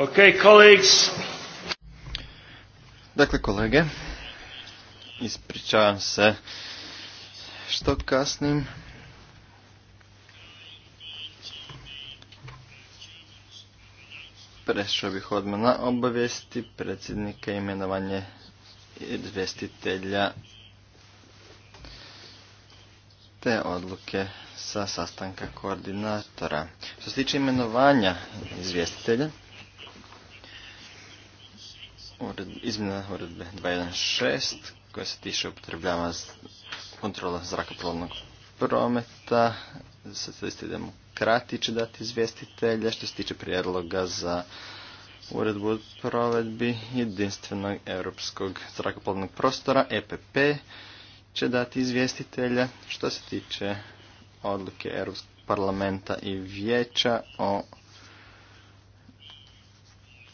Okay, colleagues. Dakle, kolege, ispričavam se što kasnim. Prešao bih odmah na obavijesti predsjednika imenovanje izvjestitelja te odluke sa sastanka koordinatora. Što se tiče imenovanja izvjestitelja, izmjena uredbe 216 koja se tiše upotrebljava kontrola zrakoplovnog prometa. Socialisti i demokrati će dati izvjestitelja što se tiče prijedloga za uredbu o provedbi jedinstvenog europskog zrakoplovnog prostora EPP će dati izvjestitelja što se tiče odluke Europskog parlamenta i vijeća o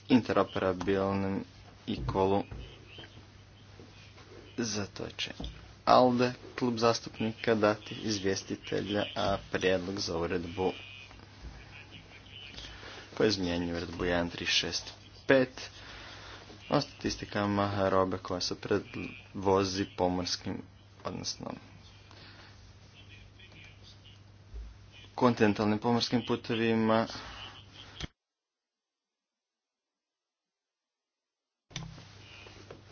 interoperabilnim i kolu zato ALDE klub zastupnika dati izvjestitelja, a prijedlog za uredbu koji izmijenju uredbu 1365 o statistikama robe koja se predvozi pomorskim, odnosno kontinentalnim pomorskim putovima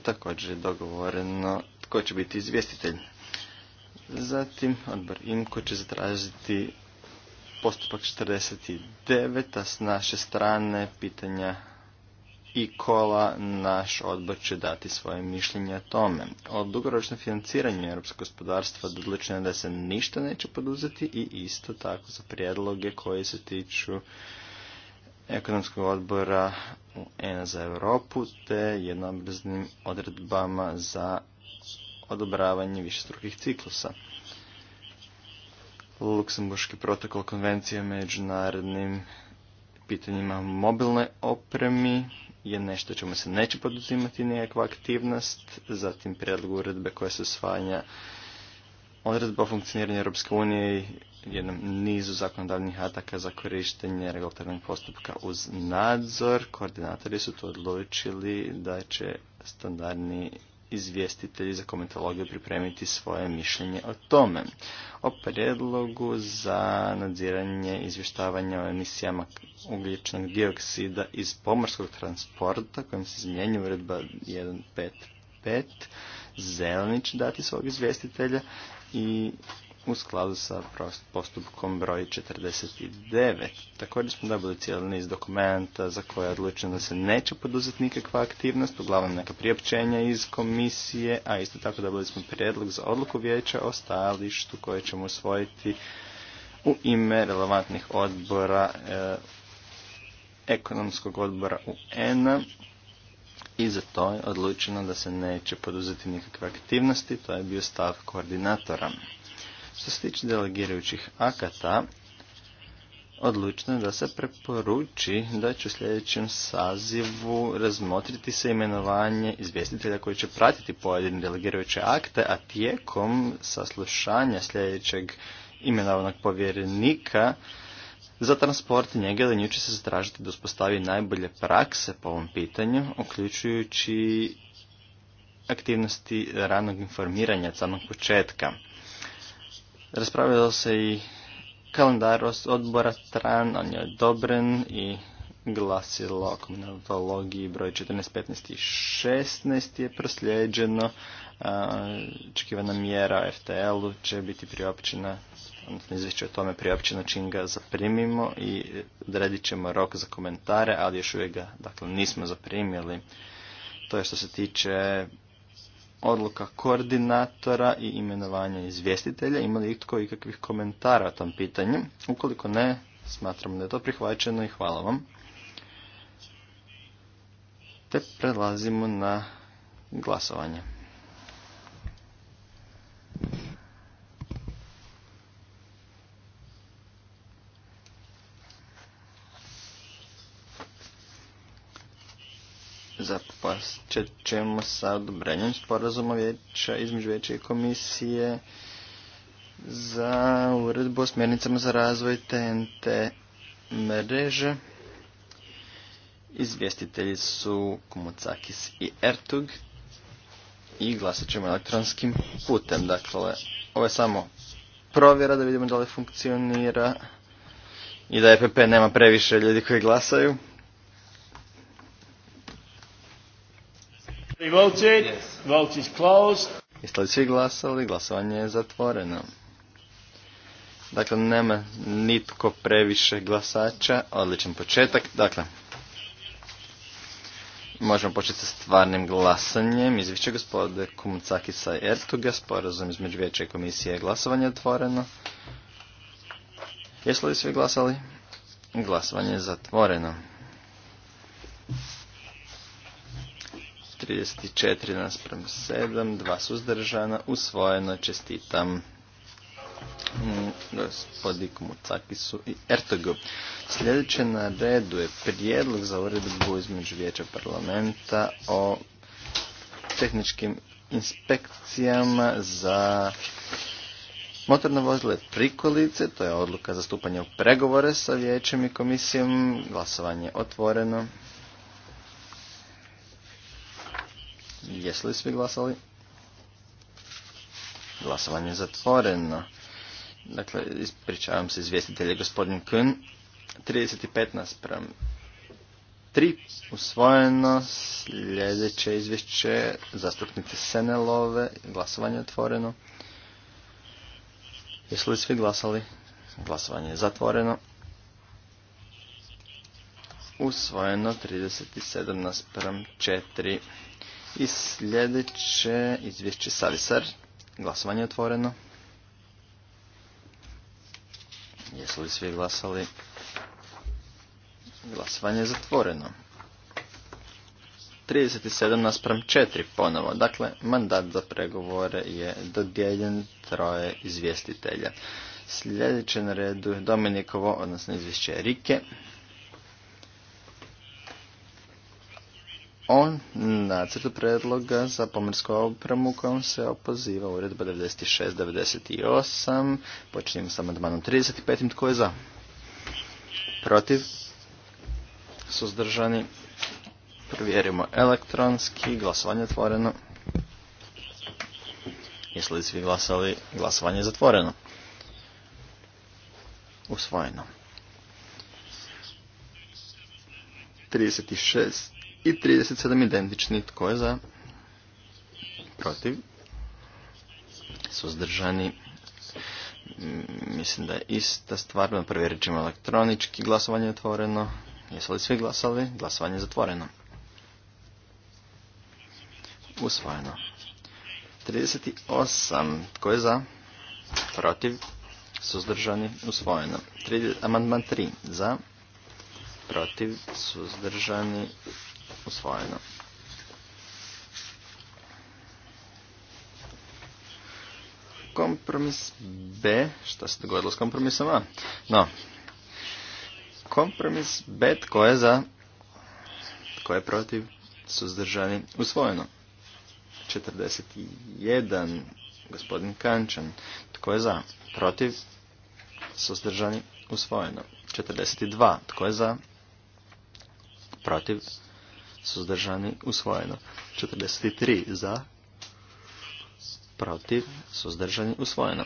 također je dogovoreno tko će biti izvjestitelj. Zatim odbor IMKO će zatražiti postupak 49, a s naše strane pitanja i kola naš odbor će dati svoje mišljenje o tome. O dugoročnom financiranju europskog gospodarstva odlučeno je da se ništa neće poduzeti i isto tako za prijedloge koji se tiču ekonomskog odbora UN za Europu te jednobrznim odredbama za odobravanje višestrukih ciklusa. Luksemburški protokol konvencije međunarodnim pitanjima mobilne opremi je nešto čemu se neće poduzimati nekakva aktivnost, zatim prijedlog uredbe koja se osvajanja odredba o funkcioniranju Europske unije i jednom nizu zakonodavnih ataka za korištenje regulatornog postupka uz nadzor. Koordinatori su to odlučili da će standardni izvjestitelji za komentologiju pripremiti svoje mišljenje o tome. O predlogu za nadziranje izvještavanja o emisijama ugljičnog dioksida iz pomorskog transporta kojim se izmjenjuje uredba 155 zeleni dati svog izvjestitelja i u skladu sa postupkom broj 49. Također smo dobili cijeli niz dokumenta za koje je odlučeno da se neće poduzeti nikakva aktivnost, uglavnom neka priopćenja iz komisije, a isto tako dobili smo prijedlog za odluku vijeća o stajalištu koje ćemo usvojiti u ime relevantnih odbora eh, ekonomskog odbora u a i za to je odlučeno da se neće poduzeti nikakve aktivnosti, to je bio stav koordinatora. Što se tiče delegirajućih akata, odlučeno je da se preporuči da će u sljedećem sazivu razmotriti se imenovanje izvjestitelja koji će pratiti pojedine delegirajuće akte, a tijekom saslušanja sljedećeg imenovanog povjerenika za transport njege nju će se zatražiti da uspostavi najbolje prakse po ovom pitanju, uključujući aktivnosti ranog informiranja od samog početka. Raspravljalo se i kalendar odbora TRAN, on je odobren i glasilo o komunalologiji broj 14, 15 i 16 je proslijeđeno. Očekivana mjera o FTL-u će biti priopćena odnosno izvješće o tome priopćeno čim ga zaprimimo i odredit ćemo rok za komentare, ali još uvijek ga dakle, nismo zaprimili. To je što se tiče odluka koordinatora i imenovanja izvjestitelja. Ima li tko ikakvih komentara o tom pitanju? Ukoliko ne, smatram da je to prihvaćeno i hvala vam. Te prelazimo na glasovanje. Pa ćemo sa odobrenjem sporazuma vijeća između vijeća komisije za uredbu o smjernicama za razvoj TNT mreže. Izvjestitelji su Komucakis i Ertug i glasat ćemo elektronskim putem. Dakle, ovo je samo provjera da vidimo da li funkcionira i da EPP nema previše ljudi koji glasaju. voted. Jeste li svi glasali? Glasovanje je zatvoreno. Dakle, nema nitko previše glasača. Odličan početak. Dakle, možemo početi sa stvarnim glasanjem. Izvišće gospode Kumcakisa i Ertuga. Sporazum između vijeća i komisije je glasovanje otvoreno. Jesu li svi glasali? Glasovanje je zatvoreno. 34 naspram 7, dva suzdržana, usvojeno čestitam mm, gospodiku Mucakisu i Ertogu. Sljedeće na redu je prijedlog za uredbu između vijeća parlamenta o tehničkim inspekcijama za motorno vozile prikolice, to je odluka za stupanje u pregovore sa vijećem i komisijom, glasovanje je otvoreno. Jesu li svi glasali? Glasovanje je zatvoreno. Dakle, ispričavam se izvjestitelje gospodin Kun. 35 naspram 3 usvojeno. Sljedeće izvješće zastupnice Senelove. Glasovanje je otvoreno. Jesu li svi glasali? Glasovanje je zatvoreno. Usvojeno 37 naspram 4. I sljedeće izvješće Savisar. Glasovanje je otvoreno. Jesu li svi glasali? Glasovanje je zatvoreno. 37 naspram 4 ponovo. Dakle, mandat za pregovore je dodijeljen troje izvjestitelja. Sljedeće na redu je Dominikovo, odnosno izvješće Rike. o nacrtu predloga za pomorsku opremu kojom se opoziva uredba 96-98. Počinjemo sa amandmanom 35. Tko je za? Protiv? Suzdržani? Provjerimo elektronski. Glasovanje je otvoreno. Jesu li svi glasali? Glasovanje je zatvoreno. Usvojeno. 36 i 37 identični. Tko je za? Protiv? Suzdržani? Mm, mislim da je ista stvar. Provjerit ćemo elektronički. Glasovanje je otvoreno. Jesu li svi glasali? Glasovanje je zatvoreno. Usvojeno. 38. Tko je za? Protiv? Suzdržani? Usvojeno. Amandman 3. Za? Protiv? Suzdržani? usvojeno. Kompromis B, što se dogodilo s kompromisom A? No, kompromis B, tko je za, tko je protiv, suzdržani, usvojeno. 41, gospodin Kančan, tko je za, protiv, suzdržani, usvojeno. 42, tko je za, protiv, suzdržani, usvojeno. 43 za, protiv, suzdržani, usvojeno.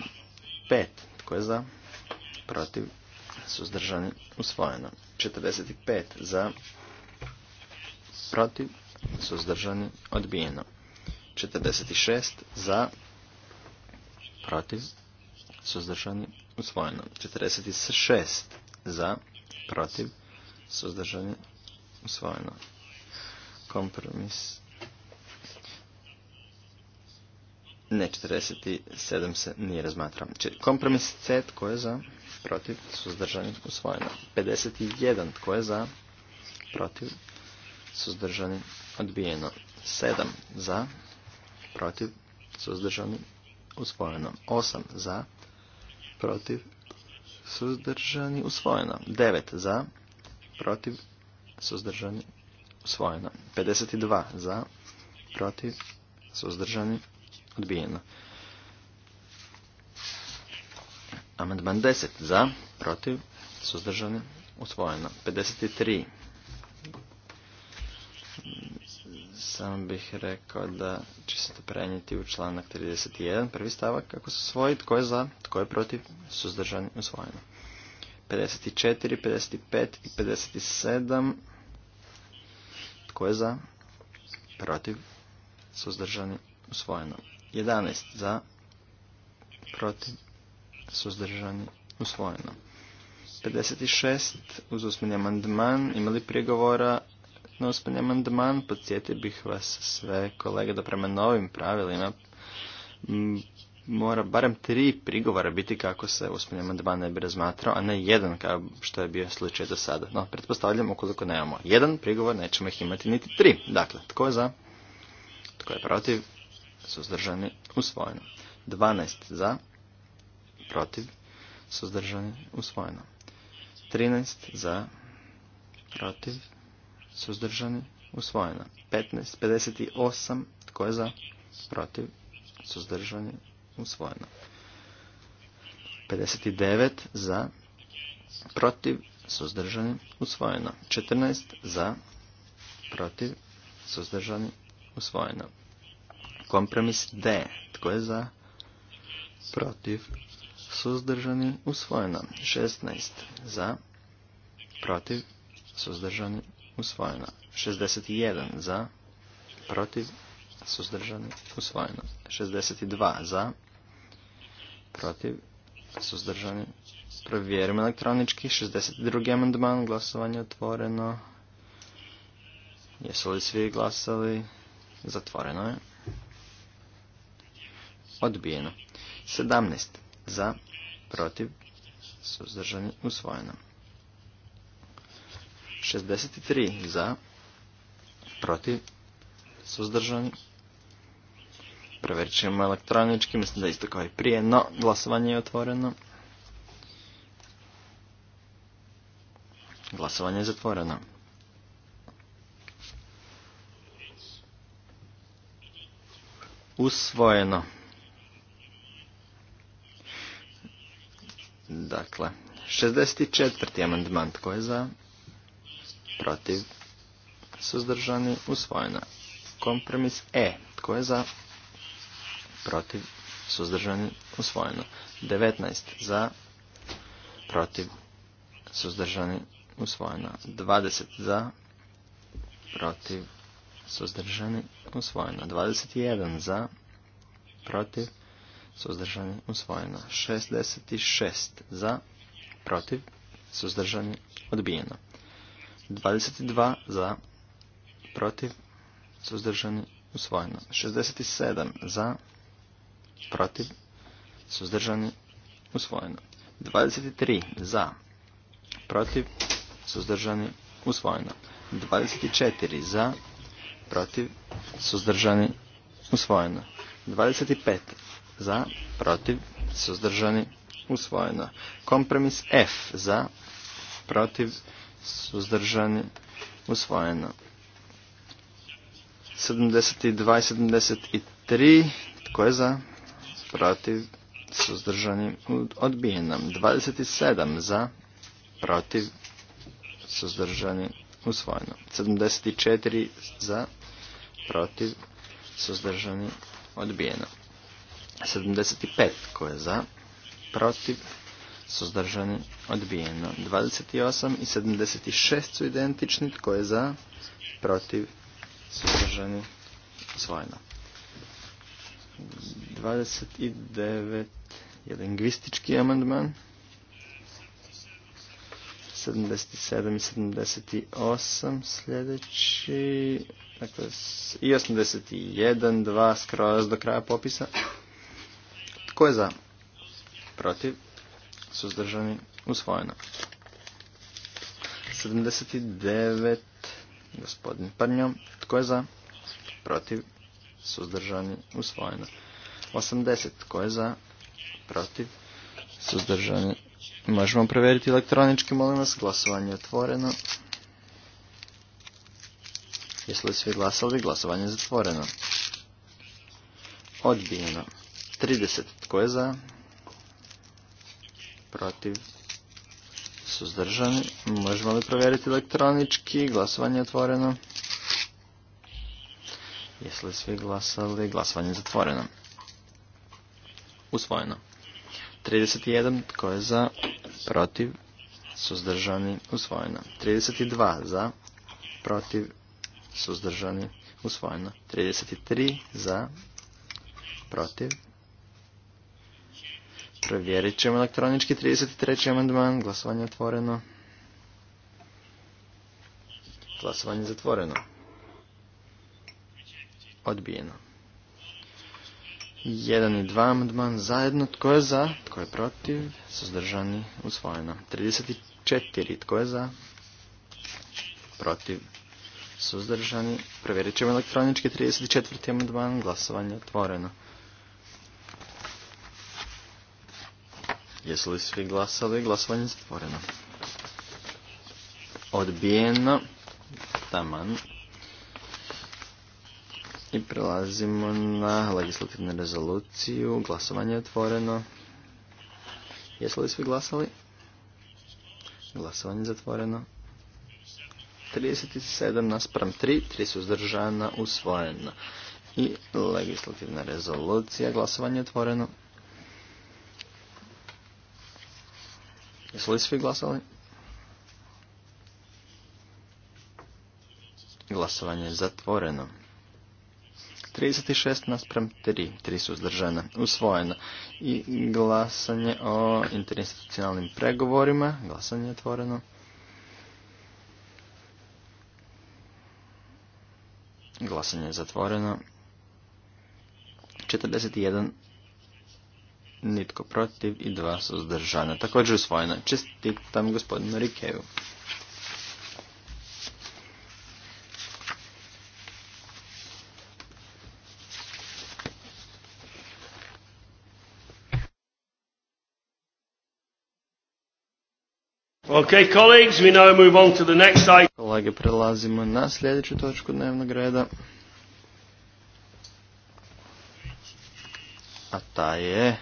5, tko je za, protiv, suzdržani, usvojeno. 45 za, protiv, suzdržani, odbijeno. 46 za, protiv, suzdržani, usvojeno. 46 za, protiv, suzdržani, usvojeno. Kompromis. Ne, 47 se nije razmatram. Kompromis C, tko je za? Protiv, suzdržani, usvojeno. 51, tko je za? Protiv, suzdržani, odbijeno. 7 za, protiv, suzdržani, usvojeno. 8 za, protiv, suzdržani, usvojeno. 9 za, protiv, suzdržani, usvojeno. 52 za, protiv, suzdržani, odbijeno. Amandman 10 za, protiv, suzdržani, usvojeno. 53. Samo bih rekao da će se to prenijeti u članak 31, prvi stavak, kako se usvoji, tko je za, tko je protiv, suzdržani, usvojeno. 54, 55 i 57 tko je za? Protiv? Suzdržani? Usvojeno. 11 za? Protiv? Suzdržani? Usvojeno. 56 uz usmeni amandman. Imali prigovora na usmeni amandman? Podsjetio bih vas sve kolege da prema novim pravilima mora barem tri prigovora biti kako se usmeni amandman ne bi razmatrao, a ne jedan kao što je bio slučaj do sada. No, pretpostavljamo ukoliko nemamo jedan prigovor, nećemo ih imati niti tri. Dakle, tko je za? Tko je protiv? Suzdržani, usvojeno. 12 za, protiv, suzdržani, usvojeno. 13 za, protiv, suzdržani, usvojeno. 15, 58, tko je za, protiv, suzdržani, usvojeno. 59 za, protiv, suzdržani, usvojeno. 14 za, protiv, suzdržani, usvojeno. Kompromis D. Tko je za? Protiv, suzdržani, usvojeno. 16 za, protiv, suzdržani, usvojeno. 61 za, protiv, suzdržani, usvojeno. 62 za, protiv, suzdržani. Provjerimo elektronički. 62. amandman, glasovanje otvoreno. Jesu li svi glasali? Zatvoreno je. Odbijeno. 17. Za, protiv, suzdržani, usvojeno. 63. Za, protiv, suzdržani, provjerit ćemo elektronički, mislim da isto kao i prije, no glasovanje je otvoreno. Glasovanje je zatvoreno. Usvojeno. Dakle, 64. amandman tko je za? Protiv. Suzdržani. Usvojeno. Kompromis E. Tko je za? protiv, suzdržani, usvojeno. 19 za, protiv, suzdržani, usvojeno. 20 za, protiv, suzdržani, usvojeno. 21 za, protiv, suzdržani, usvojeno. 66 za, protiv, suzdržani, odbijeno. 22 za, protiv, suzdržani, usvojeno. 67 za, protiv, protiv, suzdržani, usvojeno. 23 za, protiv, suzdržani, usvojeno. 24 za, protiv, suzdržani, usvojeno. 25 za, protiv, suzdržani, usvojeno. Kompromis F za, protiv, suzdržani, usvojeno. 72 i 73, tko je za? protiv, suzdržani, odbijeno. 27 za, protiv, suzdržani, usvojeno. 74 za, protiv, suzdržani, odbijeno. 75 koje za, protiv, suzdržani, odbijeno. 28 i 76 su identični, tko je za, protiv, suzdržani, usvojeno. 29 je lingvistički amandman. 77 i 78 sljedeći. Dakle, i 81, 2 skroz do kraja popisa. Tko je za? Protiv? Suzdržani? Usvojeno. 79, gospodin Parnjom. Tko je za? Protiv? Suzdržani? Usvojeno. 80. Tko je za? Protiv? Suzdržani? Možemo provjeriti elektronički, molim vas. Glasovanje je otvoreno. Jesu li svi glasali? Glasovanje je zatvoreno. Odbijeno. 30. Tko je za? Protiv? Suzdržani? Možemo li provjeriti elektronički? Glasovanje je otvoreno. Jesu li svi glasali? Glasovanje je zatvoreno. Usvojeno. 31. Tko je za? Protiv? Suzdržani? Usvojeno. 32. Za? Protiv? Suzdržani? Usvojeno. 33. Za? Protiv? Provjerit ćemo elektronički 33. amandman. Glasovanje otvoreno. Glasovanje zatvoreno. Odbijeno. Jedan i dva. amandman zajedno. Tko je za? Tko je protiv? Suzdržani? Usvojeno. 34. Tko je za? Protiv? Suzdržani? Provjerit ćemo elektronički 34. amandman. Glasovanje otvoreno. Jesu li svi glasali? Glasovanje zatvoreno. Odbijeno. Taman. I prelazimo na legislativnu rezoluciju. Glasovanje je otvoreno. Jesu li svi glasali? Glasovanje je zatvoreno. 37 naspram 3, 3 su zdržana, usvojena. I legislativna rezolucija, glasovanje je otvoreno. Jesu li svi glasali? Glasovanje je zatvoreno. 36 naspram 3. 3 su uzdržana. Usvojeno. I glasanje o interinstitucionalnim pregovorima. Glasanje je otvoreno. Glasanje je zatvoreno. 41 nitko protiv i 2 su uzdržana. Također usvojeno. Čestitam gospodinu Rikeju. Okay, colleagues, we now move on to the next item. Kolege, prelazimo na sljedeću točku dnevnog reda. A ta je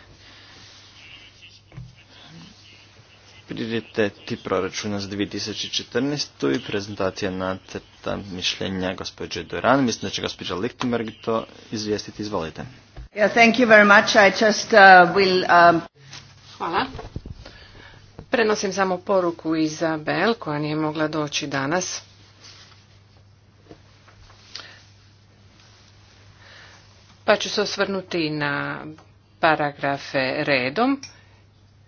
prioriteti proračuna za 2014. i prezentacija teta mišljenja gospođe Duran. Mislim da će gospođa Lichtenberg to izvijestiti. Izvolite. Yeah, thank you very much. I just, uh, will, um... Hvala. Prenosim samo poruku Izabel koja nije mogla doći danas. Pa ću se osvrnuti na paragrafe redom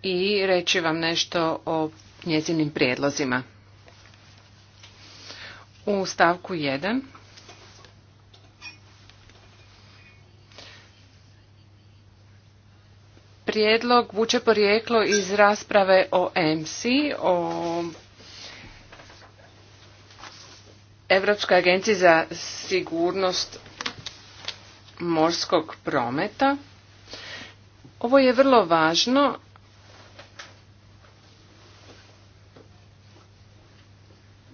i reći vam nešto o njezinim prijedlozima. U stavku 1 prijedlog vuče porijeklo iz rasprave o EMSI, o Europskoj agenciji za sigurnost morskog prometa. Ovo je vrlo važno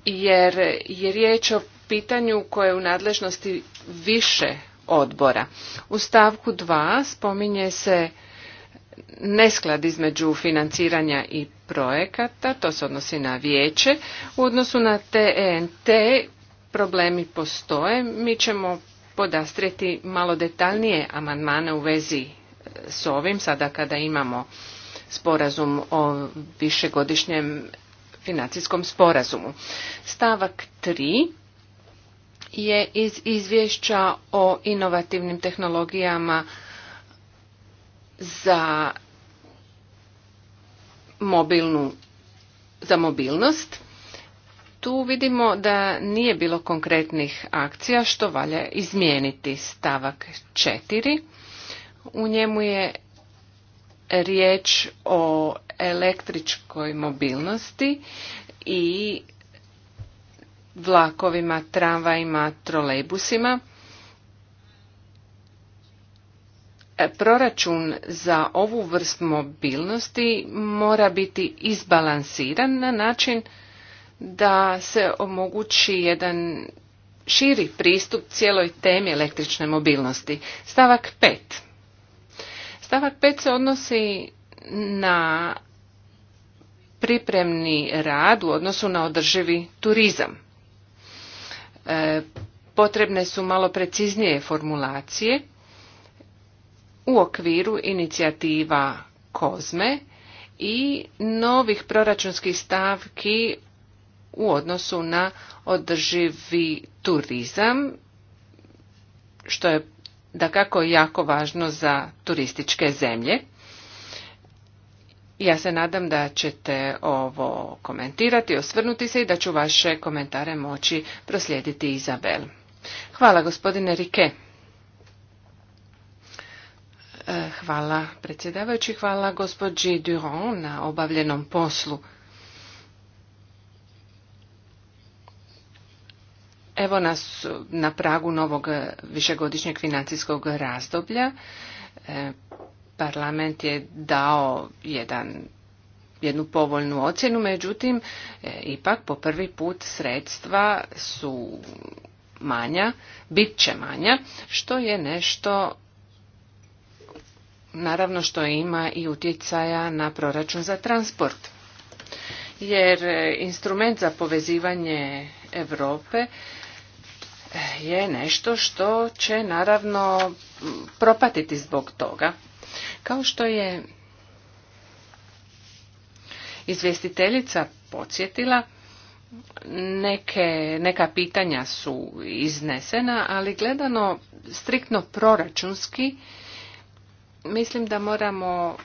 jer je riječ o pitanju koje je u nadležnosti više odbora. U stavku 2 spominje se nesklad između financiranja i projekata, to se odnosi na vijeće. U odnosu na TNT e problemi postoje, mi ćemo podastrijeti malo detaljnije amandmane u vezi e, s ovim, sada kada imamo sporazum o višegodišnjem financijskom sporazumu. Stavak 3 je iz izvješća o inovativnim tehnologijama za mobilnu za mobilnost tu vidimo da nije bilo konkretnih akcija što valja izmijeniti stavak 4 u njemu je riječ o električkoj mobilnosti i vlakovima, tramvajima, trolejbusima. Proračun za ovu vrst mobilnosti mora biti izbalansiran na način da se omogući jedan širi pristup cijeloj temi električne mobilnosti. Stavak 5. Stavak 5 se odnosi na pripremni rad u odnosu na održivi turizam. E, potrebne su malo preciznije formulacije u okviru inicijativa Kozme i novih proračunskih stavki u odnosu na održivi turizam, što je dakako jako važno za turističke zemlje. Ja se nadam da ćete ovo komentirati, osvrnuti se i da ću vaše komentare moći proslijediti Izabel. Hvala gospodine Rike. E, hvala predsjedavajući, hvala gospođi Duron na obavljenom poslu. Evo nas na pragu novog višegodišnjeg financijskog razdoblja. E, parlament je dao jedan jednu povoljnu ocjenu, međutim, e, ipak po prvi put sredstva su manja, bit će manja, što je nešto naravno što ima i utjecaja na proračun za transport. Jer e, instrument za povezivanje Europe e, je nešto što će naravno propatiti zbog toga. Kao što je izvjestiteljica podsjetila, neke, neka pitanja su iznesena, ali gledano striktno proračunski, mislim da moramo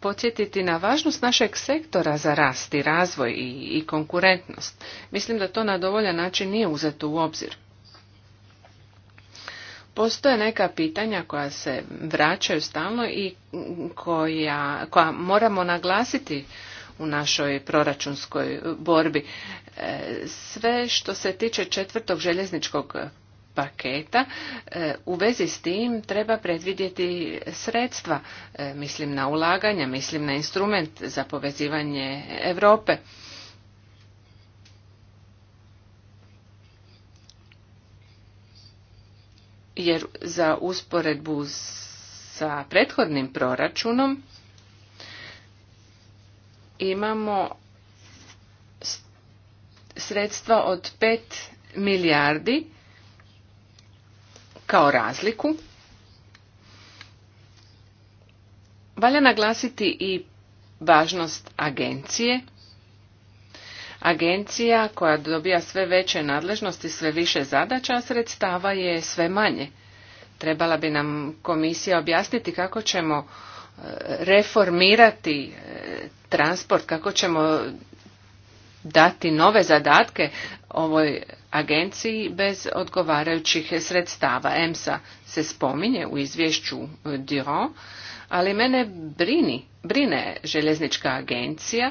podsjetiti na važnost našeg sektora za rast i razvoj i, i konkurentnost. Mislim da to na dovoljan način nije uzeto u obzir. Postoje neka pitanja koja se vraćaju stalno i koja, koja moramo naglasiti u našoj proračunskoj borbi. E, sve što se tiče četvrtog željezničkog paketa. E, u vezi s tim treba predvidjeti sredstva, e, mislim na ulaganja, mislim na instrument za povezivanje Europe. Jer za usporedbu sa prethodnim proračunom imamo sredstva od 5 milijardi kao razliku. Valja naglasiti i važnost agencije. Agencija koja dobija sve veće nadležnosti, sve više zadaća, sredstava je sve manje. Trebala bi nam komisija objasniti kako ćemo e, reformirati e, transport, kako ćemo dati nove zadatke ovoj agenciji bez odgovarajućih sredstava. EMSA se spominje u izvješću Diron, ali mene brini, brine željeznička agencija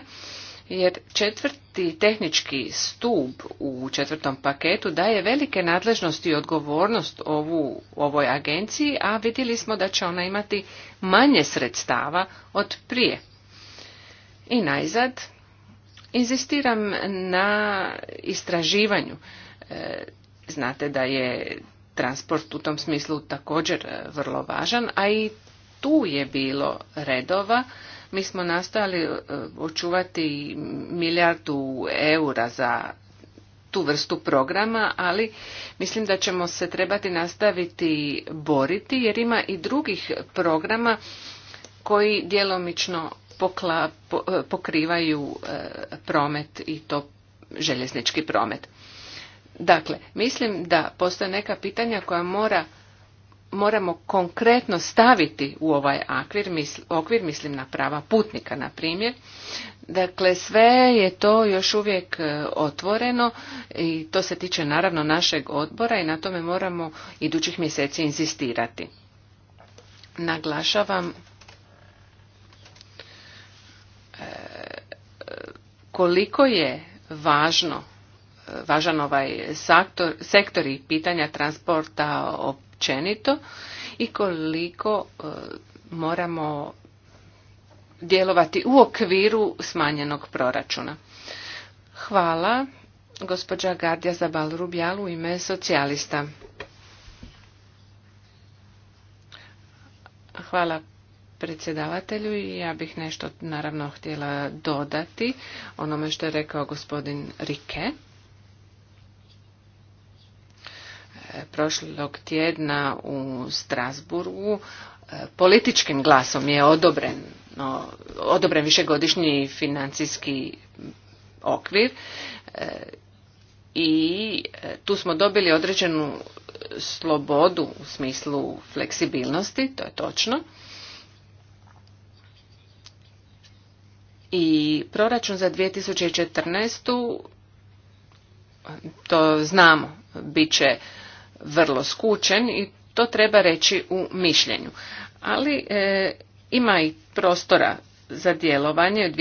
jer četvrti tehnički stup u četvrtom paketu daje velike nadležnosti i odgovornost ovu, ovoj agenciji, a vidjeli smo da će ona imati manje sredstava od prije. I najzad, Inzistiram na istraživanju. E, znate da je transport u tom smislu također e, vrlo važan, a i tu je bilo redova. Mi smo nastojali e, očuvati milijardu eura za tu vrstu programa, ali mislim da ćemo se trebati nastaviti boriti jer ima i drugih programa koji djelomično E, pokrivaju e, promet i to željeznički promet. Dakle, mislim da postoje neka pitanja koja mora moramo konkretno staviti u ovaj akvir, okvir, mislim na prava putnika, na primjer. Dakle, sve je to još uvijek e, otvoreno i to se tiče naravno našeg odbora i na tome moramo idućih mjeseci inzistirati. Naglašavam koliko je važno važan ovaj sektor i pitanja transporta općenito i koliko e, moramo djelovati u okviru smanjenog proračuna. Hvala, gospođa Gardija Zabal Rubjal u ime socijalista. Hvala predsjedavatelju i ja bih nešto naravno htjela dodati onome što je rekao gospodin Rike. E, prošlog tjedna u Strasburgu e, političkim glasom je odobren, odobren višegodišnji financijski okvir e, i tu smo dobili određenu slobodu u smislu fleksibilnosti, to je točno. i proračun za 2014. to znamo, bit će vrlo skučen i to treba reći u mišljenju. Ali e, ima i prostora za djelovanje. U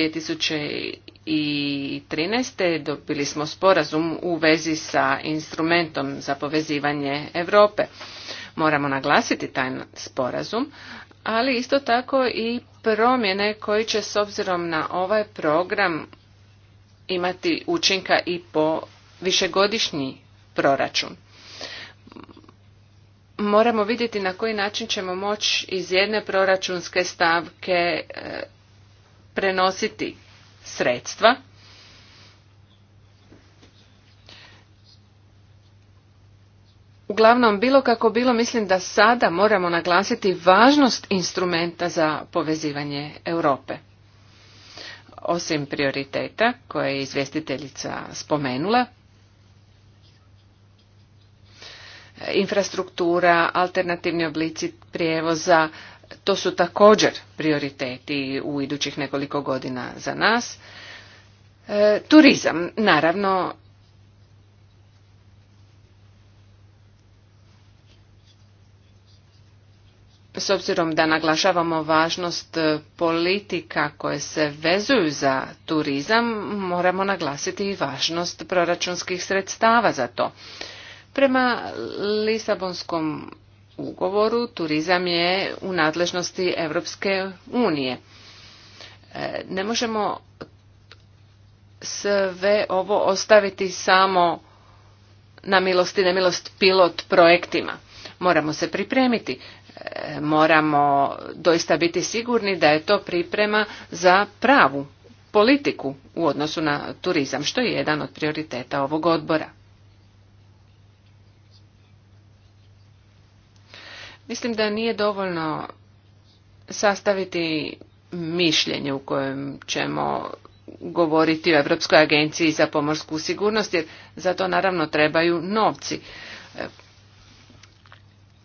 2013. dobili smo sporazum u vezi sa instrumentom za povezivanje Europe. Moramo naglasiti taj sporazum, ali isto tako i promjene koji će s obzirom na ovaj program imati učinka i po višegodišnji proračun. Moramo vidjeti na koji način ćemo moći iz jedne proračunske stavke e, prenositi sredstva Uglavnom, bilo kako bilo, mislim da sada moramo naglasiti važnost instrumenta za povezivanje Europe. Osim prioriteta koje je izvjestiteljica spomenula, infrastruktura, alternativni oblici prijevoza, to su također prioriteti u idućih nekoliko godina za nas. E, turizam, naravno, S obzirom da naglašavamo važnost e, politika koje se vezuju za turizam, moramo naglasiti i važnost proračunskih sredstava za to. Prema Lisabonskom ugovoru turizam je u nadležnosti Europske unije. E, ne možemo sve ovo ostaviti samo na milost i nemilost pilot projektima. Moramo se pripremiti, e, moramo doista biti sigurni da je to priprema za pravu politiku u odnosu na turizam, što je jedan od prioriteta ovog odbora. Mislim da nije dovoljno sastaviti mišljenje u kojem ćemo govoriti o Europskoj agenciji za pomorsku sigurnost, jer za to naravno trebaju novci. E,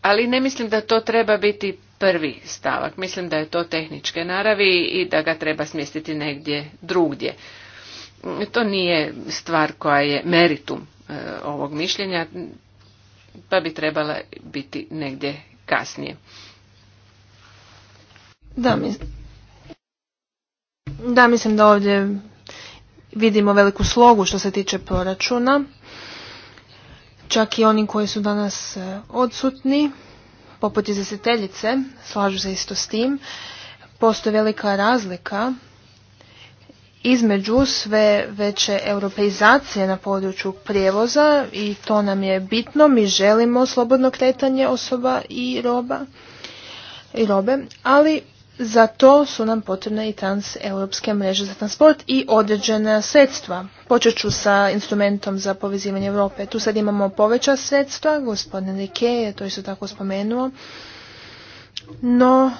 ali ne mislim da to treba biti prvi stavak. Mislim da je to tehničke naravi i da ga treba smjestiti negdje drugdje. To nije stvar koja je meritum e, ovog mišljenja, pa bi trebala biti negdje kasnije. Da, mislim da, mislim da ovdje vidimo veliku slogu što se tiče proračuna Čak i oni koji su danas e, odsutni, poput izvjestiteljice, slažu se isto s tim, postoji velika razlika između sve veće europeizacije na području prijevoza i to nam je bitno, mi želimo slobodno kretanje osoba i roba i robe, ali za to su nam potrebne i transeuropske mreže za transport i određena sredstva. Počet ću sa instrumentom za povezivanje Europe. Tu sad imamo poveća sredstva, gospodin Rike je to isto tako spomenuo. No,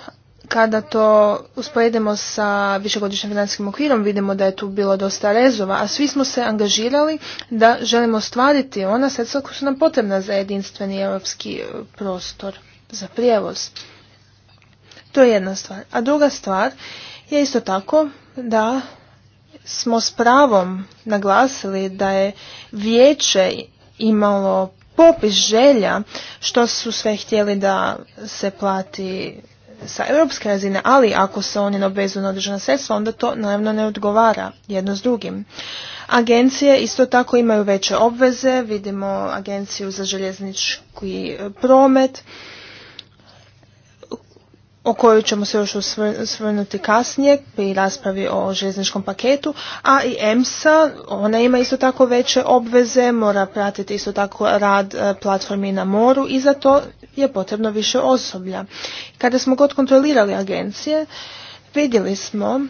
kada to usporedimo sa višegodišnjim financijskim okvirom, vidimo da je tu bilo dosta rezova, a svi smo se angažirali da želimo stvariti ona sredstva koja su nam potrebna za jedinstveni europski prostor za prijevoz. To je jedna stvar. A druga stvar je isto tako da smo s pravom naglasili da je vijeće imalo popis želja što su sve htjeli da se plati sa europske razine, ali ako se oni ne obvezuju na određena sredstva, onda to naravno ne odgovara jedno s drugim. Agencije isto tako imaju veće obveze, vidimo agenciju za željeznički promet, o kojoj ćemo se još osvrnuti kasnije pri raspravi o željezničkom paketu, a i EMSA, ona ima isto tako veće obveze, mora pratiti isto tako rad e, platformi na moru i za to je potrebno više osoblja. Kada smo god kontrolirali agencije, vidjeli smo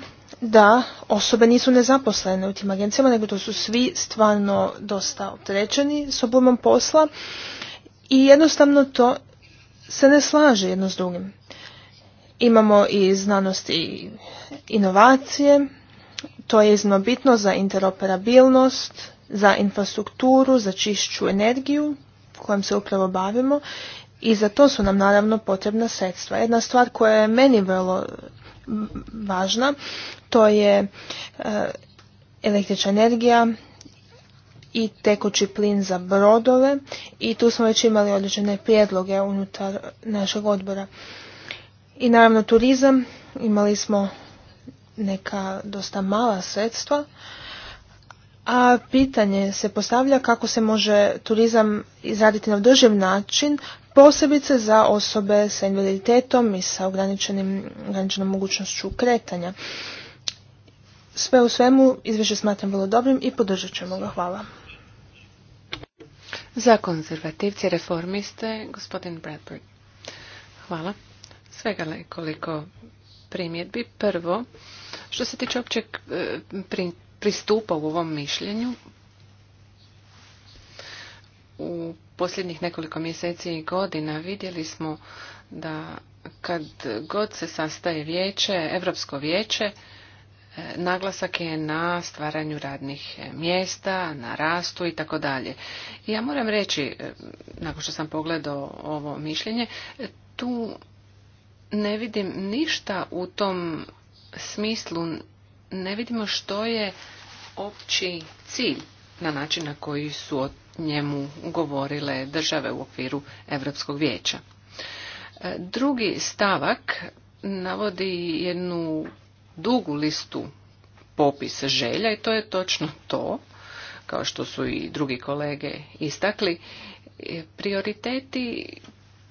da osobe nisu nezaposlene u tim agencijama, nego to su svi stvarno dosta opterećeni s obumom posla i jednostavno to se ne slaže jedno s drugim. Imamo i znanost i inovacije. To je iznimno bitno za interoperabilnost, za infrastrukturu, za čišću energiju kojom se upravo bavimo i za to su nam naravno potrebna sredstva. Jedna stvar koja je meni vrlo važna, to je e, električna energija i tekući plin za brodove i tu smo već imali određene prijedloge unutar našeg odbora. I naravno turizam, imali smo neka dosta mala sredstva, a pitanje se postavlja kako se može turizam izraditi na održiv način, posebice za osobe sa invaliditetom i sa ograničenom mogućnošću kretanja. Sve u svemu izvješće smatram vrlo dobrim i podržat ćemo ga. Hvala. Za konzervativci, reformiste, gospodin Bradbury. Hvala. Svega nekoliko primjedbi. Prvo, što se tiče općeg e, pristupa u ovom mišljenju, u posljednjih nekoliko mjeseci i godina vidjeli smo da kad god se sastaje vijeće, Europsko vijeće, e, naglasak je na stvaranju radnih mjesta, na rastu i tako dalje. Ja moram reći, e, nakon što sam pogledao ovo mišljenje, tu ne vidim ništa u tom smislu, ne vidimo što je opći cilj na način na koji su o njemu govorile države u okviru Europskog vijeća. E, drugi stavak navodi jednu dugu listu popisa želja i to je točno to, kao što su i drugi kolege istakli, e, prioriteti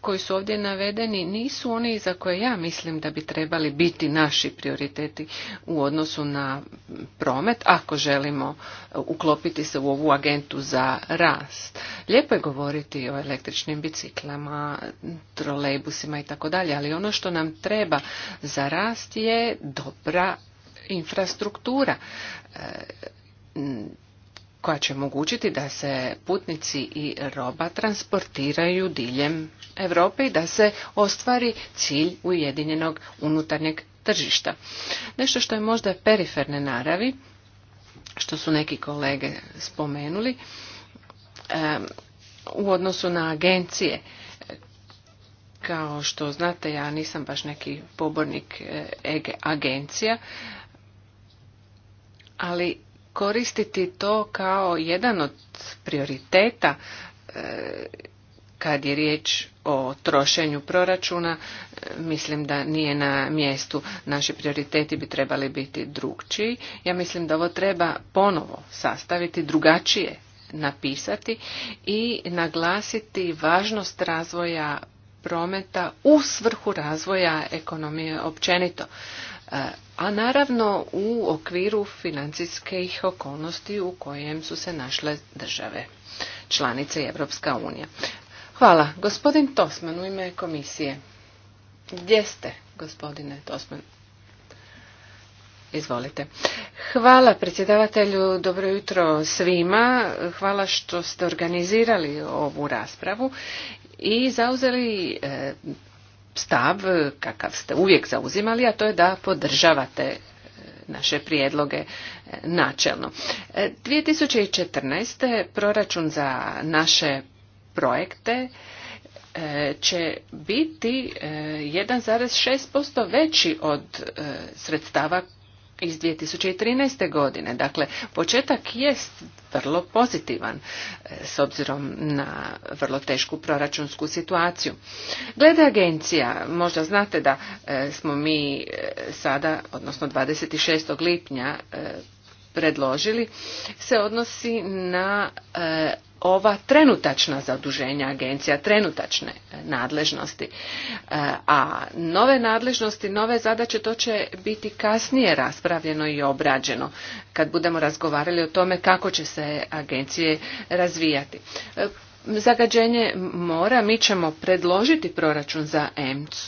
koji su ovdje navedeni nisu oni za koje ja mislim da bi trebali biti naši prioriteti u odnosu na promet ako želimo e, uklopiti se u ovu agentu za rast. Lijepo je govoriti o električnim biciklama, trolejbusima i tako dalje, ali ono što nam treba za rast je dobra infrastruktura e, koja će omogućiti da se putnici i roba transportiraju diljem Europe i da se ostvari cilj ujedinjenog unutarnjeg tržišta. Nešto što je možda periferne naravi, što su neki kolege spomenuli, u odnosu na agencije. Kao što znate, ja nisam baš neki pobornik e, agencija, ali koristiti to kao jedan od prioriteta e, kad je riječ o trošenju proračuna, e, mislim da nije na mjestu. Naši prioriteti bi trebali biti drugčiji. Ja mislim da ovo treba ponovo sastaviti, drugačije napisati i naglasiti važnost razvoja prometa u svrhu razvoja ekonomije općenito. E, a naravno u okviru financijskih okolnosti u kojem su se našle države članice Evropska unija. Hvala. Gospodin Tosman u ime komisije. Gdje ste, gospodine Tosman? Izvolite. Hvala predsjedavatelju, dobro jutro svima. Hvala što ste organizirali ovu raspravu i zauzeli e, stav eh, kakav ste uvijek zauzimali, a to je da podržavate eh, naše prijedloge eh, načelno. 2014. proračun za naše projekte će biti 1,6% veći od sredstava iz 2013. godine. Dakle, početak jest vrlo pozitivan e, s obzirom na vrlo tešku proračunsku situaciju. Glede agencija, možda znate da e, smo mi e, sada, odnosno 26. lipnja, predložili se odnosi na ova trenutačna zaduženja agencija, trenutačne nadležnosti. E, a nove nadležnosti, nove zadaće, to će biti kasnije raspravljeno i obrađeno kad budemo razgovarali o tome kako će se agencije razvijati. E, zagađenje mora mi ćemo predložiti proračun za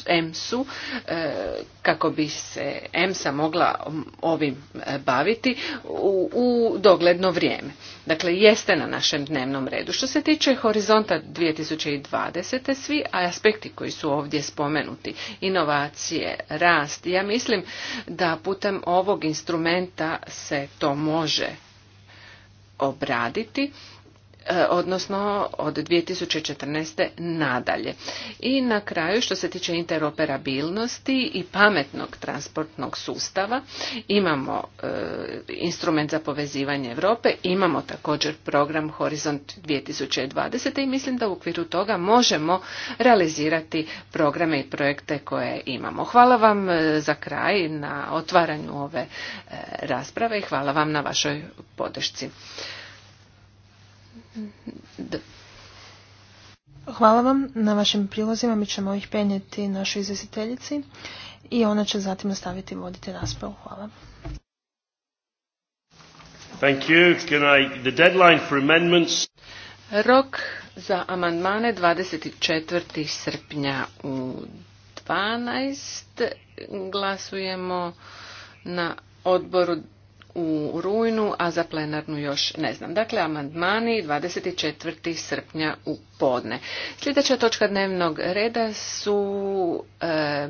EMS-u e, kako bi se EMSA mogla ovim e, baviti u, u dogledno vrijeme. Dakle, jeste na našem dnevnom redu. Što se tiče horizonta 2020. svi aspekti koji su ovdje spomenuti, inovacije, rast, ja mislim da putem ovog instrumenta se to može obraditi E, odnosno od 2014. nadalje. I na kraju što se tiče interoperabilnosti i pametnog transportnog sustava imamo e, instrument za povezivanje Europe, imamo također program Horizont 2020 i mislim da u okviru toga možemo realizirati programe i projekte koje imamo. Hvala vam e, za kraj na otvaranju ove rasprave i hvala vam na vašoj podršci. Hvala vam na vašim prilozima, mi ćemo ih penjeti našoj izvjestiteljici i ona će zatim nastaviti voditi raspravu. Hvala. I, the Rok za amandmane 24. srpnja u 12. Glasujemo na odboru u rujnu, a za plenarnu još ne znam. Dakle, amandmani 24. srpnja u podne. Sljedeća točka dnevnog reda su e,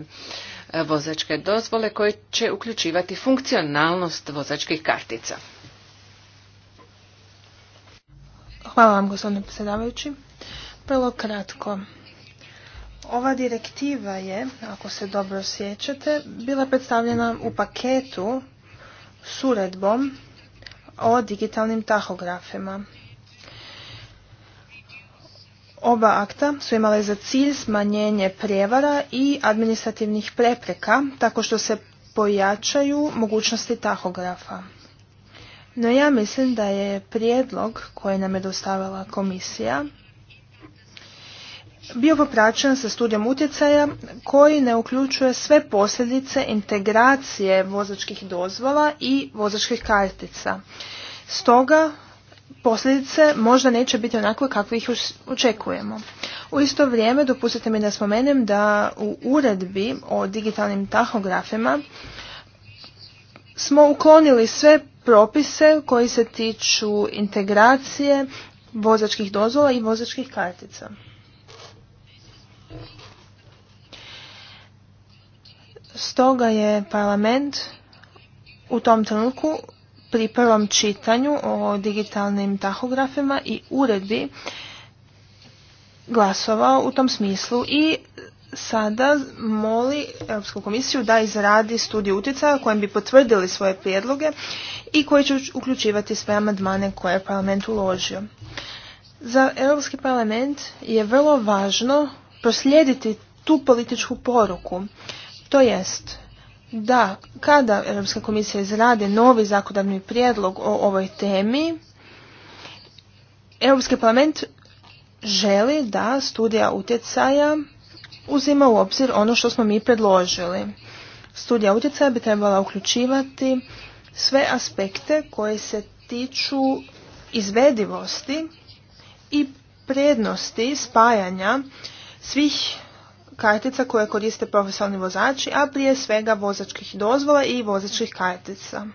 vozačke dozvole koje će uključivati funkcionalnost vozačkih kartica. Hvala vam, gospodine predsjedavajući. Prvo kratko. Ova direktiva je, ako se dobro sjećate, bila predstavljena u paketu s uredbom o digitalnim tahografima. Oba akta su imale za cilj smanjenje prijevara i administrativnih prepreka tako što se pojačaju mogućnosti tahografa. No ja mislim da je prijedlog koji nam je dostavila komisija bio popraćen sa studijom utjecaja koji ne uključuje sve posljedice integracije vozačkih dozvola i vozačkih kartica. Stoga posljedice možda neće biti onakve kakve ih očekujemo. U isto vrijeme dopustite mi da spomenem da u uredbi o digitalnim tahografima smo uklonili sve propise koji se tiču integracije vozačkih dozvola i vozačkih kartica. Stoga je parlament u tom trenutku pri prvom čitanju o digitalnim tahografima i uredbi glasovao u tom smislu i sada moli Europsku komisiju da izradi studiju utjecaja kojem bi potvrdili svoje prijedloge i koji će uključivati sve amandmane koje je parlament uložio. Za Europski parlament je vrlo važno proslijediti tu političku poruku to jest da kada Europska komisija izradi novi zakonodavni prijedlog o ovoj temi, Europski parlament želi da studija utjecaja uzima u obzir ono što smo mi predložili. Studija utjecaja bi trebala uključivati sve aspekte koje se tiču izvedivosti i prednosti spajanja svih kartica koje koriste profesionalni vozači, a prije svega vozačkih dozvola i vozačkih kartica.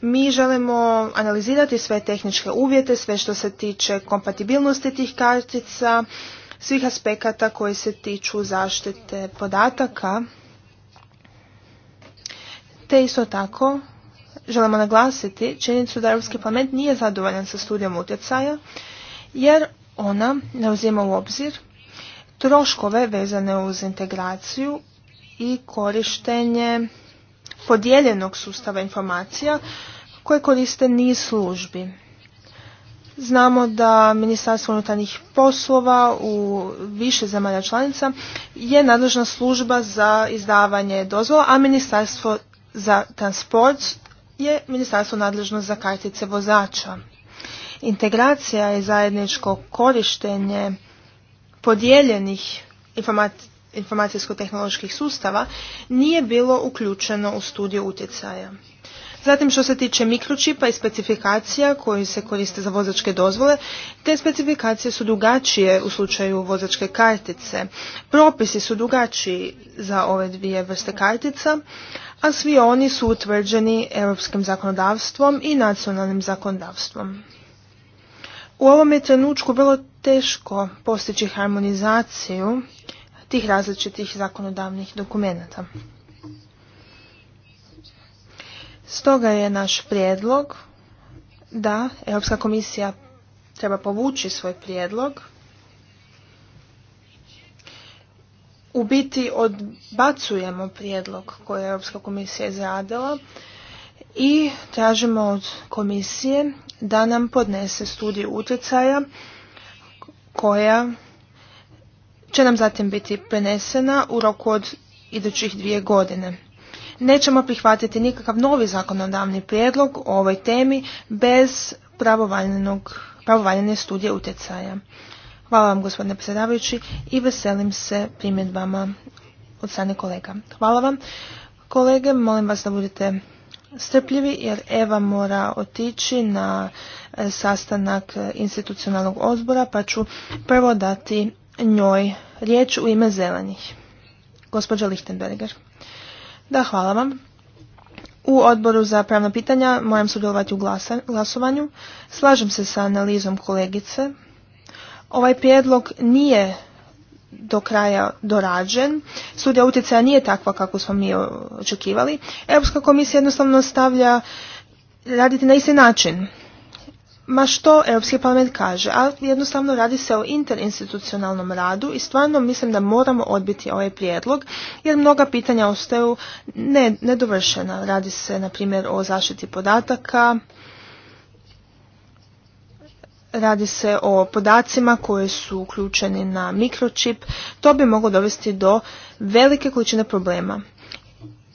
Mi želimo analizirati sve tehničke uvjete, sve što se tiče kompatibilnosti tih kartica, svih aspekata koji se tiču zaštite podataka. Te isto tako želimo naglasiti činjenicu da Europski parlament nije zadovoljan sa studijom utjecaja, jer ona ne uzima u obzir troškove vezane uz integraciju i korištenje podijeljenog sustava informacija koje koriste niz službi. Znamo da Ministarstvo unutarnjih poslova u više zemalja članica je nadležna služba za izdavanje dozvola, a Ministarstvo za transport je ministarstvo nadležno za kartice vozača. Integracija i zajedničko korištenje podijeljenih informacijsko-tehnoloških sustava nije bilo uključeno u studiju utjecaja. Zatim što se tiče mikročipa i specifikacija koji se koriste za vozačke dozvole, te specifikacije su drugačije u slučaju vozačke kartice. Propisi su drugačiji za ove dvije vrste kartica, a svi oni su utvrđeni europskim zakonodavstvom i nacionalnim zakonodavstvom. U ovom je trenutku vrlo teško postići harmonizaciju tih različitih zakonodavnih dokumenata. Stoga je naš prijedlog da Europska komisija treba povući svoj prijedlog, u biti odbacujemo prijedlog koji je Europska komisija izradila i tražimo od komisije da nam podnese studiju utjecaja koja će nam zatim biti prenesena u roku od idućih dvije godine. Nećemo prihvatiti nikakav novi zakonodavni prijedlog o ovoj temi bez pravovaljene studije utjecaja. Hvala vam gospodine predsjedavajući i veselim se primjedbama od strane kolega. Hvala vam. Kolege, molim vas da budete strpljivi jer Eva mora otići na e, sastanak e, institucionalnog odbora pa ću prvo dati njoj riječ u ime zelenih. Gospođa Lichtenberger. Da, hvala vam. U odboru za pravna pitanja moram sudjelovati u glasovanju. Slažem se sa analizom kolegice. Ovaj prijedlog nije do kraja dorađen. Studija utjecaja nije takva kako smo mi očekivali. Europska komisija jednostavno stavlja raditi na isti način. Ma što Europski parlament kaže, a jednostavno radi se o interinstitucionalnom radu i stvarno mislim da moramo odbiti ovaj prijedlog jer mnoga pitanja ostaju nedovršena. Radi se na primjer o zaštiti podataka, Radi se o podacima koji su uključeni na mikročip. To bi moglo dovesti do velike količine problema.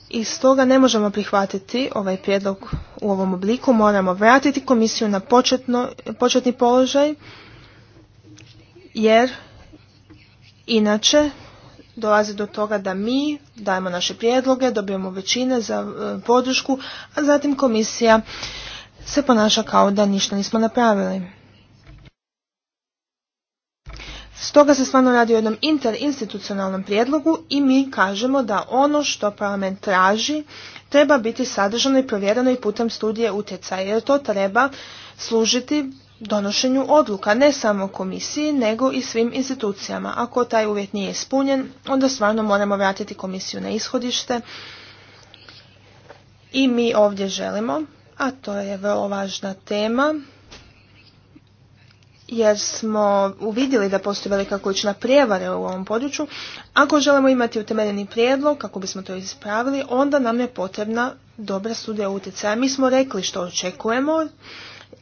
I stoga ne možemo prihvatiti ovaj prijedlog u ovom obliku. Moramo vratiti komisiju na početni položaj jer inače dolazi do toga da mi dajemo naše prijedloge, dobijemo većine za e, podršku, a zatim komisija se ponaša kao da ništa nismo napravili. Stoga se stvarno radi o jednom interinstitucionalnom prijedlogu i mi kažemo da ono što parlament traži treba biti sadržano i provjereno i putem studije utjecaja jer to treba služiti donošenju odluka ne samo komisiji nego i svim institucijama. Ako taj uvjet nije ispunjen onda stvarno moramo vratiti komisiju na ishodište i mi ovdje želimo, a to je vrlo važna tema jer smo uvidjeli da postoji velika količina prijevare u ovom području. Ako želimo imati utemeljeni prijedlog, kako bismo to ispravili, onda nam je potrebna dobra studija utjecaja. Mi smo rekli što očekujemo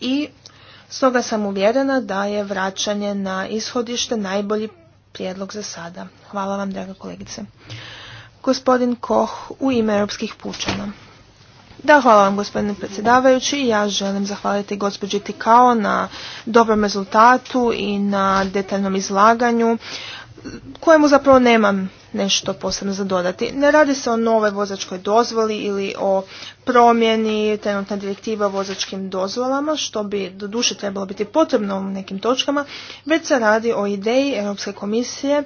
i stoga sam uvjerena da je vraćanje na ishodište najbolji prijedlog za sada. Hvala vam, draga kolegice. Gospodin Koh u ime Europskih pučana. Da, hvala vam gospodine predsjedavajući. Ja želim zahvaliti gospođi Tikao na dobrom rezultatu i na detaljnom izlaganju kojemu zapravo nemam nešto posebno za dodati. Ne radi se o nove vozačkoj dozvoli ili o promjeni trenutna direktiva o vozačkim dozvolama, što bi doduše trebalo biti potrebno u nekim točkama, već se radi o ideji Europske komisije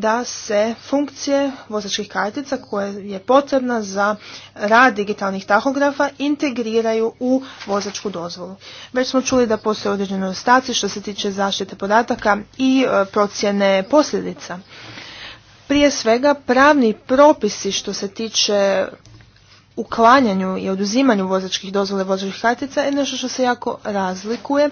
da se funkcije vozačkih kartica koje je potrebna za rad digitalnih tahografa integriraju u vozačku dozvolu. Već smo čuli da postoje određene ostaci što se tiče zaštite podataka i e, procjene posljedica. Prije svega pravni propisi što se tiče uklanjanju i oduzimanju vozačkih dozvole vozačkih kartica je nešto što se jako razlikuje.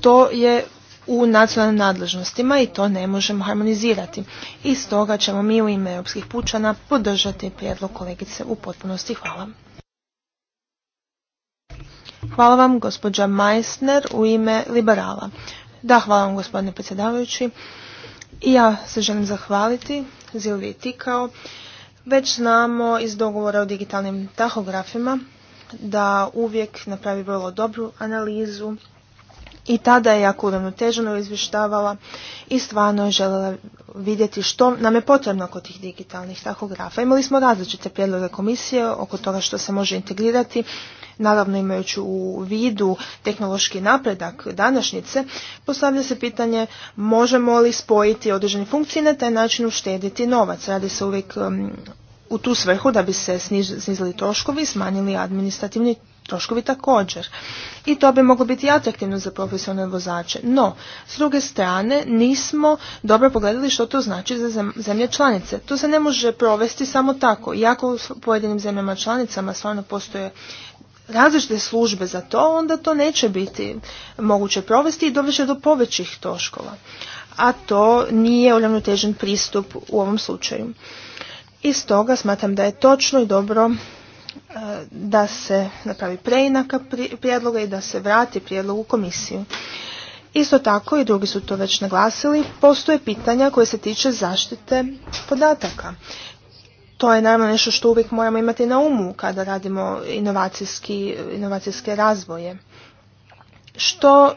To je u nacionalnim nadležnostima i to ne možemo harmonizirati. I stoga ćemo mi u ime Europskih pučana podržati prijedlog kolegice u potpunosti. Hvala. Hvala vam gospođa Meissner u ime liberala. Da, hvala vam gospodine predsjedavajući. I ja se želim zahvaliti Zilvi Tikao. Već znamo iz dogovora o digitalnim tahografima da uvijek napravi vrlo dobru analizu i tada je jako uravnoteženo izvještavala i stvarno je željela vidjeti što nam je potrebno kod tih digitalnih tahografa. Imali smo različite prijedloge komisije oko toga što se može integrirati, naravno imajući u vidu tehnološki napredak današnjice, postavlja se pitanje možemo li spojiti određene funkcije na taj način uštediti novac. Radi se uvijek um, u tu svrhu da bi se snizili troškovi i smanjili administrativni troškovi također. I to bi moglo biti atraktivno za profesionalne vozače. No, s druge strane, nismo dobro pogledali što to znači za zemlje članice. To se ne može provesti samo tako. Iako u pojedinim zemljama članicama stvarno postoje različite službe za to, onda to neće biti moguće provesti i doveće do povećih troškova. A to nije uravnotežen pristup u ovom slučaju. I stoga smatram da je točno i dobro da se napravi preinaka prijedloga i da se vrati prijedlog u komisiju. Isto tako, i drugi su to već naglasili, postoje pitanja koje se tiče zaštite podataka. To je naravno nešto što uvijek moramo imati na umu kada radimo inovacijske razvoje. Što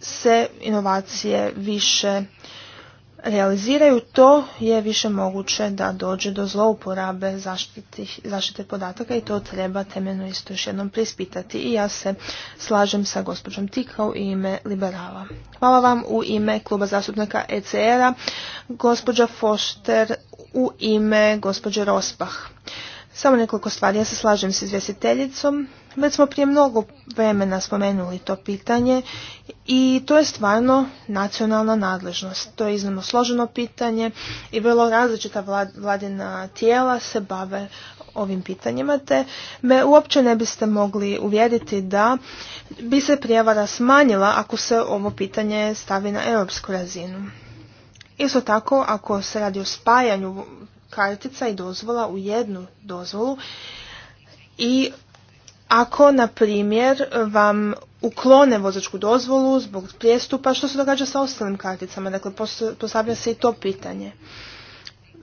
se inovacije više realiziraju, to je više moguće da dođe do zlouporabe zaštite podataka i to treba temeljno isto još jednom prispitati I ja se slažem sa gospođom Tika u ime Liberala. Hvala vam u ime kluba zastupnika ECR-a, gospođa Foster u ime gospođe Rospah. Samo nekoliko stvari, ja se slažem s izvjestiteljicom već smo prije mnogo vremena spomenuli to pitanje i to je stvarno nacionalna nadležnost. To je iznimno složeno pitanje i vrlo različita vladina tijela se bave ovim pitanjima, te me uopće ne biste mogli uvjeriti da bi se prijevara smanjila ako se ovo pitanje stavi na europsku razinu. Isto tako, ako se radi o spajanju kartica i dozvola u jednu dozvolu i ako, na primjer, vam uklone vozačku dozvolu zbog prijestupa, što se događa sa ostalim karticama? Dakle, postavlja se i to pitanje.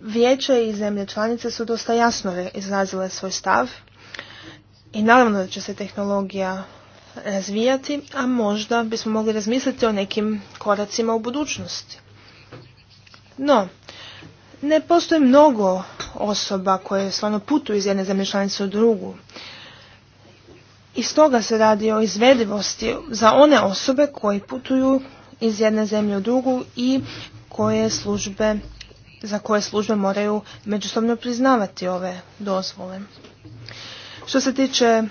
Vijeće i zemlje članice su dosta jasno izrazile svoj stav i naravno da će se tehnologija razvijati, a možda bismo mogli razmisliti o nekim koracima u budućnosti. No, ne postoji mnogo osoba koje stvarno putuju iz jedne zemlje članice u drugu. I stoga se radi o izvedivosti za one osobe koji putuju iz jedne zemlje u drugu i koje službe, za koje službe moraju međusobno priznavati ove dozvole. Što se tiče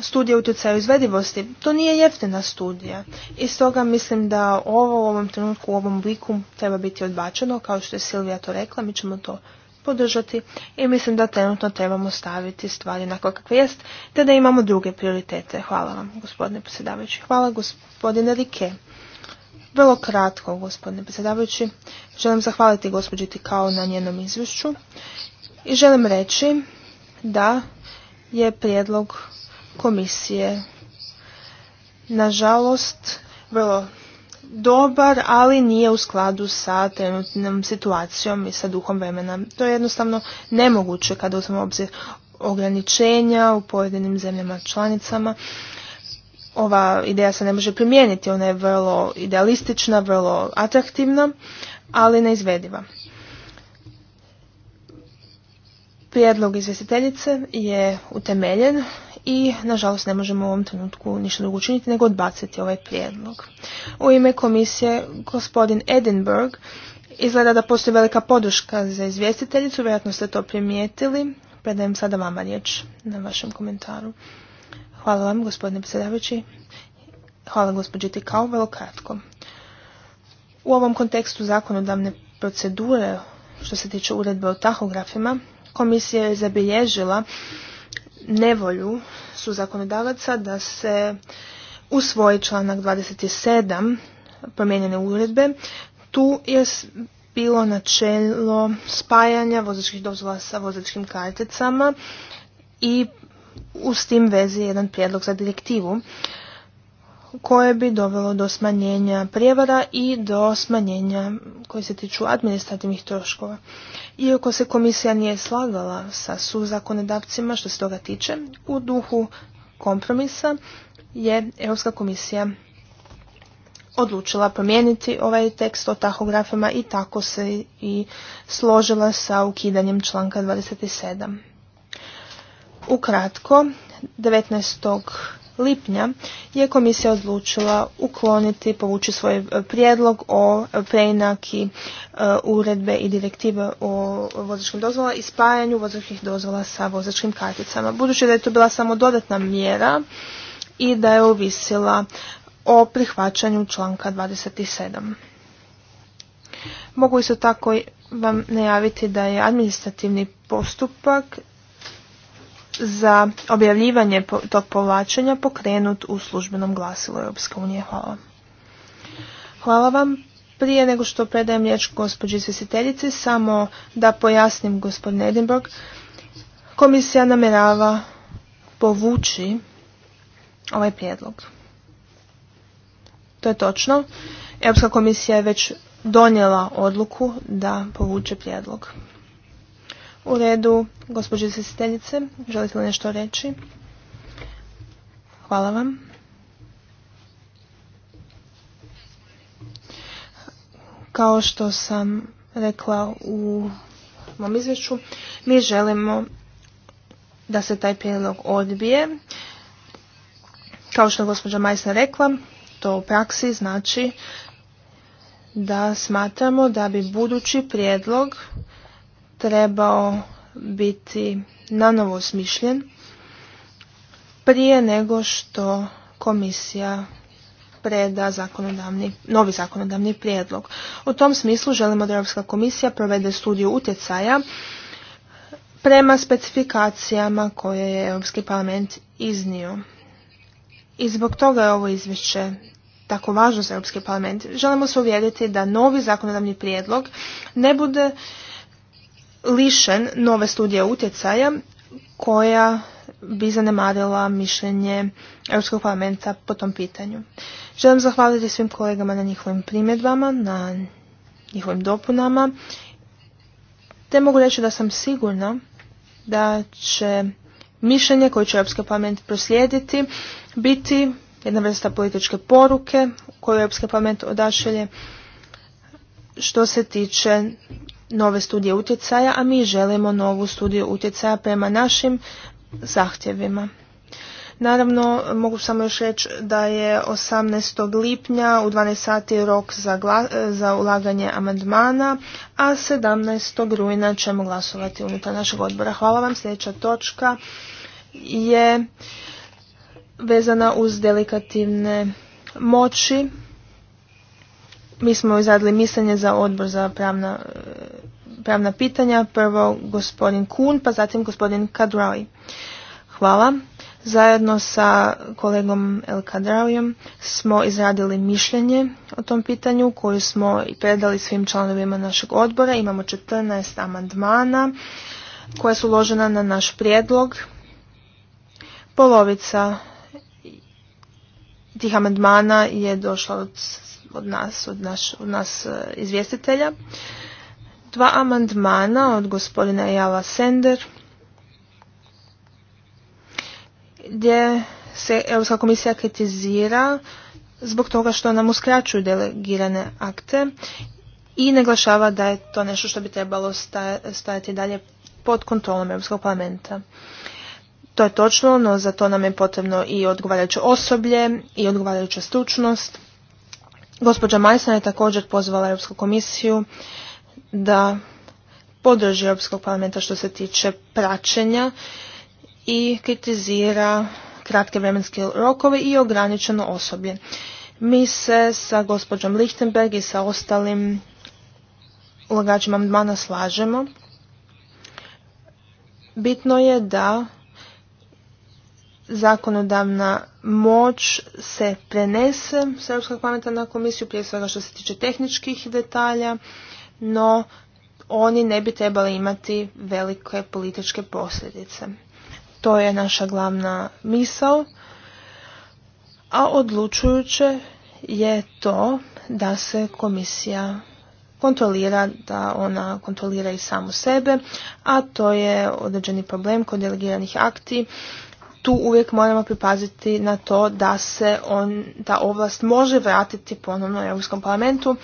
studije utjecaja izvedivosti, to nije jeftina studija i stoga mislim da ovo u ovom trenutku u ovom obliku treba biti odbačeno, kao što je Silvija to rekla, mi ćemo to podržati i mislim da trenutno trebamo staviti stvari na kakve jest, te da imamo druge prioritete. Hvala vam, gospodine predsjedavajući. Hvala, gospodine Rike. Vrlo kratko, gospodine predsjedavajući. Želim zahvaliti gospođi Tikao na njenom izvješću i želim reći da je prijedlog komisije nažalost vrlo dobar, ali nije u skladu sa trenutnom situacijom i sa duhom vremena. To je jednostavno nemoguće kada uzmemo obzir ograničenja u pojedinim zemljama članicama. Ova ideja se ne može primijeniti, ona je vrlo idealistična, vrlo atraktivna, ali neizvediva. Prijedlog izvjestiteljice je utemeljen, i nažalost ne možemo u ovom trenutku ništa drugo učiniti nego odbaciti ovaj prijedlog. U ime komisije gospodin Edinburgh izgleda da postoji velika podrška za izvjestiteljicu, vjerojatno ste to primijetili. Predajem sada vama riječ na vašem komentaru. Hvala vam gospodine predsjedavajući. Hvala gospođi Tikao, vrlo kratko. U ovom kontekstu zakonodavne procedure što se tiče uredbe o tahografima, komisija je zabilježila nevolju su zakonodavaca da se usvoji članak 27 promijenjene uredbe. Tu je bilo načelo spajanja vozačkih dozvola sa vozačkim karticama i u s tim vezi jedan prijedlog za direktivu koje bi dovelo do smanjenja prijevara i do smanjenja koji se tiču administrativnih troškova. Iako se komisija nije slagala sa suzakonodavcima što se toga tiče, u duhu kompromisa je Europska komisija odlučila promijeniti ovaj tekst o tahografima i tako se i složila sa ukidanjem članka 27. Ukratko, 19 lipnja je komisija odlučila ukloniti, povući svoj e, prijedlog o preinaki e, uredbe i direktive o vozačkim dozvola i spajanju vozačkih dozvola sa vozačkim karticama. Budući da je to bila samo dodatna mjera i da je ovisila o prihvaćanju članka 27. Mogu isto tako vam najaviti da je administrativni postupak za objavljivanje tog povlačenja pokrenut u službenom glasilu Europske unije. Hvala. Hvala vam. Prije nego što predajem riječ gospođi izvjestiteljici, samo da pojasnim gospodin Edinburgh, komisija namjerava povući ovaj prijedlog. To je točno. Europska komisija je već donijela odluku da povuče prijedlog. U redu, gospođe izvjestiteljice, želite li nešto reći? Hvala vam. Kao što sam rekla u mom izvješću, mi želimo da se taj prijedlog odbije. Kao što je gospođa Majsna rekla, to u praksi znači da smatramo da bi budući prijedlog trebao biti nanovo smišljen prije nego što komisija preda zakonodavni, novi zakonodavni prijedlog. U tom smislu želimo da Europska komisija provede studiju utjecaja prema specifikacijama koje je Europski parlament iznio. I zbog toga je ovo izvješće tako važno za Europski parlament. Želimo se uvjeriti da novi zakonodavni prijedlog ne bude lišen nove studije utjecaja koja bi zanemarila mišljenje Europskog parlamenta po tom pitanju. Želim zahvaliti svim kolegama na njihovim primjedbama, na njihovim dopunama, te mogu reći da sam sigurna da će mišljenje koje će Europski parlament proslijediti biti jedna vrsta političke poruke koju Europski parlament odašelje što se tiče nove studije utjecaja, a mi želimo novu studiju utjecaja prema našim zahtjevima. Naravno, mogu samo još reći da je 18. lipnja u 12 sati rok za, za ulaganje amandmana, a 17. rujna ćemo glasovati unutar našeg odbora. Hvala vam. Sljedeća točka je vezana uz delikativne moći mi smo izradili mišljenje za odbor za pravna, eh, pravna pitanja. Prvo gospodin Kun, pa zatim gospodin Kadraui. Hvala. Zajedno sa kolegom El Kadraujem smo izradili mišljenje o tom pitanju koju smo i predali svim članovima našeg odbora. Imamo 14 amandmana koja su uložena na naš prijedlog. Polovica tih amandmana je došla od od nas, od, naš, nas e, izvjestitelja. Dva amandmana od gospodina Java Sender gdje se Europska komisija kritizira zbog toga što nam uskraćuju delegirane akte i naglašava da je to nešto što bi trebalo stajati dalje pod kontrolom Europskog parlamenta. To je točno, no za to nam je potrebno i odgovarajuće osoblje i odgovarajuća stručnost. Gospođa Majsan je također pozvala Europsku komisiju da podrži Europskog parlamenta što se tiče praćenja i kritizira kratke vremenske rokove i ograničeno osoblje. Mi se sa gospođom Lichtenberg i sa ostalim ulagačima amandmana slažemo. Bitno je da zakonodavna moć se prenese s Europskog parlamenta na komisiju, prije svega što se tiče tehničkih detalja, no oni ne bi trebali imati velike političke posljedice. To je naša glavna misao, a odlučujuće je to da se komisija kontrolira, da ona kontrolira i samu sebe, a to je određeni problem kod delegiranih akti tu uvijek moramo pripaziti na to da se on, ta ovlast može vratiti ponovno Europskom parlamentu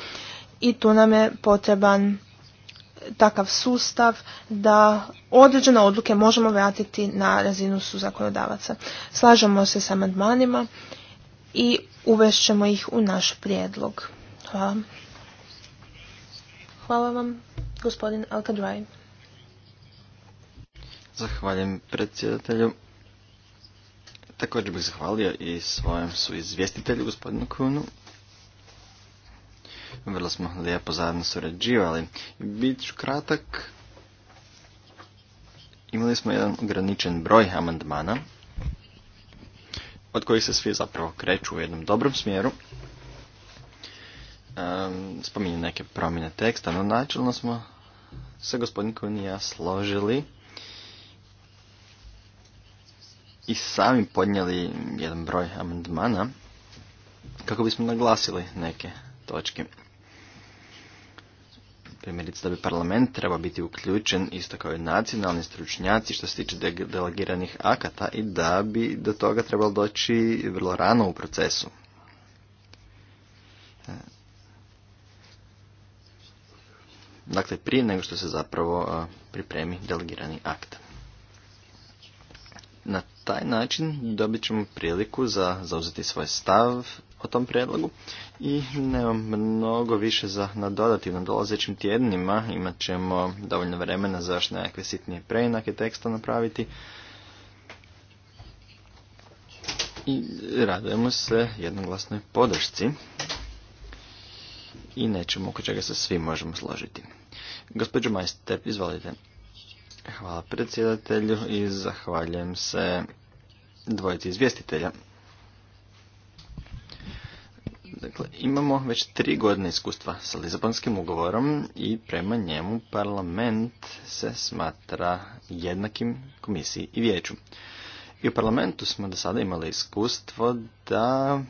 i tu nam je potreban takav sustav da određene odluke možemo vratiti na razinu su zakonodavaca. Slažemo se sa amandmanima i uvešćemo ih u naš prijedlog. Hvala. vam, gospodin Alkadraj. Zahvaljujem predsjedatelju. Također bih zahvalio i svojem su izvjestitelju, gospodinu Kunu. Vrlo smo lijepo zajedno surađivali. Bit ću kratak. Imali smo jedan ograničen broj amandmana, od kojih se svi zapravo kreću u jednom dobrom smjeru. Ehm, spominju neke promjene teksta, no načelno smo se gospodin Kun ja složili i sami podnijeli jedan broj amandmana kako bismo naglasili neke točke. Primjerice da bi parlament treba biti uključen isto kao i nacionalni stručnjaci što se tiče delegiranih akata i da bi do toga trebalo doći vrlo rano u procesu. E, dakle, prije nego što se zapravo e, pripremi delegirani akt. Na taj način dobit ćemo priliku za zauzeti svoj stav o tom prijedlogu i nemam mnogo više za nadodati na dolazećim tjednima. Imat ćemo dovoljno vremena za još nekakve sitnije preinake teksta napraviti. I radujemo se jednoglasnoj podršci i nećemo oko čega se svi možemo složiti. Gospođo Majster, izvolite. Hvala predsjedatelju i zahvaljujem se dvojici izvjestitelja. Dakle, imamo već tri godine iskustva sa Lizabonskim ugovorom i prema njemu parlament se smatra jednakim komisiji i vijeću. I u parlamentu smo do sada imali iskustvo da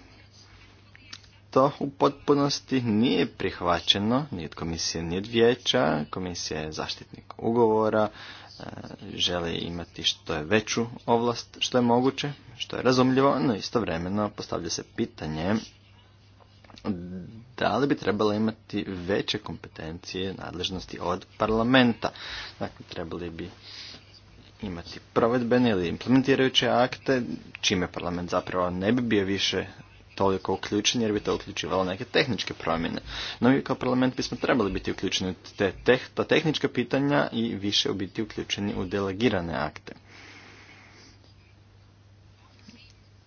to u potpunosti nije prihvaćeno ni od komisije ni od vijeća. Komisija je zaštitnik ugovora, E, žele imati što je veću ovlast, što je moguće, što je razumljivo, no istovremeno postavlja se pitanje da li bi trebalo imati veće kompetencije nadležnosti od parlamenta. Dakle, trebali bi imati provedbene ili implementirajuće akte, čime parlament zapravo ne bi bio više toliko uključeni jer bi to uključivalo neke tehničke promjene. No mi kao parlament bismo trebali biti uključeni u te teh, ta tehnička pitanja i više biti uključeni u delegirane akte.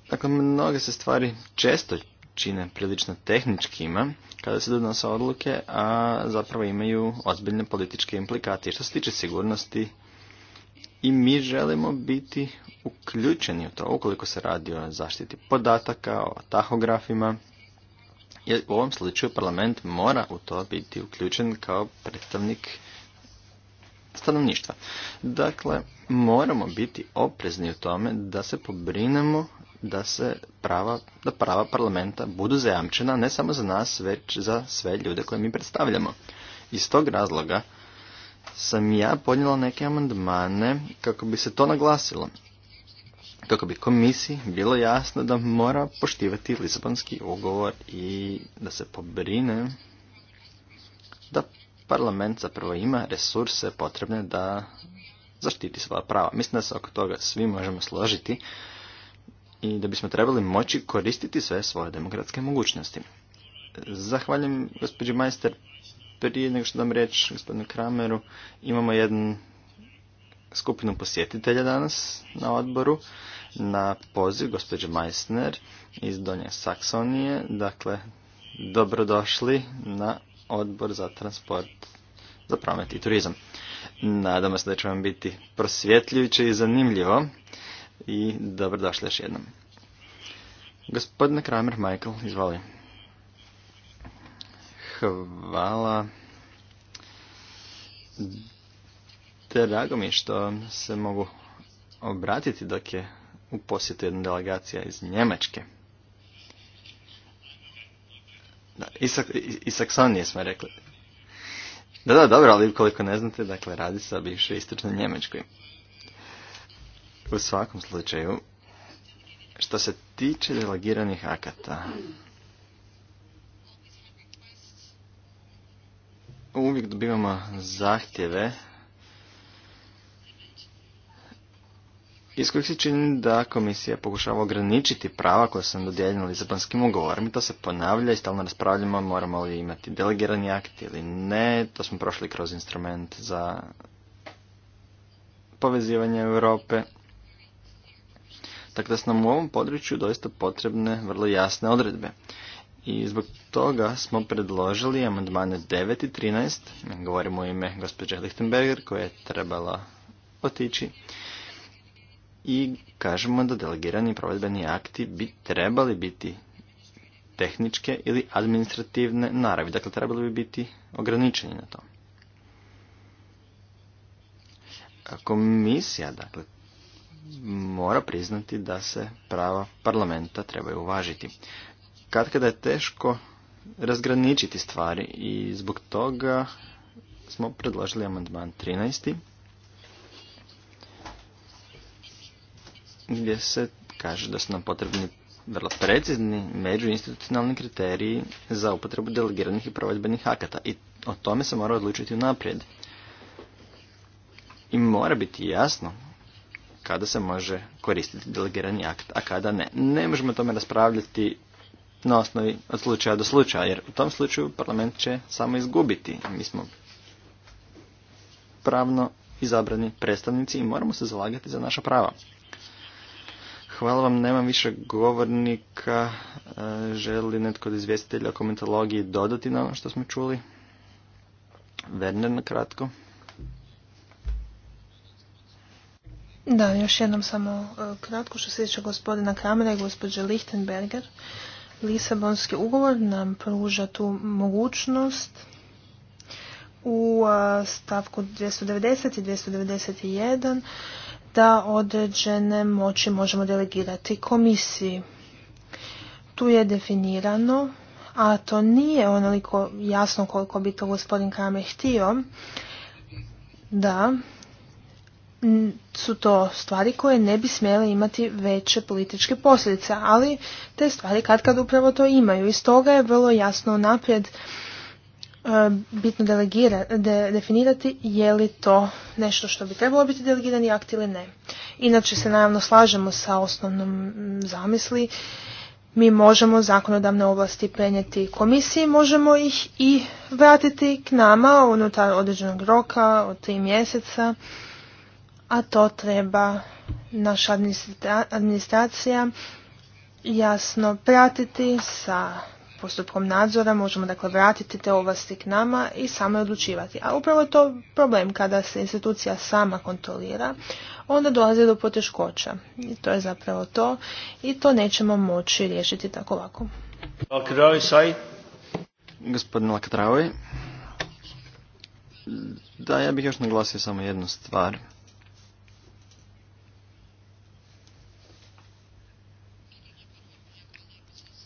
Dakle, mnoge se stvari često čine prilično tehničkima kada se donose odluke, a zapravo imaju ozbiljne političke implikacije. Što se tiče sigurnosti, i mi želimo biti uključeni u to, ukoliko se radi o zaštiti podataka, o tahografima, jer u ovom slučaju parlament mora u to biti uključen kao predstavnik stanovništva. Dakle, moramo biti oprezni u tome da se pobrinemo da se prava, da prava parlamenta budu zajamčena ne samo za nas, već za sve ljude koje mi predstavljamo. Iz tog razloga sam ja podnijela neke amandmane kako bi se to naglasilo. Kako bi komisiji bilo jasno da mora poštivati Lisabonski ugovor i da se pobrine da parlament zapravo ima resurse potrebne da zaštiti svoja prava. Mislim da se oko toga svi možemo složiti i da bismo trebali moći koristiti sve svoje demokratske mogućnosti. Zahvaljujem gospođi majster prije nego što dam reč gospodinu Krameru, imamo jednu skupinu posjetitelja danas na odboru na poziv gospođe Meissner iz Donje Saksonije. Dakle, dobrodošli na odbor za transport, za promet i turizam. Nadamo se da će vam biti prosvjetljujuće i zanimljivo i dobrodošli još jednom. Gospodine Kramer, Michael, izvolite. Hvala. Drago mi je što se mogu obratiti dok je u posjetu jedna delegacija iz Njemačke. Da, i, Saksonije smo rekli. Da, da, dobro, ali koliko ne znate, dakle, radi se o bivšoj istočnoj Njemačkoj. U svakom slučaju, što se tiče delegiranih akata, uvijek dobivamo zahtjeve iz kojih se čini da komisija pokušava ograničiti prava koja su nam dodijeljena Lisabonskim ugovorom i to se ponavlja i stalno raspravljamo moramo li imati delegirani akt ili ne, to smo prošli kroz instrument za povezivanje Europe. Tako da su nam u ovom području doista potrebne vrlo jasne odredbe. I zbog toga smo predložili amandmane 9 i 13, govorimo u ime gospođe Lichtenberger koja je trebala otići, i kažemo da delegirani provedbeni akti bi trebali biti tehničke ili administrativne naravi, dakle trebali bi biti ograničeni na to. Komisija, dakle, mora priznati da se prava parlamenta trebaju uvažiti kada je teško razgraničiti stvari i zbog toga smo predložili amandman 13. gdje se kaže da su nam potrebni vrlo precizni međuinstitucionalni kriteriji za upotrebu delegiranih i provedbenih akata i o tome se mora odlučiti unaprijed. I mora biti jasno kada se može koristiti delegirani akt, a kada ne. Ne možemo tome raspravljati na osnovi od slučaja do slučaja, jer u tom slučaju parlament će samo izgubiti. Mi smo pravno izabrani predstavnici i moramo se zalagati za naša prava. Hvala vam, nemam više govornika. E, želi li netko od izvjestitelja o komentologiji dodati na ono što smo čuli? Werner na kratko. Da, još jednom samo e, kratko što se tiče gospodina Kramera i gospođe Lichtenberger. Lisabonski ugovor nam pruža tu mogućnost u stavku 290 i 291 da određene moći možemo delegirati komisiji. Tu je definirano, a to nije onoliko jasno koliko bi to gospodin Kame htio, da su to stvari koje ne bi smjele imati veće političke posljedice, ali te stvari kad kad upravo to imaju. I stoga je vrlo jasno naprijed e, bitno definirati je li to nešto što bi trebalo biti delegirani akt ili ne. Inače se naravno slažemo sa osnovnom zamisli. Mi možemo zakonodavne oblasti prenijeti komisiji, možemo ih i vratiti k nama unutar određenog roka od tri mjeseca a to treba naša administracija jasno pratiti sa postupkom nadzora, možemo dakle vratiti te ovlasti k nama i samo odlučivati. A upravo je to problem kada se institucija sama kontrolira, onda dolazi do poteškoća. I to je zapravo to i to nećemo moći riješiti tako ovako. Gospodin da ja bih još naglasio samo jednu stvar.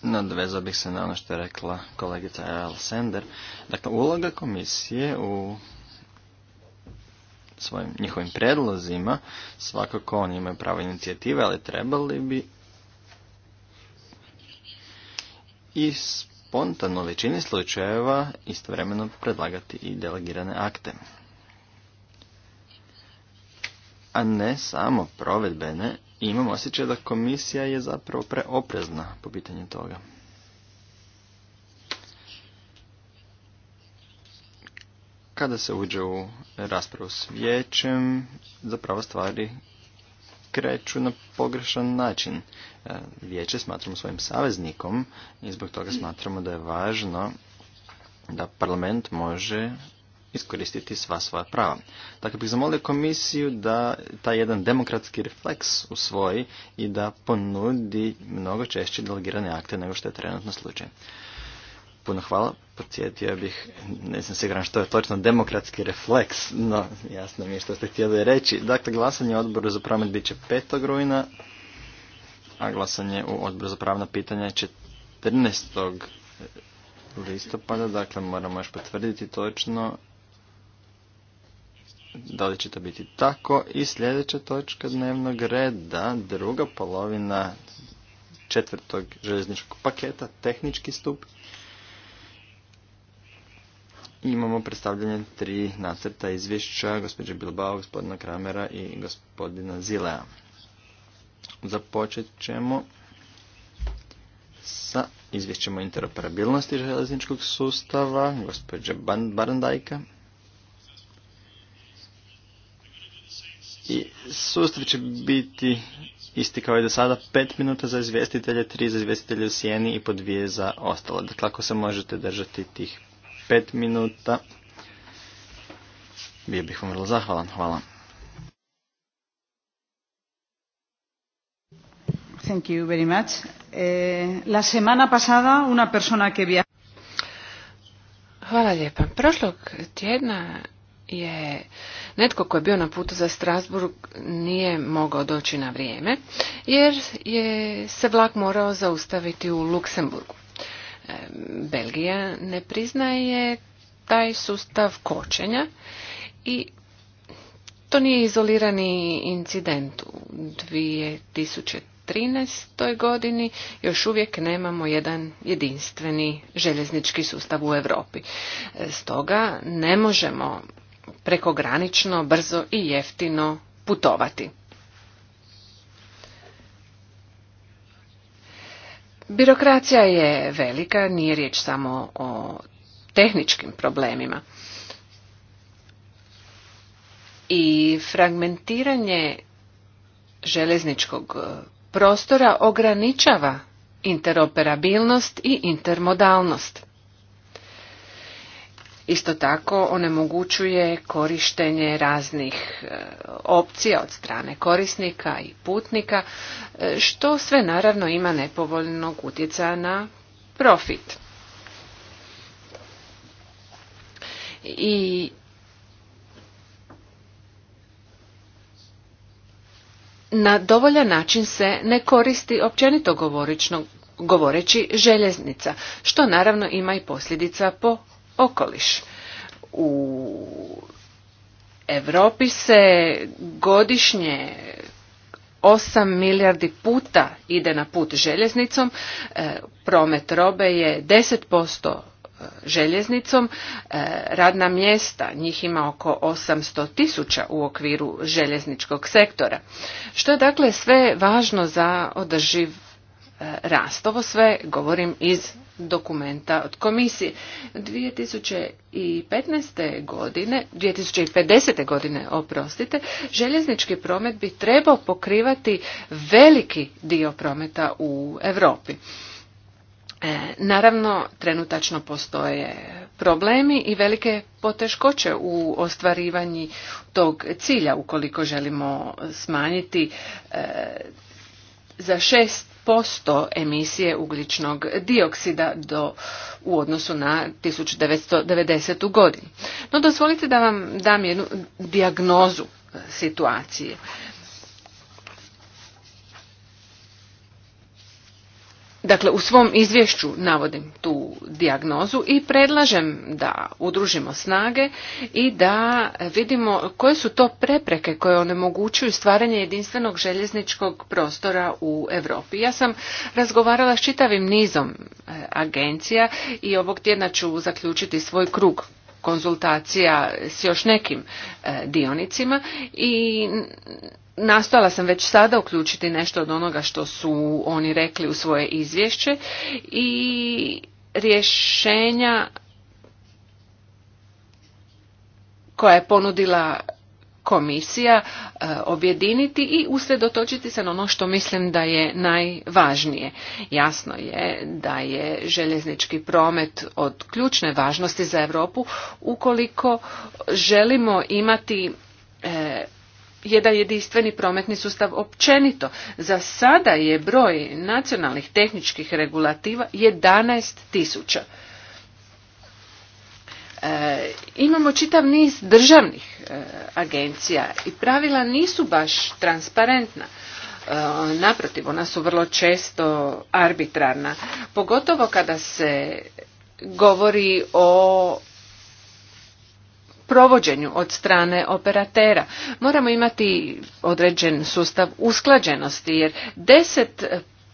Nadvezao bih se na ono što je rekla kolegica Al Sender. Dakle, uloga komisije u svojim njihovim predlozima, svakako oni imaju pravo inicijative, ali trebali bi i spontano u većini slučajeva istovremeno predlagati i delegirane akte a ne samo provedbene, imam osjećaj da komisija je zapravo preoprezna po pitanju toga. Kada se uđe u raspravu s vijećem, zapravo stvari kreću na pogrešan način. E, vijeće smatramo svojim saveznikom i zbog toga smatramo da je važno da parlament može iskoristiti sva svoja prava. Dakle, bih zamolio komisiju da taj jedan demokratski refleks usvoji i da ponudi mnogo češće delegirane akte nego što je trenutno slučaj. Puno hvala. Podsjetio bih, ne znam siguran što je točno demokratski refleks, no jasno mi je što ste htjeli reći. Dakle, glasanje u odboru za promet bit će 5. rujna, a glasanje u odboru za pravna pitanja je 14. listopada, dakle moramo još potvrditi točno da li će to biti tako. I sljedeća točka dnevnog reda, druga polovina četvrtog željezničkog paketa, tehnički stup. Imamo predstavljanje tri nacrta izvješća, gospođe Bilbao, gospodina Kramera i gospodina Zilea. Započet ćemo sa izvješćem o interoperabilnosti željezničkog sustava, gospođe Barandajka. I sustav će biti isti kao i do sada, 5 minuta za izvjestitelje, 3 za izvjestitelje u sjeni i po dvije za ostalo. Dakle, ako se možete držati tih 5 minuta, bio bih vam vrlo zahvalan. Hvala. Thank you very much. Eh, la semana pasada una persona que via... Hvala lijepa. Prošlog tjedna je netko koji je bio na putu za Strasburg nije mogao doći na vrijeme jer je se vlak morao zaustaviti u Luksemburgu. E, Belgija ne priznaje taj sustav kočenja i to nije izolirani incident u 2013. godini. Još uvijek nemamo jedan jedinstveni željeznički sustav u Europi. E, stoga ne možemo prekogranično, brzo i jeftino putovati. Birokracija je velika, nije riječ samo o tehničkim problemima. I fragmentiranje željezničkog prostora ograničava interoperabilnost i intermodalnost. Isto tako onemogućuje korištenje raznih e, opcija od strane korisnika i putnika, e, što sve naravno ima nepovoljnog utjecaja na profit. I na dovoljan način se ne koristi općenito govoreći željeznica, što naravno ima i posljedica po okoliš. U Europi se godišnje 8 milijardi puta ide na put željeznicom, e, promet robe je 10% e, željeznicom, e, radna mjesta, njih ima oko 800 tisuća u okviru željezničkog sektora. Što je dakle sve važno za održiv rast? Ovo sve govorim iz dokumenta od komisije. 2015. godine, 2050. godine, oprostite, željeznički promet bi trebao pokrivati veliki dio prometa u Europi. E, naravno, trenutačno postoje problemi i velike poteškoće u ostvarivanju tog cilja ukoliko želimo smanjiti e, za šest posto emisije ugljičnog dioksida do, u odnosu na 1990. godinu. No dozvolite da vam dam jednu dijagnozu e, situacije. Dakle, u svom izvješću navodim tu dijagnozu i predlažem da udružimo snage i da vidimo koje su to prepreke koje onemogućuju stvaranje jedinstvenog željezničkog prostora u Europi. Ja sam razgovarala s čitavim nizom e, agencija i ovog tjedna ću zaključiti svoj krug konzultacija s još nekim e, dionicima i Nastojala sam već sada uključiti nešto od onoga što su oni rekli u svoje izvješće i rješenja koja je ponudila komisija e, objediniti i usredotočiti se na ono što mislim da je najvažnije. Jasno je da je željeznički promet od ključne važnosti za Europu ukoliko želimo imati e, jedan jedinstveni prometni sustav općenito. Za sada je broj nacionalnih tehničkih regulativa 11 e, imamo čitav niz državnih e, agencija i pravila nisu baš transparentna. E, naprotiv, ona su vrlo često arbitrarna, pogotovo kada se govori o provođenju od strane operatera. Moramo imati određen sustav usklađenosti jer 10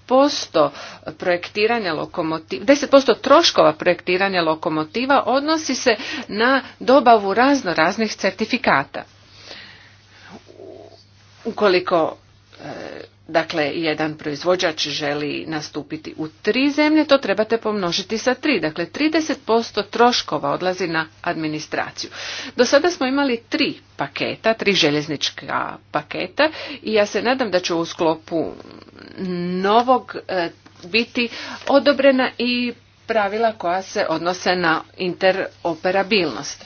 posto projektiranja lokomotiva, 10% troškova projektiranja lokomotiva odnosi se na dobavu razno raznih certifikata. Ukoliko E, dakle jedan proizvođač želi nastupiti u tri zemlje, to trebate pomnožiti sa tri. Dakle, 30% troškova odlazi na administraciju. Do sada smo imali tri paketa, tri željeznička paketa i ja se nadam da će u sklopu novog e, biti odobrena i pravila koja se odnose na interoperabilnost e,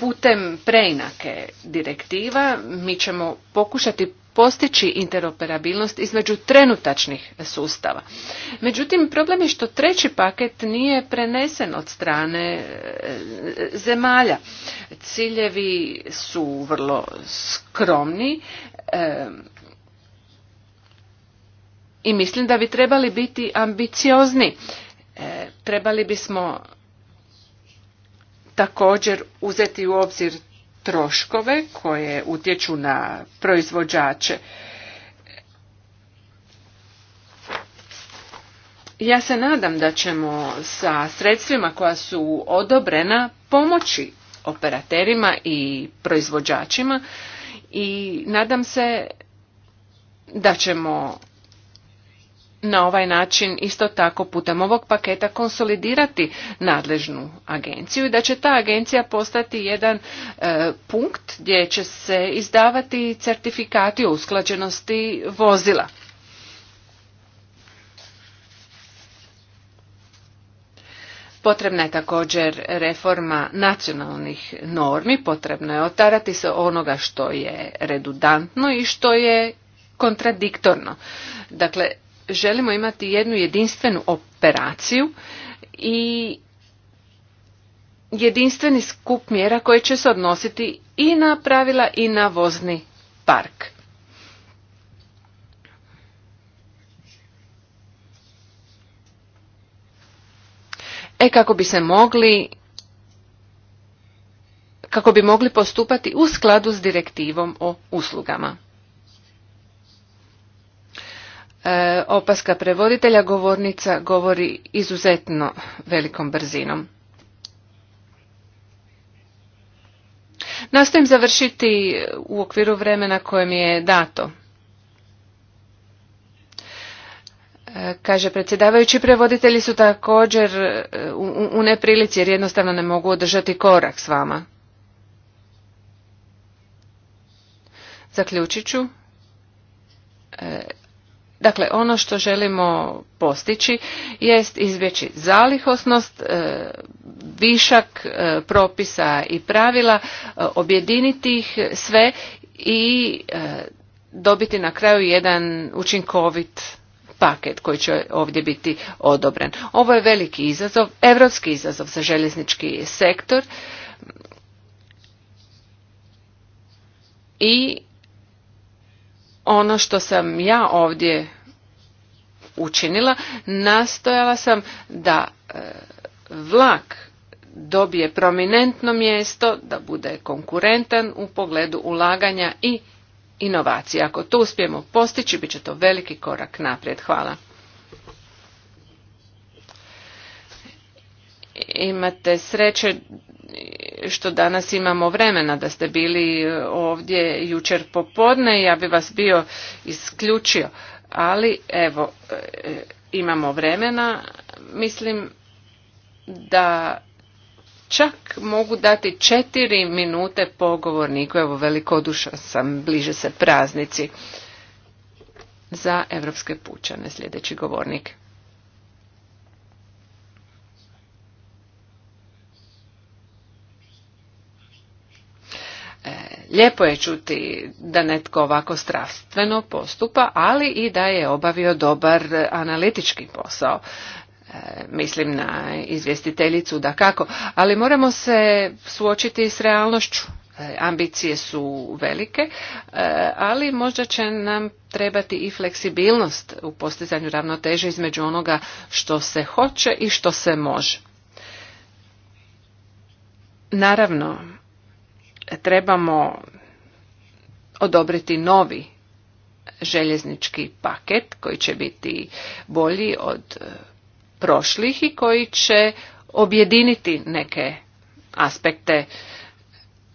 putem preinake direktiva mi ćemo pokušati postići interoperabilnost između trenutačnih sustava. Međutim, problem je što treći paket nije prenesen od strane e, zemalja. Ciljevi su vrlo skromni e, i mislim da bi trebali biti ambiciozni. E, trebali bismo također uzeti u obzir troškove koje utječu na proizvođače. Ja se nadam da ćemo sa sredstvima koja su odobrena pomoći operaterima i proizvođačima i nadam se da ćemo na ovaj način isto tako putem ovog paketa konsolidirati nadležnu agenciju i da će ta agencija postati jedan e, punkt gdje će se izdavati certifikati o usklađenosti vozila. Potrebna je također reforma nacionalnih normi, potrebno je otarati se onoga što je redundantno i što je kontradiktorno. Dakle, želimo imati jednu jedinstvenu operaciju i jedinstveni skup mjera koje će se odnositi i na pravila i na vozni park. E kako bi se mogli kako bi mogli postupati u skladu s direktivom o uslugama. E, opaska prevoditelja, govornica govori izuzetno velikom brzinom. Nastojim završiti u okviru vremena koje mi je dato. E, kaže predsjedavajući, prevoditelji su također e, u, neprilici jer jednostavno ne mogu održati korak s vama. Zaključit ću. Dakle, ono što želimo postići jest izbjeći zalihosnost, e, višak e, propisa i pravila, e, objediniti ih sve i dobiti na kraju jedan učinkovit paket koji će ovdje biti odobren. Ovo je veliki izazov, evropski izazov za željeznički sektor i ono što sam ja ovdje učinila, nastojala sam da e, vlak dobije prominentno mjesto, da bude konkurentan u pogledu ulaganja i inovacija. Ako to uspijemo postići, bit će to veliki korak naprijed. Hvala. Imate sreće što danas imamo vremena da ste bili ovdje jučer popodne ja bi vas bio isključio ali evo e, imamo vremena mislim da čak mogu dati četiri minute pogovorniku evo velikodušan sam bliže se praznici za evropske pučane sljedeći govornik Lijepo je čuti da netko ovako strastveno postupa, ali i da je obavio dobar analitički posao. E, mislim na izvjestiteljicu da kako, ali moramo se suočiti s realnošću. E, ambicije su velike, e, ali možda će nam trebati i fleksibilnost u postizanju ravnoteže između onoga što se hoće i što se može. Naravno, trebamo odobriti novi željeznički paket koji će biti bolji od e, prošlih i koji će objediniti neke aspekte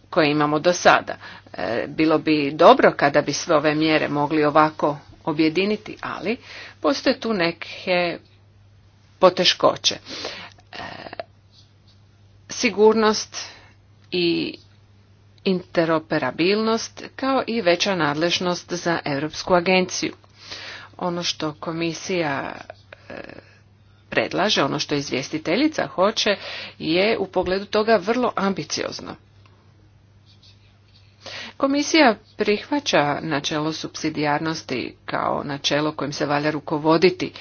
koje imamo do sada. E, bilo bi dobro kada bi sve ove mjere mogli ovako objediniti, ali postoje tu neke poteškoće. E, sigurnost i interoperabilnost kao i veća nadležnost za Europsku agenciju. Ono što komisija e, predlaže, ono što izvjestiteljica hoće, je u pogledu toga vrlo ambiciozno. Komisija prihvaća načelo subsidijarnosti kao načelo kojim se valja rukovoditi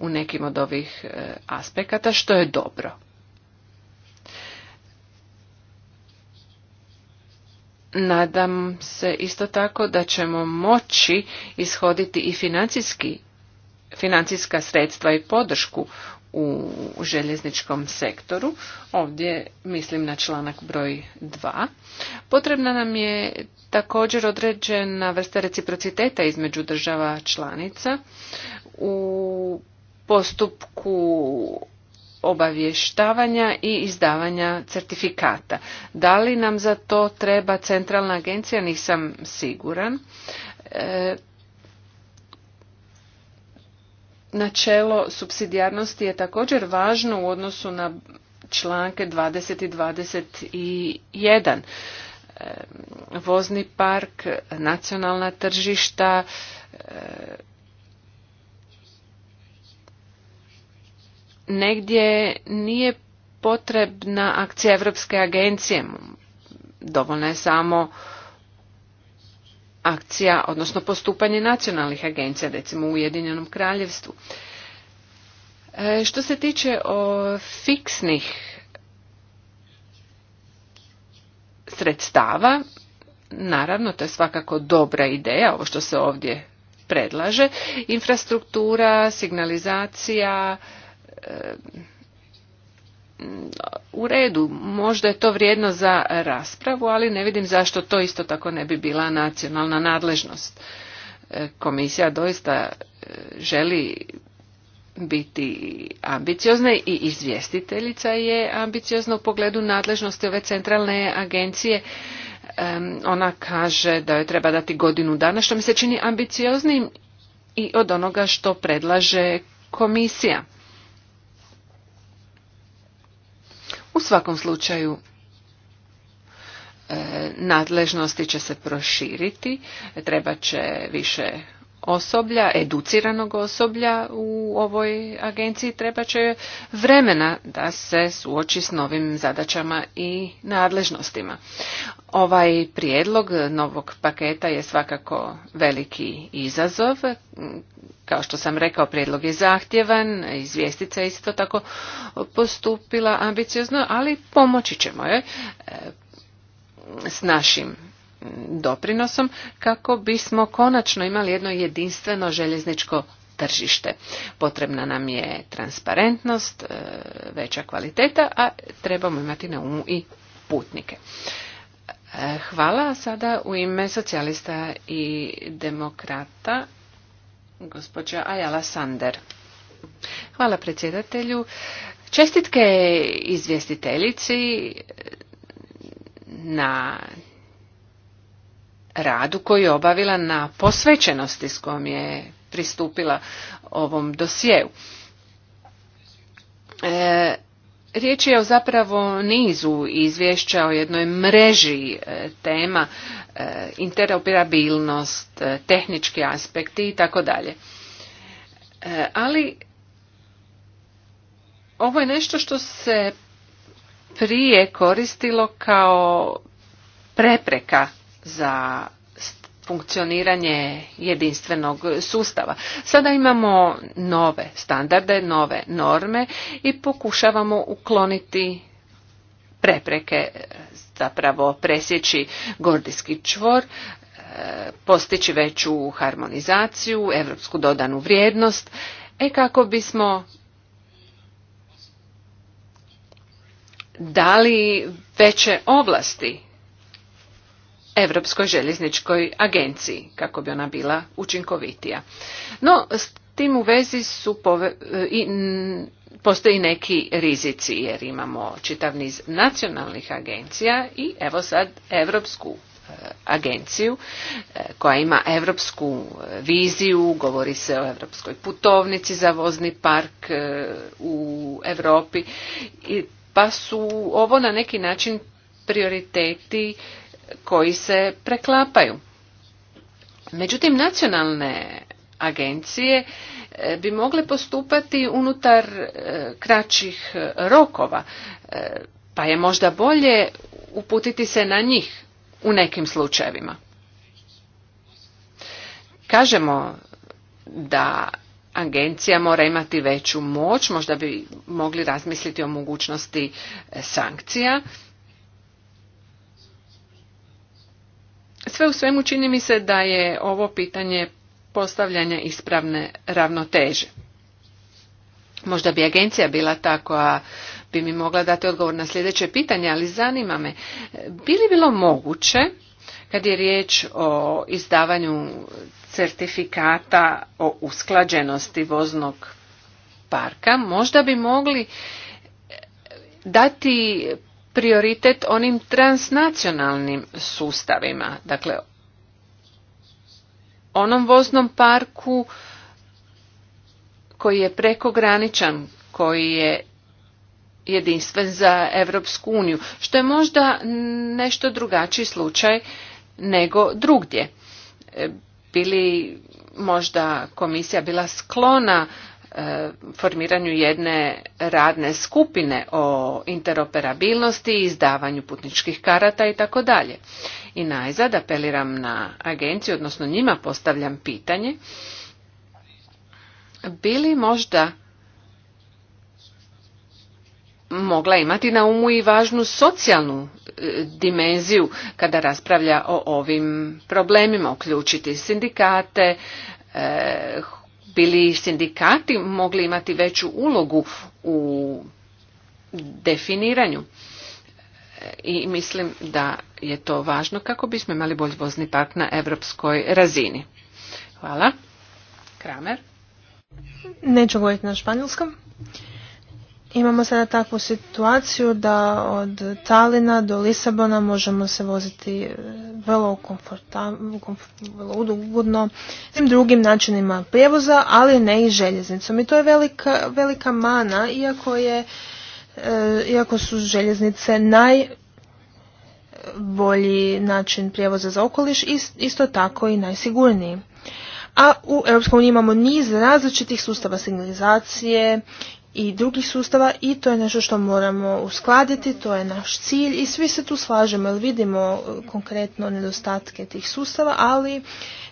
u nekim od ovih e, aspekata, što je dobro. Nadam se isto tako da ćemo moći ishoditi i financijski, financijska sredstva i podršku u željezničkom sektoru. Ovdje mislim na članak broj 2. Potrebna nam je također određena vrsta reciprociteta između država članica u postupku obavještavanja i izdavanja certifikata. Da li nam za to treba centralna agencija? Nisam siguran. E, načelo subsidijarnosti je također važno u odnosu na članke 20 i 21. E, vozni park, nacionalna tržišta, e, negdje nije potrebna akcija Evropske agencije. Dovoljna je samo akcija, odnosno postupanje nacionalnih agencija, recimo u Ujedinjenom kraljevstvu. E, što se tiče o fiksnih sredstava, naravno, to je svakako dobra ideja, ovo što se ovdje predlaže, infrastruktura, signalizacija, u redu, možda je to vrijedno za raspravu, ali ne vidim zašto to isto tako ne bi bila nacionalna nadležnost. E, komisija doista e, želi biti ambiciozna i izvjestiteljica je ambiciozna u pogledu nadležnosti ove centralne agencije. E, ona kaže da joj treba dati godinu dana, što mi se čini ambicioznim i od onoga što predlaže komisija. U svakom slučaju e, nadležnosti će se proširiti, treba će više osoblja, educiranog osoblja u ovoj agenciji treba će vremena da se suoči s novim zadaćama i nadležnostima. Ovaj prijedlog novog paketa je svakako veliki izazov. Kao što sam rekao, prijedlog je zahtjevan, izvjestica je isto tako postupila ambiciozno, ali pomoći ćemo je eh, s našim doprinosom kako bismo konačno imali jedno jedinstveno željezničko tržište. Potrebna nam je transparentnost, e, veća kvaliteta, a trebamo imati na umu i putnike. E, hvala sada u ime socijalista i demokrata gospođa Ajala Sander. Hvala predsjedatelju. Čestitke izvjestiteljici na radu koji je obavila na posvećenosti s kojom je pristupila ovom dosjeu. E, riječ je o zapravo nizu izvješća o jednoj mreži e, tema e, interoperabilnost, tehnički aspekti i tako dalje. Ali ovo je nešto što se prije koristilo kao prepreka za funkcioniranje jedinstvenog sustava. Sada imamo nove standarde, nove norme i pokušavamo ukloniti prepreke, zapravo presjeći gordijski čvor, e, postići veću harmonizaciju, evropsku dodanu vrijednost, e kako bismo dali veće ovlasti Europskoj željezničkoj agenciji kako bi ona bila učinkovitija. No, s tim u vezi su e, i, postoji neki rizici jer imamo čitav niz nacionalnih agencija i evo sad Europsku e, agenciju e, koja ima europsku viziju, govori se o europskoj putovnici za vozni park u Europi pa su ovo na neki način prioriteti koji se preklapaju. Međutim, nacionalne agencije e, bi mogle postupati unutar e, kraćih e, rokova, pa je možda bolje uputiti se na njih u nekim slučajevima. Kažemo da agencija mora imati veću moć, možda bi mogli razmisliti o mogućnosti sankcija, Sve u svemu čini mi se da je ovo pitanje postavljanja ispravne ravnoteže. Možda bi agencija bila ta koja bi mi mogla dati odgovor na sljedeće pitanje, ali zanima me, bi li bilo moguće kad je riječ o izdavanju certifikata o usklađenosti voznog parka, možda bi mogli dati prioritet onim transnacionalnim sustavima, dakle onom voznom parku koji je prekograničan, koji je jedinstven za Europsku uniju, što je možda nešto drugačiji slučaj nego drugdje. E, bili možda komisija bila sklona E, formiranju jedne radne skupine o interoperabilnosti, izdavanju putničkih karata i tako dalje. I najzad apeliram na agenciju, odnosno njima postavljam pitanje, bili možda mogla imati na umu i važnu socijalnu e, dimenziju kada raspravlja o ovim problemima, uključiti sindikate, e, bili sindikati mogli imati veću ulogu u definiranju i mislim da je to važno kako bismo imali bolji vozni park na europskoj razini. Hvala. Kramer. Neću govoriti na španjolskom. Imamo sada takvu situaciju da od Talina do Lisabona možemo se voziti e, vrlo vrlo ugodno svim drugim načinima prijevoza, ali ne i željeznicom. I to je velika, mana, iako, je, e, iako su željeznice najbolji način prijevoza za okoliš isto tako i najsigurniji. A u EU imamo niz različitih sustava signalizacije i drugih sustava i to je nešto što moramo uskladiti, to je naš cilj i svi se tu slažemo jer vidimo e, konkretno nedostatke tih sustava, ali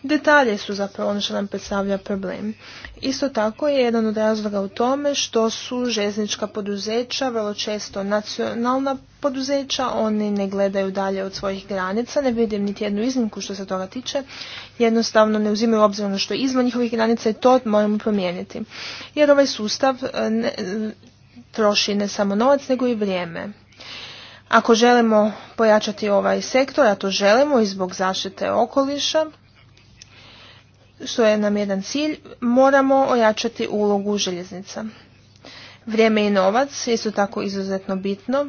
Detalje su zapravo ono što nam predstavlja problem. Isto tako je jedan od razloga u tome što su žeznička poduzeća vrlo često nacionalna poduzeća, oni ne gledaju dalje od svojih granica, ne vidim niti jednu iznimku što se toga tiče, jednostavno ne uzimaju obzir na ono što je izvan njihovih granica i to moramo promijeniti. Jer ovaj sustav e, troši ne samo novac nego i vrijeme. Ako želimo pojačati ovaj sektor, a to želimo i zbog zaštite okoliša, što je nam jedan cilj, moramo ojačati ulogu željeznica. Vrijeme i novac je isto tako izuzetno bitno.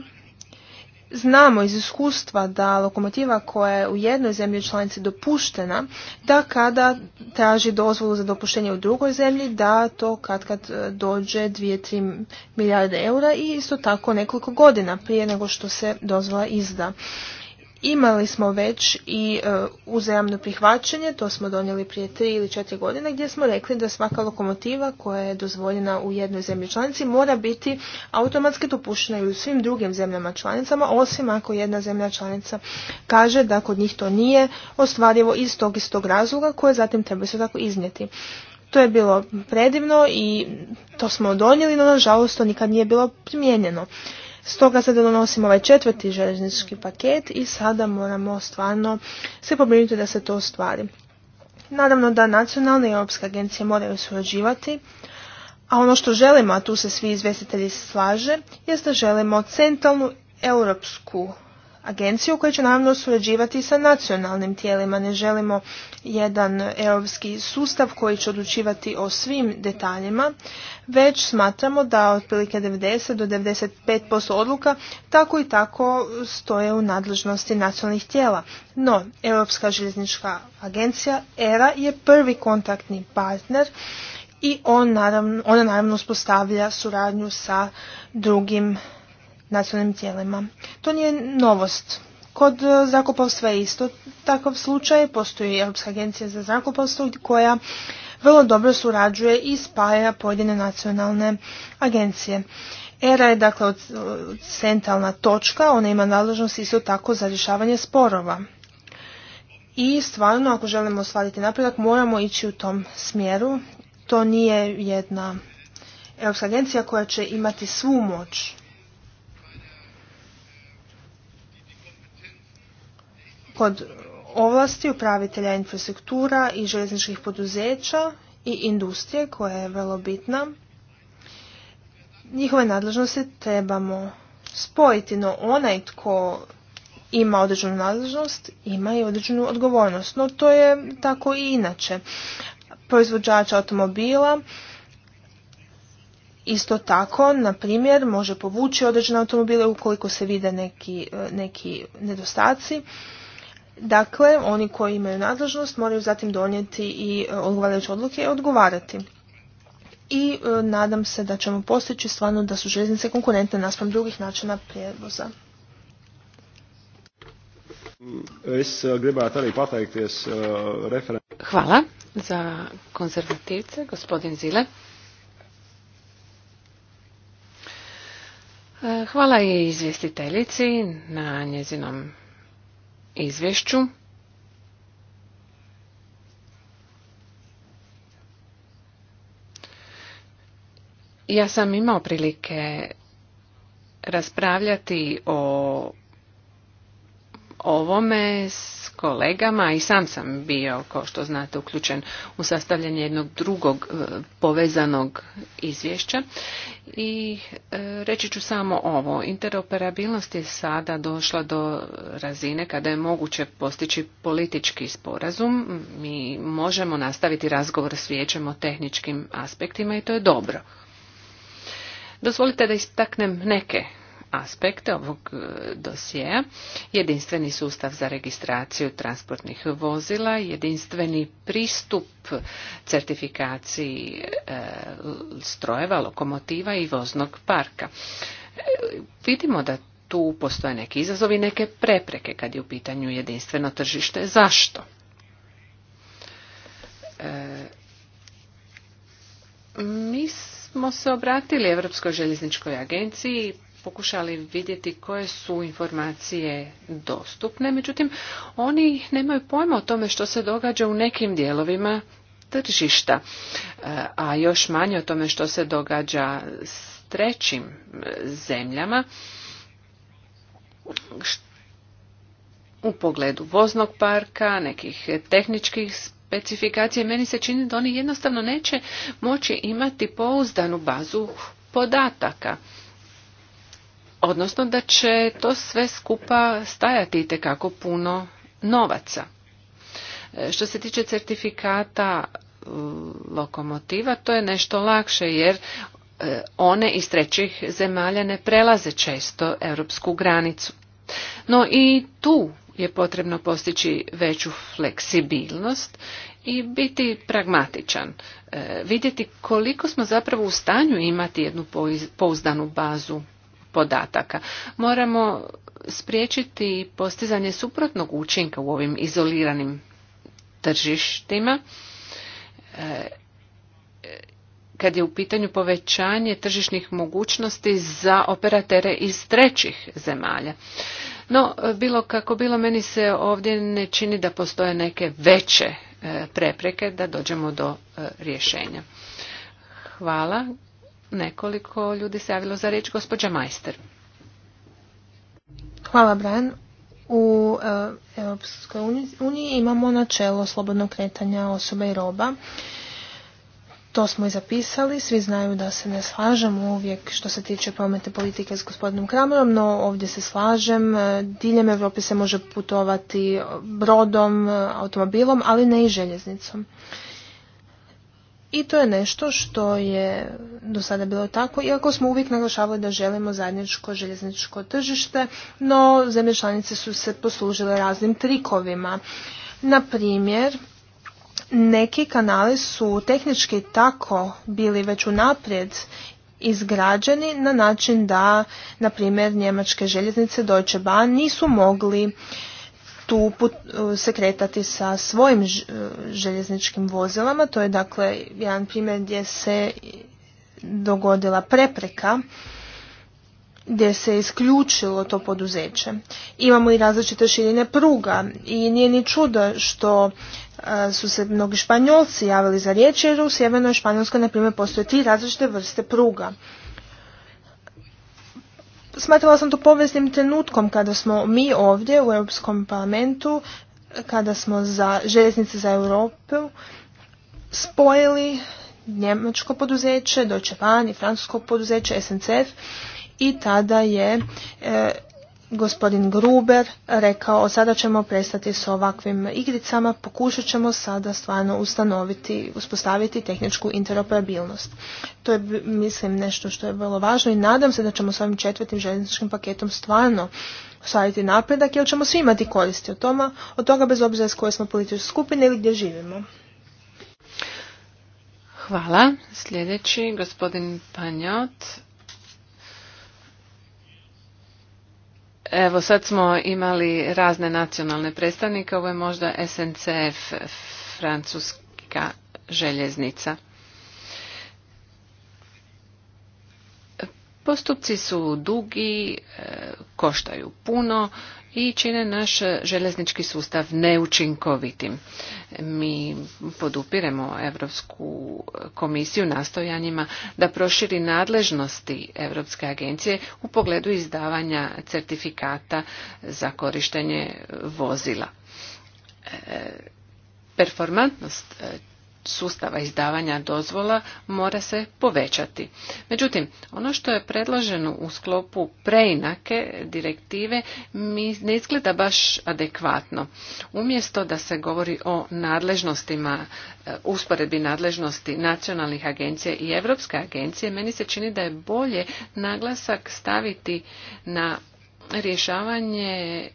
Znamo iz iskustva da lokomotiva koja je u jednoj zemlji članici dopuštena, da kada traži dozvolu za dopuštenje u drugoj zemlji, da to katkad kad e, dođe 2-3 milijarde eura i isto tako nekoliko godina prije nego što se dozvola izda. Imali smo već i e, uzajamno prihvaćanje, to smo donijeli prije tri ili četiri godine, gdje smo rekli da svaka lokomotiva koja je dozvoljena u jednoj zemlji članici mora biti automatski dopuštena i u svim drugim zemljama članicama, osim ako jedna zemlja članica kaže da kod njih to nije ostvarivo iz tog istog razloga koje zatim treba se tako iznijeti. To je bilo predivno i to smo donijeli, no nažalost to nikad nije bilo primijenjeno. Stoga sada donosimo ovaj četvrti željeznički paket i sada moramo stvarno se pobrinuti da se to ostvari. Naravno da nacionalne i europske agencije moraju surađivati, a ono što želimo, a tu se svi izvjestitelji slaže, jest da želimo centralnu europsku agenciju koja će naravno surađivati sa nacionalnim tijelima. Ne želimo jedan europski sustav koji će odlučivati o svim detaljima, već smatramo da otprilike 90 do 95% odluka tako i tako stoje u nadležnosti nacionalnih tijela. No, Europska željeznička agencija ERA je prvi kontaktni partner i ona naravno uspostavlja suradnju sa drugim nacionalnim tijelima. To nije novost Kod e, zakupovstva je isto takav slučaj, postoji Europska agencija za zakupovstvo koja vrlo dobro surađuje i spaja pojedine nacionalne agencije. ERA je dakle centralna točka, ona ima nadležnost isto tako za rješavanje sporova. I stvarno, ako želimo ostvariti napredak, moramo ići u tom smjeru. To nije jedna Europska agencija koja će imati svu moć. kod ovlasti upravitelja infrastruktura i željezničkih poduzeća i industrije koja je vrlo bitna. Njihove nadležnosti trebamo spojiti, no onaj tko ima određenu nadležnost, ima i određenu odgovornost. No to je tako i inače. Proizvođač automobila isto tako, na primjer, može povući određene automobile ukoliko se vide neki, e, neki nedostaci Dakle, oni koji imaju nadležnost moraju zatim donijeti i e, odgovarajuće odluke i odgovarati. I e, nadam se da ćemo postići stvarno da su željeznice konkurentne naspram drugih načina prijevoza. E, hvala za konzervativce, gospodin Zile. Hvala i izvjestiteljici na njezinom izvješću. Ja sam imao prilike raspravljati o ovome s kolegama i sam sam bio, kao što znate, uključen u sastavljanje jednog drugog e, povezanog izvješća. I e, reći ću samo ovo, interoperabilnost je sada došla do razine kada je moguće postići politički sporazum. Mi možemo nastaviti razgovor s vijećem o tehničkim aspektima i to je dobro. Dozvolite da istaknem neke aspekte ovog e, dosjeja. Jedinstveni sustav za registraciju transportnih vozila, jedinstveni pristup certifikaciji e, strojeva, lokomotiva i voznog parka. E, vidimo da tu postoje neki izazovi, neke prepreke kad je u pitanju jedinstveno tržište. Zašto? mi smo se obratili Europskoj željezničkoj agenciji pokušali vidjeti koje su informacije dostupne, međutim oni nemaju pojma o tome što se događa u nekim dijelovima tržišta, e, a još manje o tome što se događa s trećim e, zemljama u pogledu voznog parka, nekih tehničkih specifikacije. Meni se čini da oni jednostavno neće moći imati pouzdanu bazu podataka odnosno da će to sve skupa stajati itekako puno novaca. E, što se tiče certifikata e, lokomotiva, to je nešto lakše jer e, one iz trećih zemalja ne prelaze često europsku granicu. No i tu je potrebno postići veću fleksibilnost i biti pragmatičan. vidjeti koliko smo zapravo u stanju imati jednu pouzdanu bazu podataka. Moramo spriječiti postizanje suprotnog učinka u ovim izoliranim tržištima e, kad je u pitanju povećanje tržišnih mogućnosti za operatere iz trećih zemalja. No, bilo kako bilo, meni se ovdje ne čini da postoje neke veće e, prepreke da dođemo do e, rješenja. Hvala, Nekoliko ljudi se javilo za riječ. Gospođa Majster. Hvala, Brian. U e, Europskoj uniji imamo načelo slobodnog kretanja osoba i roba. To smo i zapisali. Svi znaju da se ne slažem uvijek što se tiče prometne politike s gospodinom Kramerom, no ovdje se slažem. E, diljem Europe se može putovati brodom, e, automobilom, ali ne i željeznicom. I to je nešto što je do sada bilo tako, iako smo uvijek naglašavali da želimo zajedničko željezničko tržište, no zemlje članice su se poslužile raznim trikovima. Na primjer, neki kanali su tehnički tako bili već unaprijed izgrađeni na način da, na primjer, njemačke željeznice Deutsche Bahn nisu mogli tu put, e, se kretati sa svojim e, željezničkim vozilama. To je dakle jedan primjer gdje se dogodila prepreka gdje se isključilo to poduzeće. Imamo i različite širine pruga i nije ni čudo što e, su se mnogi Španjolci javili za riječ jer u Sjevernoj Španjolskoj na primjer postoje tri različite vrste pruga smatrala sam to povijesnim trenutkom kada smo mi ovdje u Europskom parlamentu, kada smo za željeznice za Europu spojili njemačko poduzeće, Deutsche Bahn i francusko poduzeće SNCF i tada je e, gospodin Gruber rekao sada ćemo prestati s ovakvim igricama, pokušat ćemo sada stvarno ustanoviti, uspostaviti tehničku interoperabilnost. To je mislim nešto što je vrlo važno i nadam se da ćemo s ovim četvrtim željezničkim paketom stvarno ostvariti napredak jer ćemo svi imati koristi od, toma, od toga bez obzira s koje smo političke skupine ili gdje živimo. Hvala. Sljedeći, gospodin Panjot Evo sad smo imali razne nacionalne predstavnike, ovo je možda SNCF, francuska željeznica. Postupci su dugi, e, koštaju puno i čine naš željeznički sustav neučinkovitim. Mi podupiremo Europsku komisiju nastojanjima da proširi nadležnosti Europske agencije u pogledu izdavanja certifikata za korištenje vozila. E, performantnost sustava izdavanja dozvola mora se povećati. Međutim, ono što je predloženo u sklopu preinake direktive mi ne izgleda baš adekvatno. Umjesto da se govori o nadležnostima, e, usporedbi nadležnosti nacionalnih agencija i Europske agencije, meni se čini da je bolje naglasak staviti na rješavanje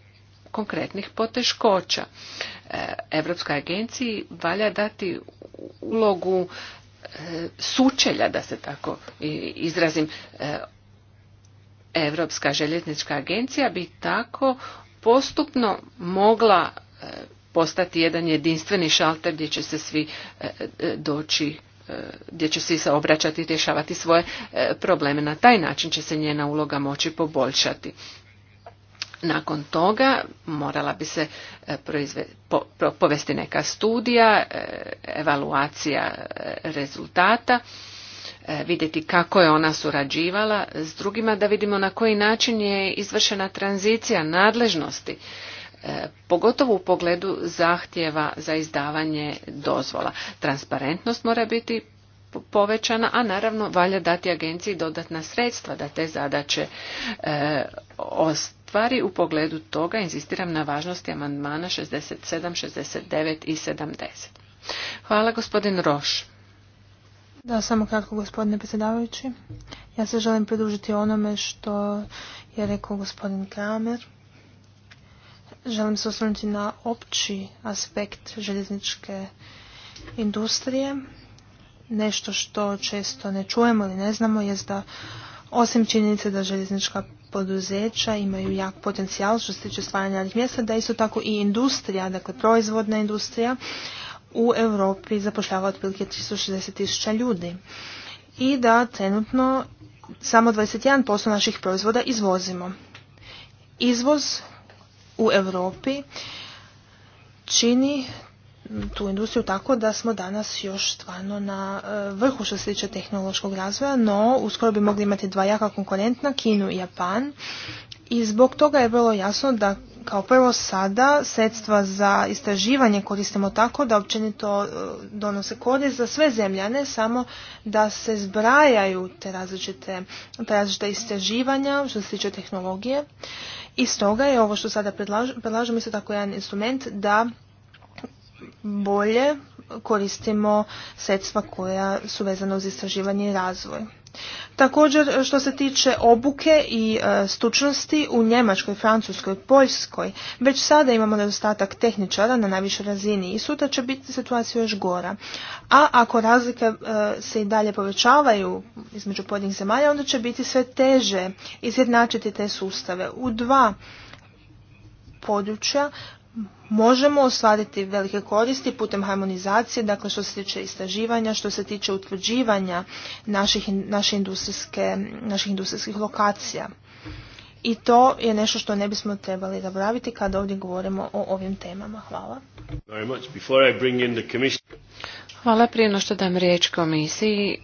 konkretnih poteškoća. Europskoj agenciji valja dati ulogu e, sučelja, da se tako izrazim. Europska željeznička agencija bi tako postupno mogla e, postati jedan jedinstveni šalter gdje će se svi e, doći gdje će svi se obraćati i rješavati svoje probleme. Na taj način će se njena uloga moći poboljšati nakon toga morala bi se e, proizve, povesti neka studija, e, evaluacija e, rezultata, vidjeti kako je ona surađivala s drugima, da vidimo na koji način je izvršena tranzicija nadležnosti, pogotovo u pogledu zahtjeva za izdavanje dozvola. Transparentnost mora biti povećana, a naravno valja dati agenciji dodatna sredstva da te zadaće stvari, u pogledu toga inzistiram na važnosti amandmana 67, 69 i 70. Hvala gospodin Roš. Da, samo kratko gospodine predsjedavajući. Ja se želim pridružiti onome što je rekao gospodin Kramer. Želim se osvrnuti na opći aspekt željezničke industrije. Nešto što često ne čujemo ili ne znamo je da osim činjenice da željeznička poduzeća imaju jak potencijal što se tiče stvaranja radnih mjesta, da isto tako i industrija, dakle proizvodna industrija u Europi zapošljava otprilike 360 tisuća ljudi i da trenutno samo 21% naših proizvoda izvozimo. Izvoz u Europi čini tu industriju tako da smo danas još stvarno na e, vrhu što se tiče tehnološkog razvoja, no uskoro bi mogli imati dva jaka konkurentna, Kinu i Japan. I zbog toga je vrlo jasno da kao prvo sada sredstva za istraživanje koristimo tako da općenito e, donose korist za sve zemljane, samo da se zbrajaju te različite, te različite istraživanja što se tiče tehnologije. I stoga je ovo što sada predlažemo isto tako jedan instrument da bolje koristimo sredstva koja su vezana uz istraživanje i razvoj. Također što se tiče obuke i stučnosti e, stručnosti u Njemačkoj, Francuskoj, Poljskoj, već sada imamo nedostatak tehničara na najvišoj razini i sutra će biti situacija još gora. A ako razlike e, se i dalje povećavaju između pojedinih zemalja, onda će biti sve teže izjednačiti te sustave. U dva područja možemo ostvariti velike koristi putem harmonizacije, dakle što se tiče istraživanja, što se tiče utvrđivanja naših, naše industrijske, naših industrijskih lokacija. I to je nešto što ne bismo trebali zaboraviti kada ovdje govorimo o ovim temama. Hvala. Hvala prije no što dam riječ komisiji.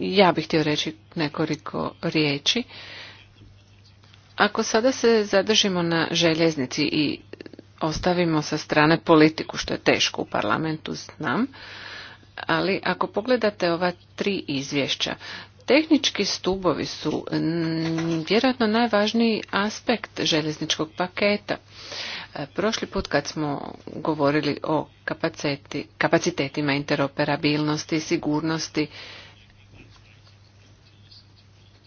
Ja bih htio reći nekoliko riječi. Ako sada se zadržimo na željeznici i ostavimo sa strane politiku, što je teško u parlamentu, znam. Ali ako pogledate ova tri izvješća, tehnički stubovi su vjerojatno najvažniji aspekt željezničkog paketa. E, prošli put kad smo govorili o kapacitetima interoperabilnosti i sigurnosti,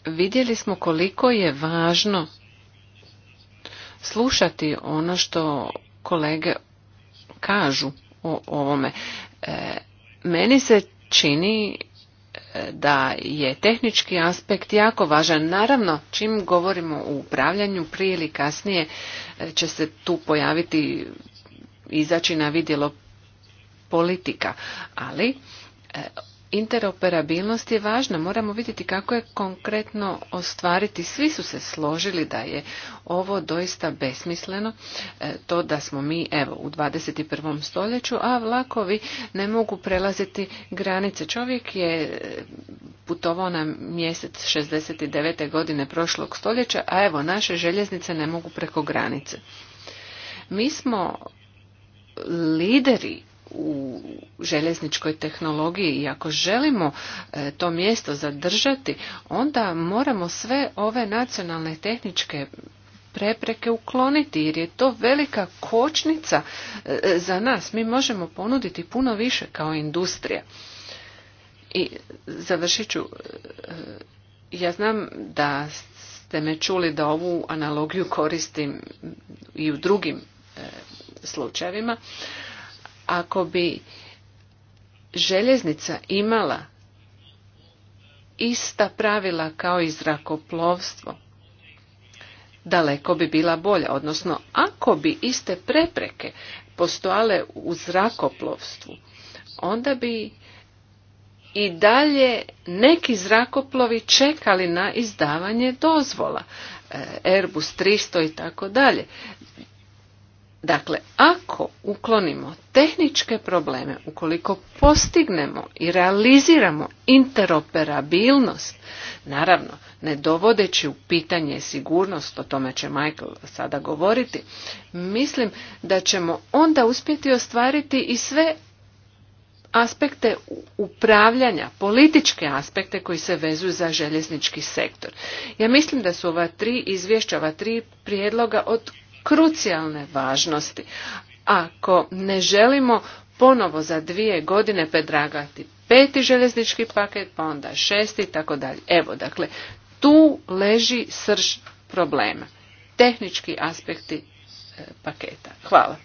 vidjeli smo koliko je važno slušati ono što kolege kažu o ovome. E, meni se čini e, da je tehnički aspekt jako važan. Naravno, čim govorimo o upravljanju, prije ili kasnije e, će se tu pojaviti izaći na vidjelo politika, ali interoperabilnost je važna. Moramo vidjeti kako je konkretno ostvariti. Svi su se složili da je ovo doista besmisleno. E, to da smo mi evo u 21. stoljeću, a vlakovi ne mogu prelaziti granice. Čovjek je e, putovao na mjesec 69. godine prošlog stoljeća, a evo naše željeznice ne mogu preko granice. Mi smo lideri u željezničkoj tehnologiji i ako želimo e, to mjesto zadržati, onda moramo sve ove nacionalne tehničke prepreke ukloniti jer je to velika kočnica e, za nas. Mi možemo ponuditi puno više kao industrija. I završit ću. E, ja znam da ste me čuli da ovu analogiju koristim i u drugim slučajevima, ako bi željeznica imala ista pravila kao i zrakoplovstvo, daleko bi bila bolja, odnosno ako bi iste prepreke postojale u zrakoplovstvu, onda bi i dalje neki zrakoplovi čekali na izdavanje dozvola, e, Airbus 300 i tako dalje. Dakle, ako uklonimo tehničke probleme, ukoliko postignemo i realiziramo interoperabilnost, naravno, ne dovodeći u pitanje sigurnost, o tome će Michael sada govoriti, mislim da ćemo onda uspjeti ostvariti i sve aspekte upravljanja, političke aspekte koji se vezuju za željeznički sektor. Ja mislim da su ova tri izvješća, ova tri prijedloga od krucijalne važnosti. Ako ne želimo ponovo za dvije godine predragati peti željeznički paket, pa onda šesti i tako dalje. Evo, dakle, tu leži srž problema. Tehnički aspekti e, paketa. Hvala.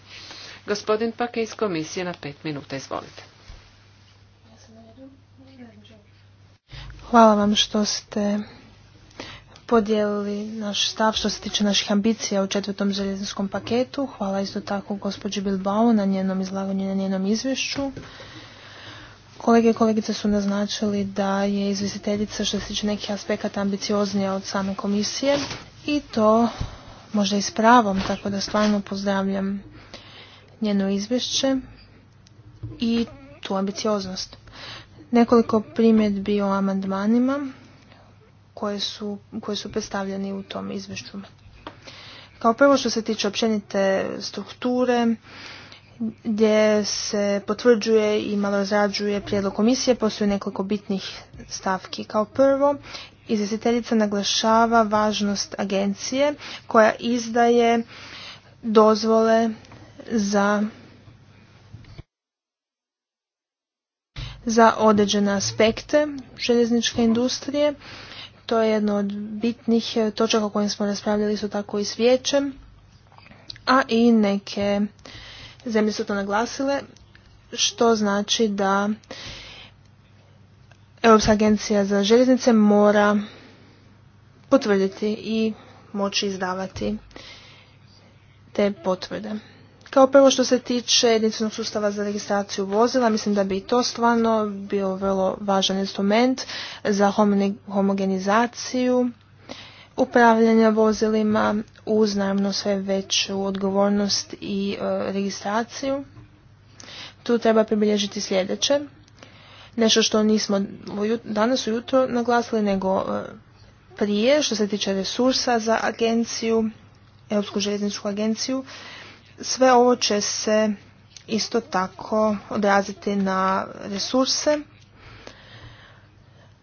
Gospodin Pake iz komisije na pet minuta, izvolite. Hvala vam što ste podijelili naš stav što se tiče naših ambicija u četvrtom željezničkom paketu. Hvala isto tako gospođi Bilbao na njenom izlaganju i na njenom izvješću. Kolege i kolegice su naznačili da je izvjestiteljica što se tiče nekih aspekata ambicioznija od same komisije i to možda i s pravom, tako da stvarno pozdravljam njeno izvješće i tu ambicioznost. Nekoliko primjedbi o amandmanima koje su, predstavljeni u tom izvješću. Kao prvo što se tiče općenite strukture, gdje se potvrđuje i malo razrađuje prijedlog komisije, postoji nekoliko bitnih stavki. Kao prvo, izvjestiteljica naglašava važnost agencije koja izdaje dozvole za za određene aspekte željezničke industrije to je jedno od bitnih e, točaka o kojim smo raspravljali su tako i s a i neke zemlje su to naglasile, što znači da Europska agencija za željeznice mora potvrditi i moći izdavati te potvrde. Kao prvo što se tiče jedinstvenog sustava za registraciju vozila, mislim da bi to stvarno bio vrlo važan instrument za homogenizaciju upravljanja vozilima uz naravno sve veću odgovornost i e, registraciju. Tu treba pribilježiti sljedeće. Nešto što nismo danas ujutro naglasili, nego e, prije što se tiče resursa za agenciju, Europsku željezničku agenciju, sve ovo će se isto tako odraziti na resurse.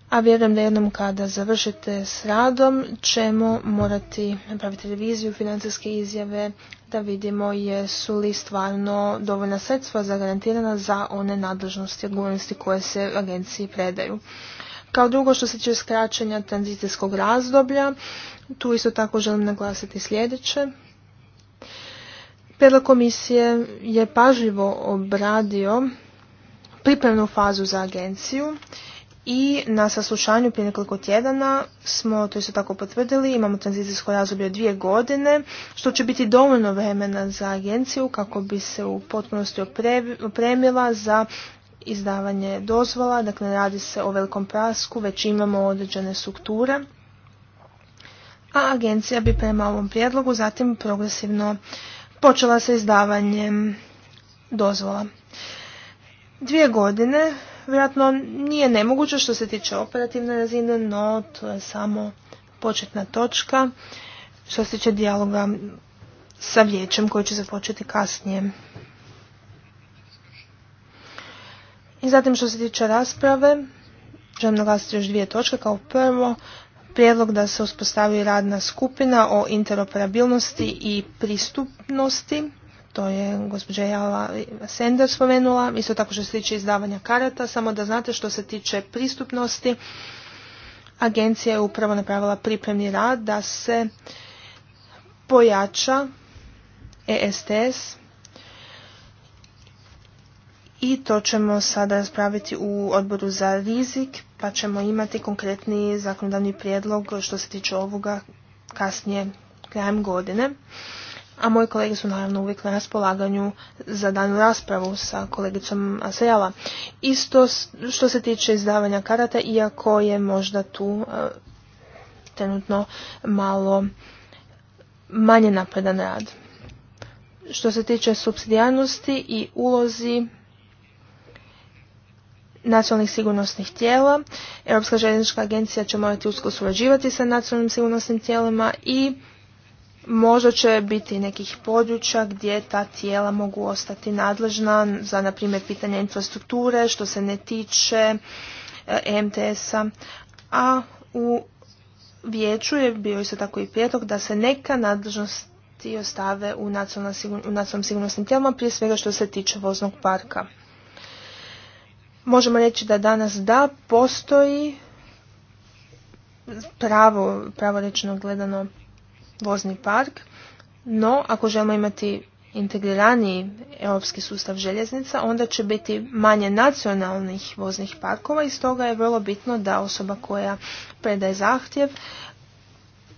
A vjerujem da jednom kada završite s radom ćemo morati napraviti reviziju financijske izjave da vidimo jesu li stvarno dovoljna sredstva zagarantirana za one nadležnosti i odgovornosti koje se agenciji predaju. Kao drugo što se tiče skraćenja tranzicijskog razdoblja, tu isto tako želim naglasiti sljedeće. Prijedlog komisije je pažljivo obradio pripremnu fazu za agenciju i na saslušanju prije nekoliko tjedana smo to isto tako potvrdili, imamo tranzicijsko razdoblje od dvije godine, što će biti dovoljno vremena za agenciju kako bi se u potpunosti opremila za izdavanje dozvola, dakle ne radi se o velikom prasku, već imamo određene strukture, a agencija bi prema ovom prijedlogu zatim progresivno počela sa izdavanjem dozvola. Dvije godine, vjerojatno nije nemoguće što se tiče operativne razine, no to je samo početna točka što se tiče dijaloga sa vijećem koji će započeti kasnije. I zatim što se tiče rasprave, želim naglasiti još dvije točke. Kao prvo, prijedlog da se uspostavi radna skupina o interoperabilnosti i pristupnosti. To je gospođa Jala Sender spomenula. Isto tako što se tiče izdavanja karata. Samo da znate što se tiče pristupnosti. Agencija je upravo napravila pripremni rad da se pojača ESTS i to ćemo sada raspraviti u odboru za rizik pa ćemo imati konkretni zakonodavni prijedlog što se tiče ovoga kasnije krajem godine. A moji kolege su naravno uvijek na raspolaganju za danu raspravu sa kolegicom Asejala. Isto što se tiče izdavanja karata, iako je možda tu e, trenutno malo manje napredan rad. Što se tiče subsidijarnosti i ulozi nacionalnih sigurnosnih tijela. Europska željeznička agencija će morati usko surađivati sa nacionalnim sigurnosnim tijelima i možda će biti nekih područja gdje ta tijela mogu ostati nadležna za, na primjer, pitanje infrastrukture što se ne tiče emts a a u vijeću je bio isto tako i prijedlog da se neka nadležnosti ostave u nacionalnim sigurnosnim tijelima, prije svega što se tiče voznog parka možemo reći da danas da postoji pravo, pravo gledano vozni park, no ako želimo imati integriraniji europski sustav željeznica, onda će biti manje nacionalnih voznih parkova i stoga je vrlo bitno da osoba koja predaje zahtjev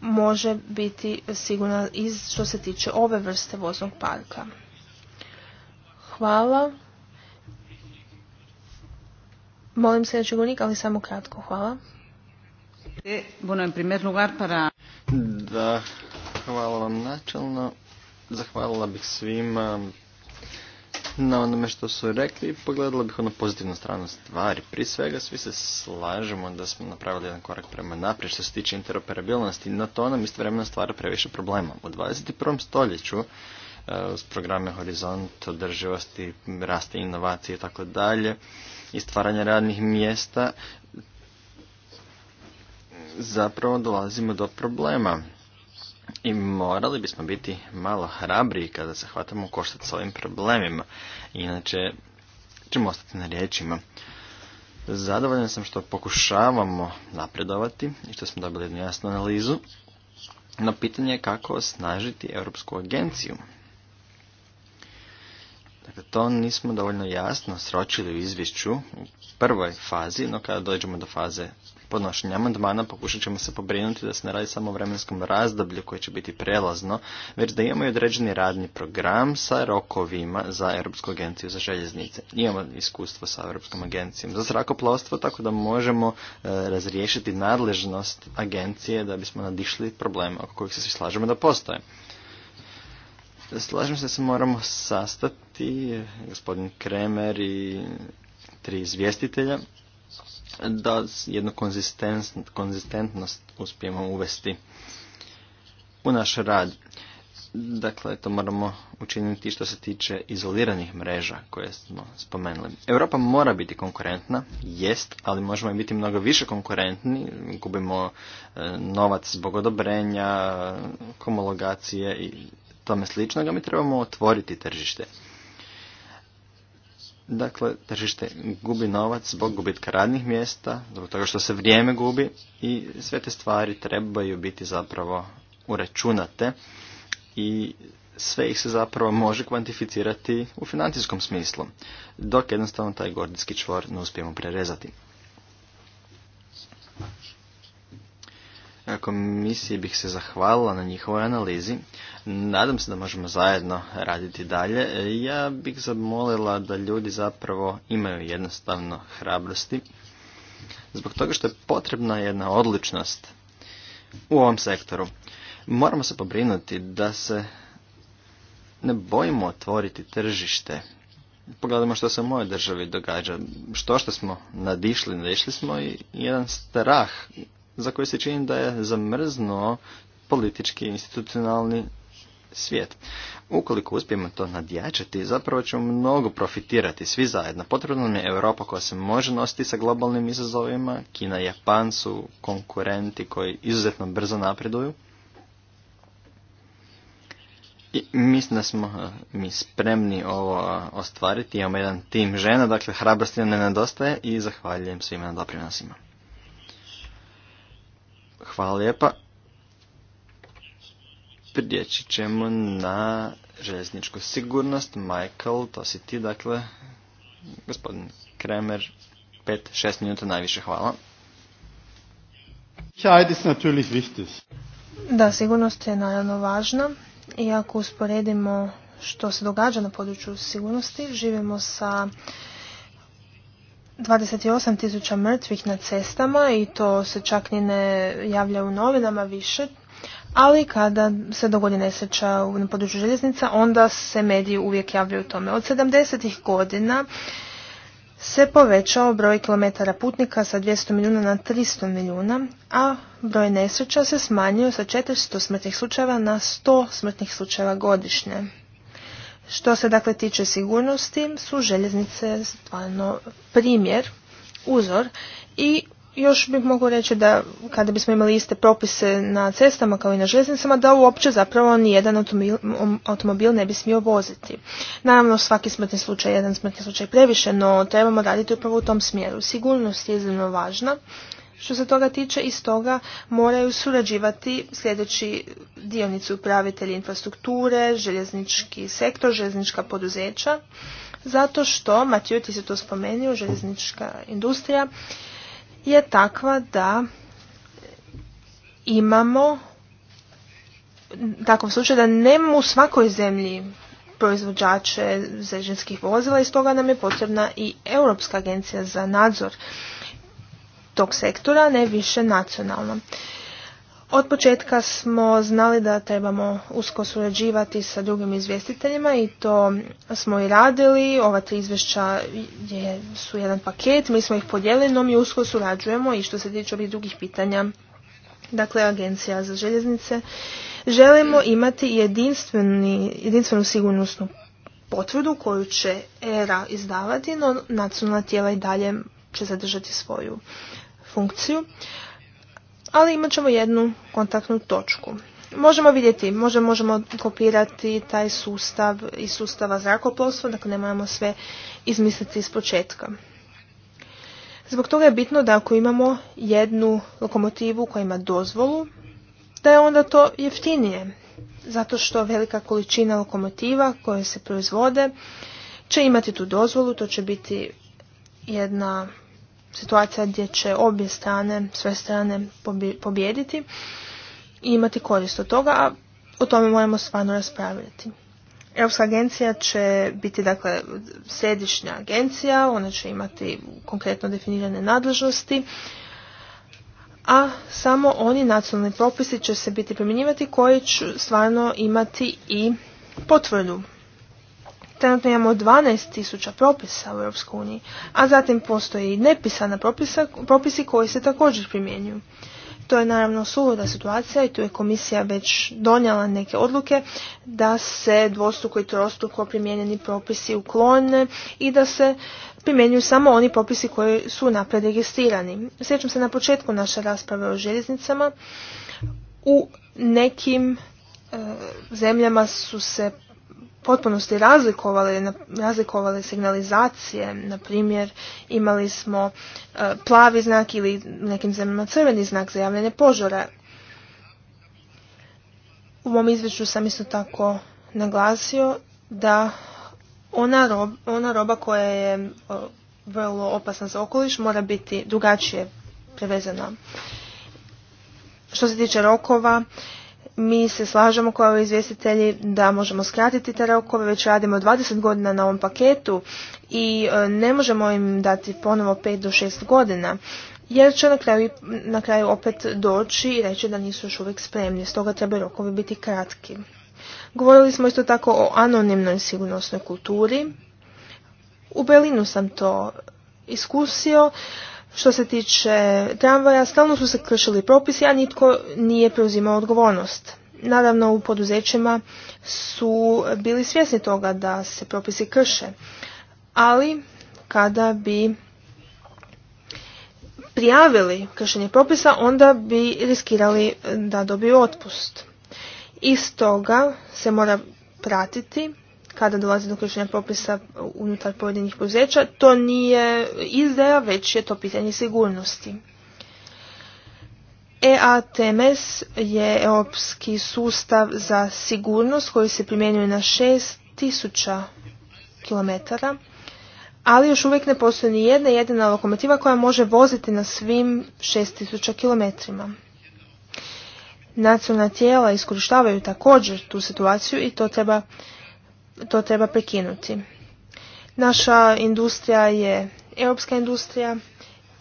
može biti sigurna iz što se tiče ove vrste voznog parka. Hvala. Molim sljedećeg ali samo kratko. Hvala. E, da, hvala vam načalno. Zahvalila bih svima na onome što su rekli i pogledala bih ono pozitivnu stranu stvari. Prije svega svi se slažemo da smo napravili jedan korak prema naprijed što se tiče interoperabilnosti, no to nam istovremeno stvara previše problema. U 21. stoljeću s e, programe Horizont, održivosti, raste inovacije i tako dalje, i stvaranja radnih mjesta zapravo dolazimo do problema. I morali bismo biti malo hrabriji kada se hvatamo koštati s ovim problemima. Inače ćemo ostati na riječima. Zadovoljan sam što pokušavamo napredovati i što smo dobili jednu jasnu analizu. No pitanje je kako osnažiti Europsku agenciju Dakle, to nismo dovoljno jasno sročili u izvješću u prvoj fazi, no kada dođemo do faze podnošenja amandmana pokušat ćemo se pobrinuti da se ne radi samo o vremenskom razdoblju koje će biti prelazno, već da imamo i određeni radni program sa rokovima za Europsku agenciju za željeznice. Imamo iskustvo sa Europskom agencijom za zrakoplovstvo, tako da možemo e, razriješiti nadležnost agencije da bismo nadišli probleme oko kojih se svi slažemo da postoje. Slažem se da se moramo sastati, gospodin Kremer i tri izvjestitelja, da jednu konzistentnost uspijemo uvesti u naš rad. Dakle, to moramo učiniti što se tiče izoliranih mreža koje smo spomenuli. Europa mora biti konkurentna, jest, ali možemo i biti mnogo više konkurentni. Gubimo e, novac zbog odobrenja, komologacije i tome sličnoga, mi trebamo otvoriti tržište. Dakle, tržište gubi novac zbog gubitka radnih mjesta, zbog toga što se vrijeme gubi i sve te stvari trebaju biti zapravo uračunate i sve ih se zapravo može kvantificirati u financijskom smislu, dok jednostavno taj gordijski čvor ne uspijemo prerezati. Komisiji bih se zahvalila na njihovoj analizi. Nadam se da možemo zajedno raditi dalje. Ja bih zamolila da ljudi zapravo imaju jednostavno hrabrosti. Zbog toga što je potrebna jedna odličnost u ovom sektoru. Moramo se pobrinuti da se ne bojimo otvoriti tržište. pogledamo što se u mojoj državi događa. Što što smo nadišli, nadišli smo i jedan strah za koje se čini da je zamrzno politički institucionalni svijet. Ukoliko uspijemo to nadjačati, zapravo ćemo mnogo profitirati svi zajedno. Potrebna nam je Europa koja se može nositi sa globalnim izazovima, Kina i Japan su konkurenti koji izuzetno brzo napreduju. I mislim da smo eh, mi spremni ovo eh, ostvariti. Imamo jedan tim žena, dakle hrabrosti ne nedostaje i zahvaljujem svima na doprinosima. Hvala lijepa. Prijeći ćemo na željezničku sigurnost. Michael, to si ti, dakle, gospodin Kremer, 5-6 minuta najviše, hvala. Da, sigurnost je naravno važna. I ako usporedimo što se događa na području sigurnosti, živimo sa 28 tisuća mrtvih na cestama i to se čak ni ne javlja u novinama više, ali kada se dogodi nesreća u području željeznica, onda se mediji uvijek javljaju tome. Od 70. ih godina se povećao broj kilometara putnika sa 200 milijuna na 300 milijuna, a broj nesreća se smanjio sa 400 smrtnih slučajeva na 100 smrtnih slučajeva godišnje. Što se dakle tiče sigurnosti, su željeznice stvarno primjer, uzor i još bih mogu reći da kada bismo imali iste propise na cestama kao i na željeznicama, da uopće zapravo nijedan automobil, automobil ne bi smio voziti. Naravno, svaki smrtni slučaj, jedan smrtni slučaj previše, no trebamo raditi upravo u tom smjeru. Sigurnost je iznimno važna što se toga tiče i stoga moraju surađivati sljedeći dionici upravitelji infrastrukture, željeznički sektor, željeznička poduzeća, zato što, Matiju ti se to spomenuo, željeznička industrija je takva da imamo takav slučaj da nemamo u svakoj zemlji proizvođače željezničkih vozila i stoga nam je potrebna i Europska agencija za nadzor tog sektora, ne više nacionalno. Od početka smo znali da trebamo usko surađivati sa drugim izvjestiteljima i to smo i radili. Ova tri izvješća je, su jedan paket, mi smo ih podijelili, no mi usko surađujemo i što se tiče ovih drugih pitanja, dakle Agencija za željeznice, želimo imati jedinstvenu sigurnosnu potvrdu koju će ERA izdavati, no nacionalna tijela i dalje će zadržati svoju funkciju, ali imat ćemo jednu kontaktnu točku. Možemo vidjeti, možemo kopirati taj sustav iz sustava zrakoplovstva, dakle ne moramo sve izmisliti iz početka. Zbog toga je bitno da ako imamo jednu lokomotivu koja ima dozvolu, da je onda to jeftinije, zato što velika količina lokomotiva koje se proizvode će imati tu dozvolu, to će biti jedna situacija gdje će obje strane, sve strane pobjediti i imati korist od toga, a o tome moramo stvarno raspravljati. Europska agencija će biti dakle središnja agencija, ona će imati konkretno definirane nadležnosti, a samo oni nacionalni propisi će se biti primjenjivati koji će stvarno imati i potvrdu Trenutno imamo 12.000 propisa u EU, a zatim postoji i nepisana propisa, propisi koji se također primjenjuju. To je naravno suluda situacija i tu je komisija već donijela neke odluke da se dvostruko i trostuko primijenjeni propisi uklone i da se primjenjuju samo oni propisi koji su napred registrirani. Sjećam se na početku naše rasprave o željeznicama. U nekim e, zemljama su se potpunosti razlikovali, signalizacije. Na primjer, imali smo e, plavi znak ili nekim zemljama crveni znak za javljanje požara. U mom izvješću sam isto tako naglasio da ona, ona roba koja je e, vrlo opasna za okoliš mora biti drugačije prevezana. Što se tiče rokova, mi se slažemo kao izvjestitelji da možemo skratiti te rokove, već radimo 20 godina na ovom paketu i e, ne možemo im dati ponovo 5 do 6 godina jer će na kraju, na kraju opet doći i reći da nisu još uvijek spremni, stoga treba rokovi biti kratki. Govorili smo isto tako o anonimnoj sigurnosnoj kulturi. U Belinu sam to iskusio. Što se tiče tramvaja, stalno su se kršili propisi, a nitko nije preuzimao odgovornost. Naravno, u poduzećima su bili svjesni toga da se propisi krše, ali kada bi prijavili kršenje propisa, onda bi riskirali da dobiju otpust. Iz toga se mora pratiti kada dolazi do kršenja propisa unutar pojedinih poduzeća, to nije izdaja, već je to pitanje sigurnosti. EATMS je europski sustav za sigurnost koji se primjenjuje na 6000 km, ali još uvijek ne postoji ni jedna jedina lokomotiva koja može voziti na svim 6000 km. Nacionalna tijela iskorištavaju također tu situaciju i to treba to treba prekinuti. Naša industrija je europska industrija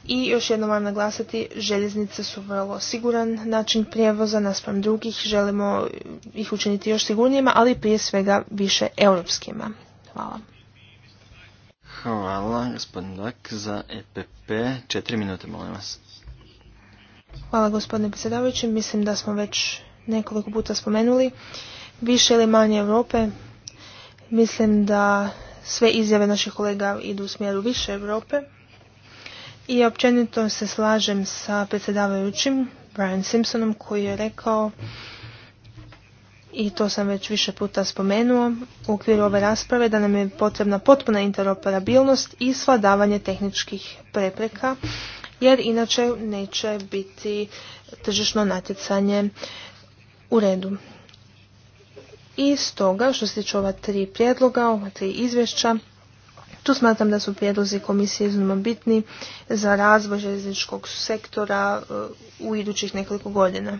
i još jednom vam naglasiti, željeznice su vrlo siguran način prijevoza naspram drugih, želimo ih učiniti još sigurnijima, ali prije svega više europskima. Hvala. Hvala, gospodin Dak, za EPP. Četiri minute, molim vas. Hvala, gospodine predsjedavajući. Mislim da smo već nekoliko puta spomenuli. Više ili manje Europe, Mislim da sve izjave naših kolega idu u smjeru više Europe i općenito se slažem sa predsjedavajućim Brian Simpsonom koji je rekao i to sam već više puta spomenuo u okviru ove rasprave da nam je potrebna potpuna interoperabilnost i svladavanje tehničkih prepreka jer inače neće biti tržišno natjecanje u redu. I stoga, što se tiče ova tri prijedloga, ova tri izvješća, tu smatram da su prijedlozi komisije iznimno bitni za razvoj željezničkog sektora uh, u idućih nekoliko godina.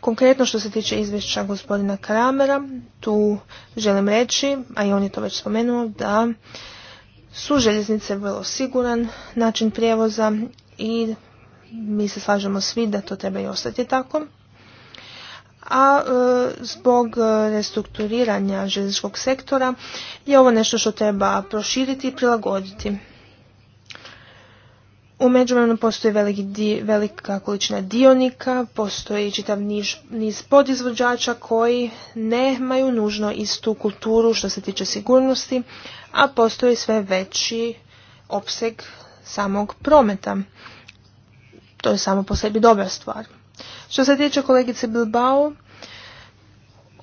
Konkretno što se tiče izvješća gospodina Kramera, tu želim reći, a i on je to već spomenuo, da su željeznice vrlo siguran način prijevoza i mi se slažemo svi da to treba i ostati tako a e, zbog e, restrukturiranja željezničkog sektora je ovo nešto što treba proširiti i prilagoditi. U međuvremenu postoji veliki velika količina dionika, postoji čitav niž, niz podizvođača koji nemaju nužno istu kulturu što se tiče sigurnosti, a postoji sve veći opseg samog prometa. To je samo po sebi dobra stvar. Što se tiče kolegice Bilbao,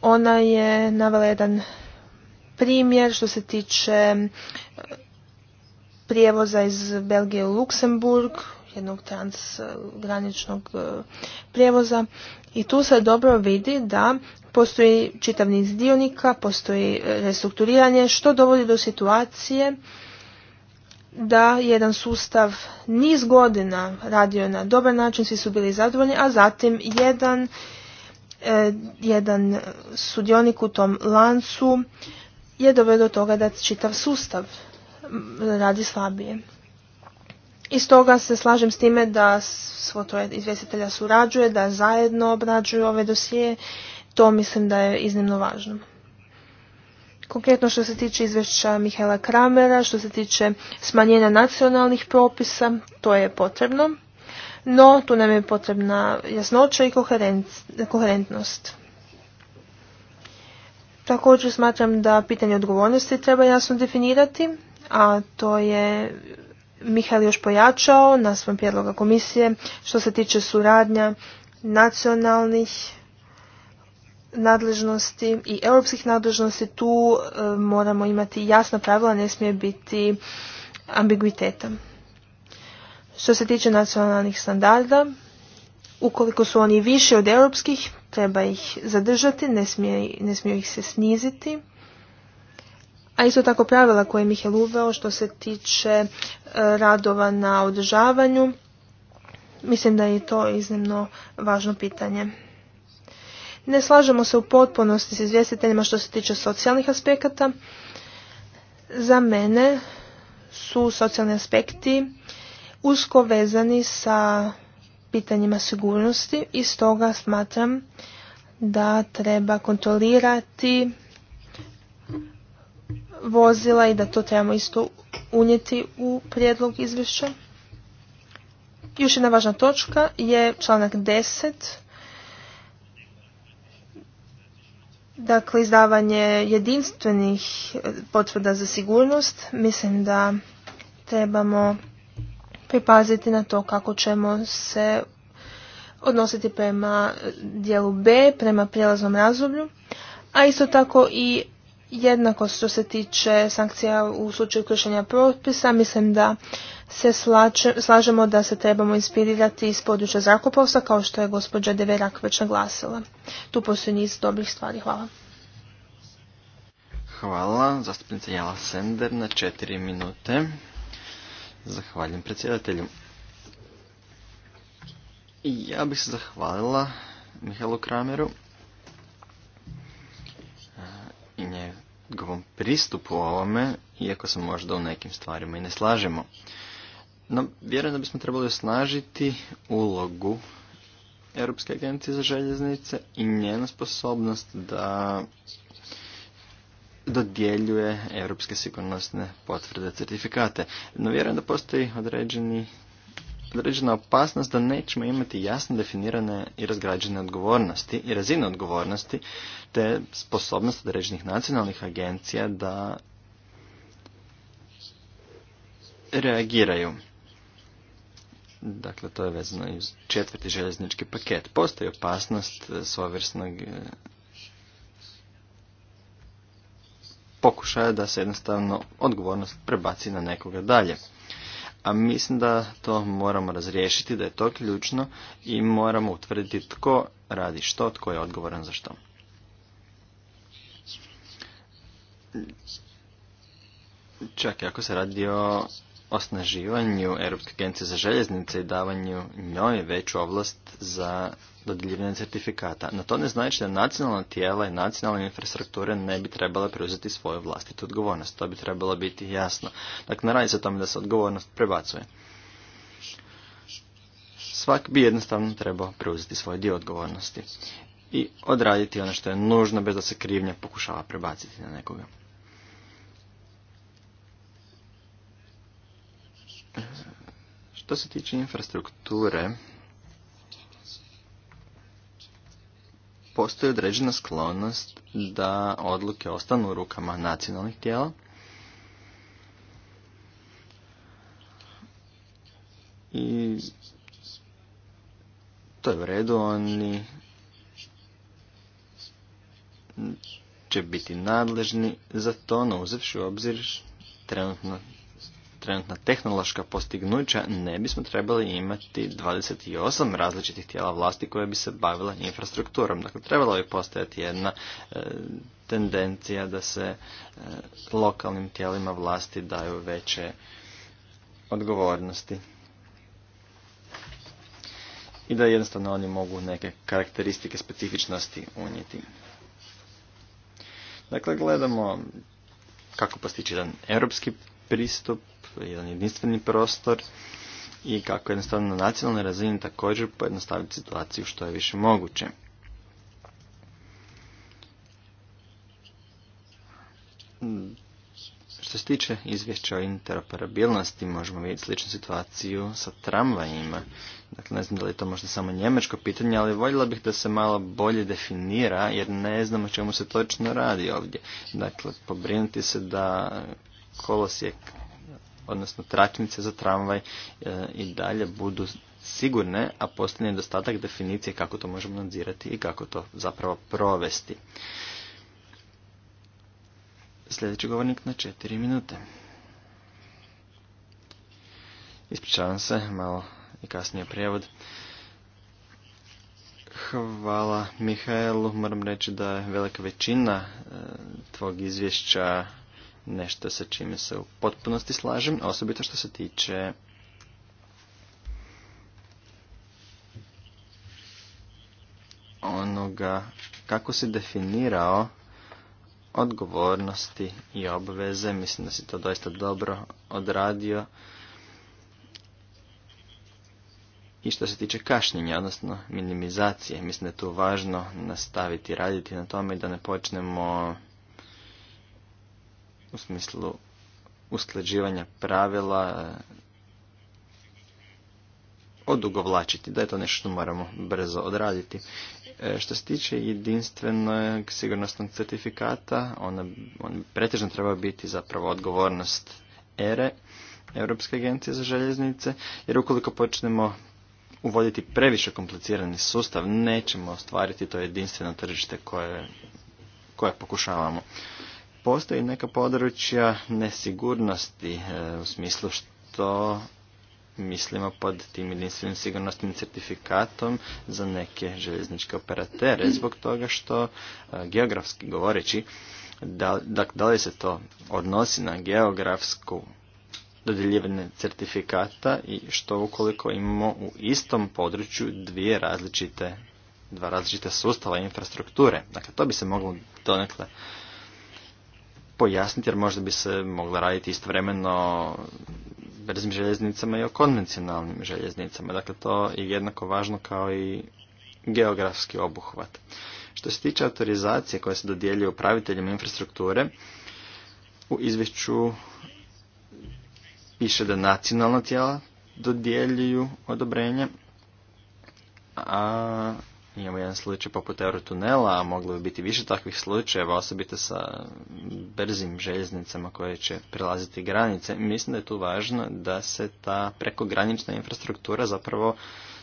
ona je navela jedan primjer što se tiče e, prijevoza iz Belgije u Luksemburg, jednog transgraničnog e, prijevoza. I tu se dobro vidi da postoji čitav niz dionika, postoji restrukturiranje, što dovodi do situacije da jedan sustav niz godina radio na dobar način, svi su bili zadovoljni, a zatim jedan, e, jedan sudionik u tom lancu je doveo do toga da čitav sustav radi slabije. I stoga se slažem s time da svo to izvjestitelja surađuje, da zajedno obrađuju ove dosije. To mislim da je iznimno važno. Konkretno što se tiče izvješća mihaela Kramera, što se tiče smanjenja nacionalnih propisa, to je potrebno, no tu nam je potrebna jasnoća i koherentnost. Također smatram da pitanje odgovornosti treba jasno definirati, a to je mihael još pojačao na svom prijedloga komisije što se tiče suradnja nacionalnih nadležnosti i europskih nadležnosti tu e, moramo imati jasna pravila, ne smije biti ambiguiteta. Što se tiče nacionalnih standarda, ukoliko su oni više od europskih, treba ih zadržati, ne smije, ne smije ih se sniziti. A isto tako pravila koje je uveo što se tiče e, radova na održavanju, mislim da je to iznimno važno pitanje. Ne slažemo se u potpunosti s izvjestiteljima što se tiče socijalnih aspekata. Za mene su socijalni aspekti usko vezani sa pitanjima sigurnosti i stoga smatram da treba kontrolirati vozila i da to trebamo isto unijeti u prijedlog izvješća. Još jedna važna točka je članak Dakle, izdavanje jedinstvenih eh, potvrda za sigurnost, mislim da trebamo pripaziti na to kako ćemo se odnositi prema eh, dijelu B, prema prijelaznom razdoblju, a isto tako i jednako što se tiče sankcija u slučaju kršenja propisa, mislim da se slažemo da se trebamo inspirirati iz područja zrakoplovstva kao što je gospođa Deverak već naglasila. Tu postoji niz dobrih stvari. Hvala. Hvala. Zastupnica Jala Sender na četiri minute. Zahvaljujem predsjedatelju. ja bih se zahvalila Mihalu Krameru e, i njegovom pristupu ovome, iako se možda u nekim stvarima i ne slažemo. No, vjerujem da bismo trebali osnažiti ulogu Europske agencije za željeznice i njena sposobnost da dodjeljuje europske sigurnosne potvrde certifikate. No vjerujem da postoji određeni, određena opasnost da nećemo imati jasno definirane i razgrađene odgovornosti i razine odgovornosti te sposobnost određenih nacionalnih agencija da reagiraju. Dakle, to je vezano i uz četvrti željeznički paket. Postoji opasnost e, svojevrsnog e, pokušaja da se jednostavno odgovornost prebaci na nekoga dalje. A mislim da to moramo razriješiti, da je to ključno i moramo utvrditi tko radi što, tko je odgovoran za što. Čak i ako se radi o osnaživanju Europske agencije za željeznice i davanju njoj veću ovlast za dodjeljivanje certifikata. No to ne znači da nacionalna tijela i nacionalne infrastrukture ne bi trebala preuzeti svoju vlastitu odgovornost. To bi trebalo biti jasno. Dakle, ne radi se o tome da se odgovornost prebacuje. Svak bi jednostavno trebao preuzeti svoj dio odgovornosti i odraditi ono što je nužno bez da se krivnja pokušava prebaciti na nekoga. Što se tiče infrastrukture, postoji određena sklonost da odluke ostanu u rukama nacionalnih tijela. I to je u redu, oni će biti nadležni za to, no uzevši u obzir trenutno trenutna tehnološka postignuća ne bismo trebali imati 28 različitih tijela vlasti koje bi se bavila infrastrukturom. Dakle, trebala bi postojati jedna e, tendencija da se e, lokalnim tijelima vlasti daju veće odgovornosti i da jednostavno oni mogu neke karakteristike specifičnosti unijeti. Dakle, gledamo kako postići jedan europski pristup Dakle, jedan jedinstveni prostor i kako jednostavno na nacionalnoj razini također pojednostaviti situaciju što je više moguće. Što se tiče izvješća o interoperabilnosti, možemo vidjeti sličnu situaciju sa tramvajima. Dakle, ne znam da li je to možda samo njemačko pitanje, ali voljela bih da se malo bolje definira, jer ne znam o čemu se točno radi ovdje. Dakle, pobrinuti se da kolosijek odnosno tračnice za tramvaj e, i dalje budu sigurne, a postoji nedostatak definicije kako to možemo nadzirati i kako to zapravo provesti. Sljedeći govornik na četiri minute. Ispričavam se, malo i kasnije prijevod. Hvala Mihaelu, moram reći da je velika većina e, tvog izvješća nešto sa čime se u potpunosti slažem, osobito što se tiče onoga kako se definirao odgovornosti i obveze. Mislim da si to doista dobro odradio. I što se tiče kašnjenja, odnosno minimizacije, mislim da je tu važno nastaviti raditi na tome i da ne počnemo u smislu usklađivanja pravila e, odugovlačiti, da je to nešto što moramo brzo odraditi. E, što se tiče jedinstvenog sigurnosnog certifikata, ona, on pretežno treba biti zapravo odgovornost ERE, Europske agencije za željeznice, jer ukoliko počnemo uvoditi previše komplicirani sustav, nećemo ostvariti to jedinstveno tržište koje, koje pokušavamo postoji neka područja nesigurnosti e, u smislu što mislimo pod tim jedinstvenim sigurnosnim certifikatom za neke željezničke operatere zbog toga što e, geografski govoreći da, da, li se to odnosi na geografsku dodjeljivanje certifikata i što ukoliko imamo u istom području dvije različite dva različita sustava infrastrukture. Dakle, to bi se moglo donekle pojasniti jer možda bi se mogla raditi istovremeno brzim željeznicama i o konvencionalnim željeznicama. Dakle, to je jednako važno kao i geografski obuhvat. Što se tiče autorizacije koje se dodjeljuje upraviteljima infrastrukture, u izvješću piše da nacionalna tijela dodjeljuju odobrenje, a Imamo jedan slučaj poput Eurotunela, a moglo bi biti više takvih slučajeva, osobito sa brzim željeznicama koje će prelaziti granice. Mislim da je tu važno da se ta prekogranična infrastruktura zapravo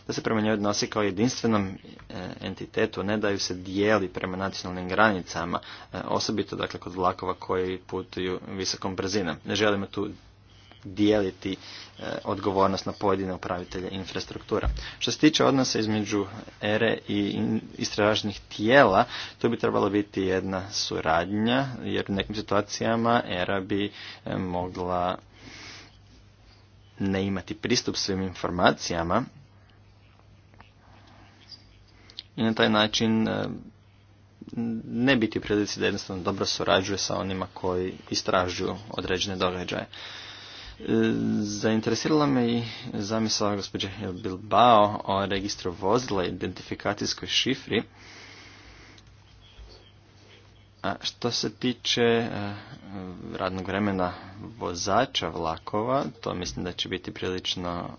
da se prema njoj odnosi kao jedinstvenom e, entitetu, ne da ju se dijeli prema nacionalnim granicama, e, osobito dakle kod vlakova koji putuju visokom brzinom. Ne želimo tu dijeliti e, odgovornost na pojedine upravitelje infrastruktura. Što se tiče odnosa između ERE i istražnih tijela, to bi trebala biti jedna suradnja, jer u nekim situacijama ERA bi e, mogla ne imati pristup svim informacijama i na taj način e, ne biti u prilici da jednostavno dobro surađuje sa onima koji istražuju određene događaje. Zainteresirala me i zamisla gospođa Bilbao o registru vozila i identifikacijskoj šifri. A što se tiče e, radnog vremena vozača vlakova, to mislim da će biti prilično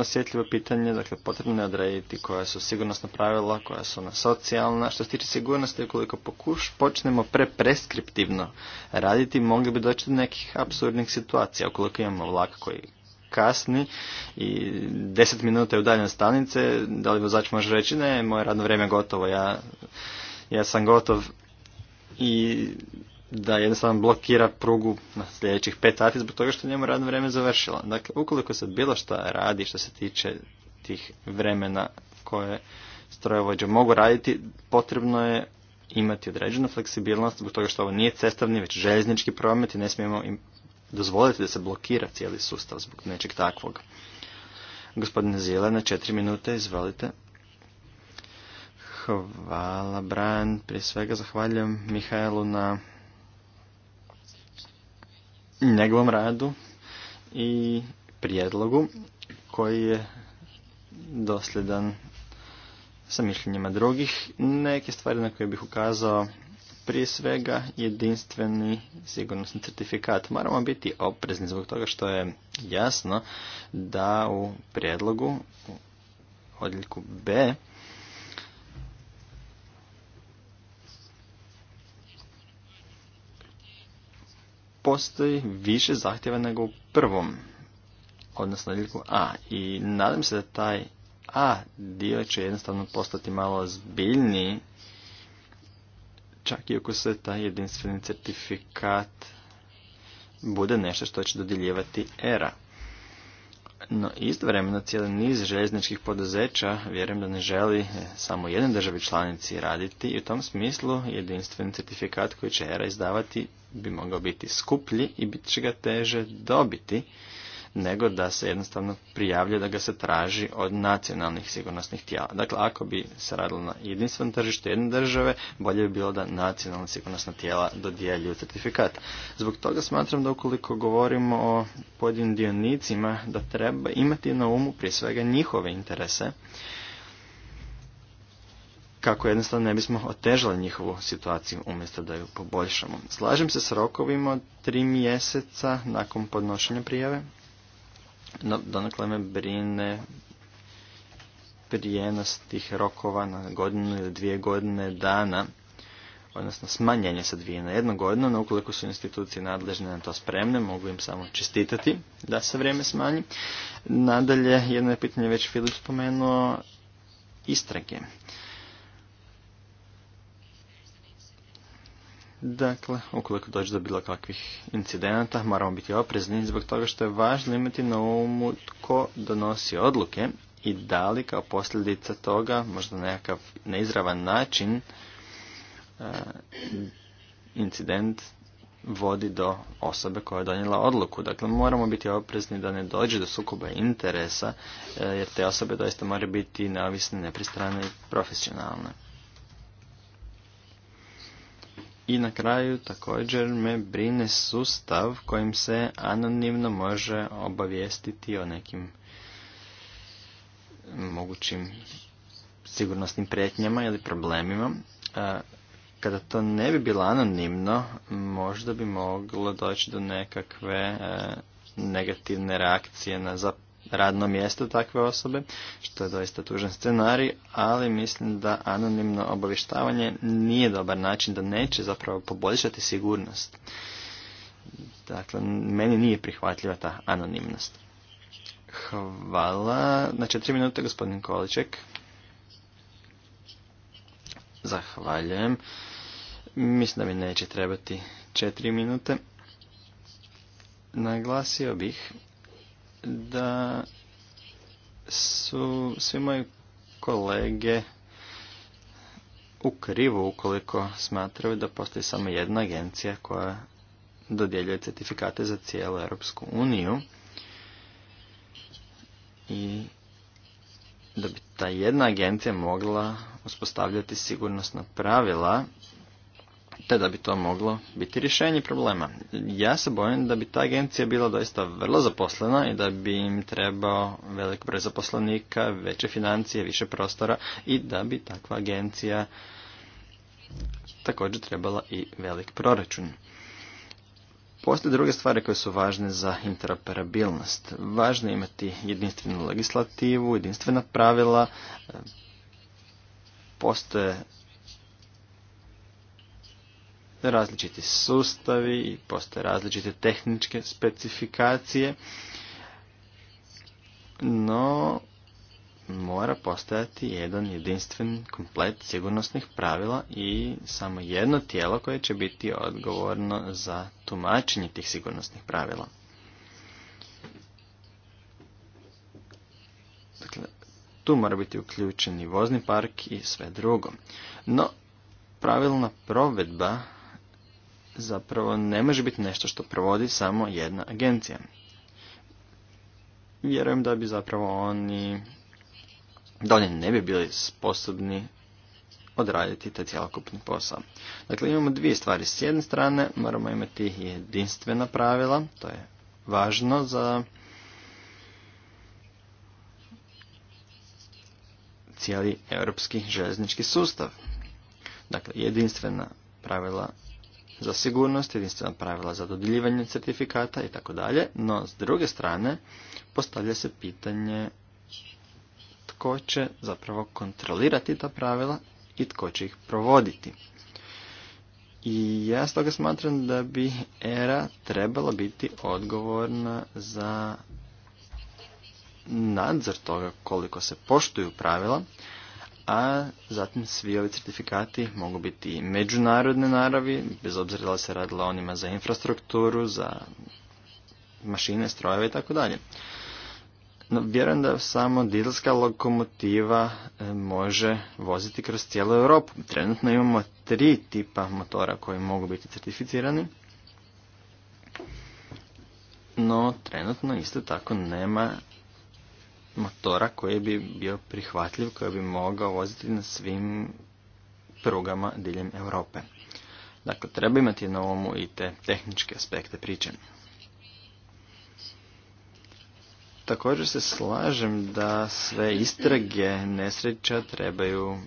osjetljivo pitanje, dakle potrebno je odrediti koja su sigurnosna pravila, koja su ona socijalna. Što se tiče sigurnosti, ukoliko pokuš, počnemo prepreskriptivno raditi, mogli bi doći do nekih apsurdnih situacija. Ukoliko imamo vlak koji kasni i deset minuta je udaljen stanice, da li vozač može reći ne, moje radno vrijeme gotovo, ja, ja sam gotov i da jednostavno blokira prugu na sljedećih pet sati zbog toga što njemu radno vrijeme završilo. Dakle, ukoliko se bilo šta radi što se tiče tih vremena koje strojovođe mogu raditi, potrebno je imati određenu fleksibilnost zbog toga što ovo nije cestovni, već željeznički promet i ne smijemo im dozvoliti da se blokira cijeli sustav zbog nečeg takvog. Gospodine Zile, na četiri minute, izvolite. Hvala, Bran. Prije svega zahvaljujem Mihajlu na njegovom radu i prijedlogu koji je dosljedan sa mišljenjima drugih. Neke stvari na koje bih ukazao prije svega jedinstveni sigurnosni certifikat. Moramo biti oprezni zbog toga što je jasno da u prijedlogu u odjeljku B postoji više zahtjeva nego u prvom, odnosno odjeljku A. I nadam se da taj A dio će jednostavno postati malo zbiljniji, čak i ako se taj jedinstveni certifikat bude nešto što će dodjeljivati ERA. No istovremeno cijeli niz željezničkih poduzeća vjerujem da ne želi samo jedan državi članici raditi i u tom smislu jedinstveni certifikat koji će ERA izdavati bi mogao biti skuplji i bit će ga teže dobiti nego da se jednostavno prijavljuje da ga se traži od nacionalnih sigurnosnih tijela. Dakle, ako bi se radilo na jedinstvenom tržištu jedne države, bolje bi bilo da nacionalna sigurnosna tijela dodjeljuju certifikat. Zbog toga smatram da ukoliko govorimo o pojedinim dionicima, da treba imati na umu prije svega njihove interese, kako jednostavno ne bismo otežali njihovu situaciju umjesto da ju poboljšamo. Slažem se s rokovima od tri mjeseca nakon podnošenja prijave. No, donakle me brine prijenos tih rokova na godinu ili dvije godine dana, odnosno smanjenje sa dvije na jednu godinu, no ukoliko su institucije nadležne na to spremne, mogu im samo čestitati da se vrijeme smanji. Nadalje, jedno je pitanje već Filip spomenuo, istrage. Dakle, ukoliko dođe do bilo kakvih incidenata, moramo biti oprezni zbog toga što je važno imati na umu tko donosi odluke i da li kao posljedica toga, možda nekakav neizravan način, e, incident vodi do osobe koja je donijela odluku. Dakle, moramo biti oprezni da ne dođe do sukoba interesa, e, jer te osobe doista moraju biti neovisne, nepristrane i profesionalne. I na kraju također me brine sustav kojim se anonimno može obavijestiti o nekim mogućim sigurnosnim prijetnjama ili problemima. E, kada to ne bi bilo anonimno, možda bi moglo doći do nekakve e, negativne reakcije na radno mjesto takve osobe, što je doista tužan scenarij, ali mislim da anonimno obavještavanje nije dobar način da neće zapravo poboljšati sigurnost. Dakle, meni nije prihvatljiva ta anonimnost. Hvala. Na četiri minute gospodin Količek. Zahvaljujem. Mislim da mi neće trebati četiri minute. Naglasio bih da su svi moji kolege u krivu ukoliko smatraju da postoji samo jedna agencija koja dodjeljuje certifikate za cijelu Europsku uniju i da bi ta jedna agencija mogla uspostavljati sigurnosna pravila te da bi to moglo biti rješenje problema. Ja se bojim da bi ta agencija bila doista vrlo zaposlena i da bi im trebao velik broj zaposlenika, veće financije, više prostora i da bi takva agencija također trebala i velik proračun. Postoje druge stvari koje su važne za interoperabilnost. Važno je imati jedinstvenu legislativu, jedinstvena pravila, postoje različiti sustavi i postoje različite tehničke specifikacije, no mora postojati jedan jedinstven komplet sigurnosnih pravila i samo jedno tijelo koje će biti odgovorno za tumačenje tih sigurnosnih pravila. Dakle, tu mora biti uključen i vozni park i sve drugo. No, pravilna provedba zapravo ne može biti nešto što provodi samo jedna agencija. Vjerujem da bi zapravo oni, da oni ne bi bili sposobni odraditi taj cjelokupni posao. Dakle, imamo dvije stvari. S jedne strane moramo imati jedinstvena pravila, to je važno za cijeli europski željeznički sustav. Dakle, jedinstvena pravila za sigurnost, jedinstvena pravila za dodjeljivanje certifikata i tako dalje, no s druge strane postavlja se pitanje tko će zapravo kontrolirati ta pravila i tko će ih provoditi. I ja stoga smatram da bi ERA trebala biti odgovorna za nadzor toga koliko se poštuju pravila, a zatim svi ovi certifikati mogu biti i međunarodne naravi, bez obzira da se radila onima za infrastrukturu, za mašine, strojeve i tako dalje. No, vjerujem da samo dizelska lokomotiva e, može voziti kroz cijelu Europu. Trenutno imamo tri tipa motora koji mogu biti certificirani, no trenutno isto tako nema motora koji bi bio prihvatljiv, koji bi mogao voziti na svim prugama diljem Europe. Dakle, treba imati na umu i te tehničke aspekte priče. Također se slažem da sve istrage nesreća trebaju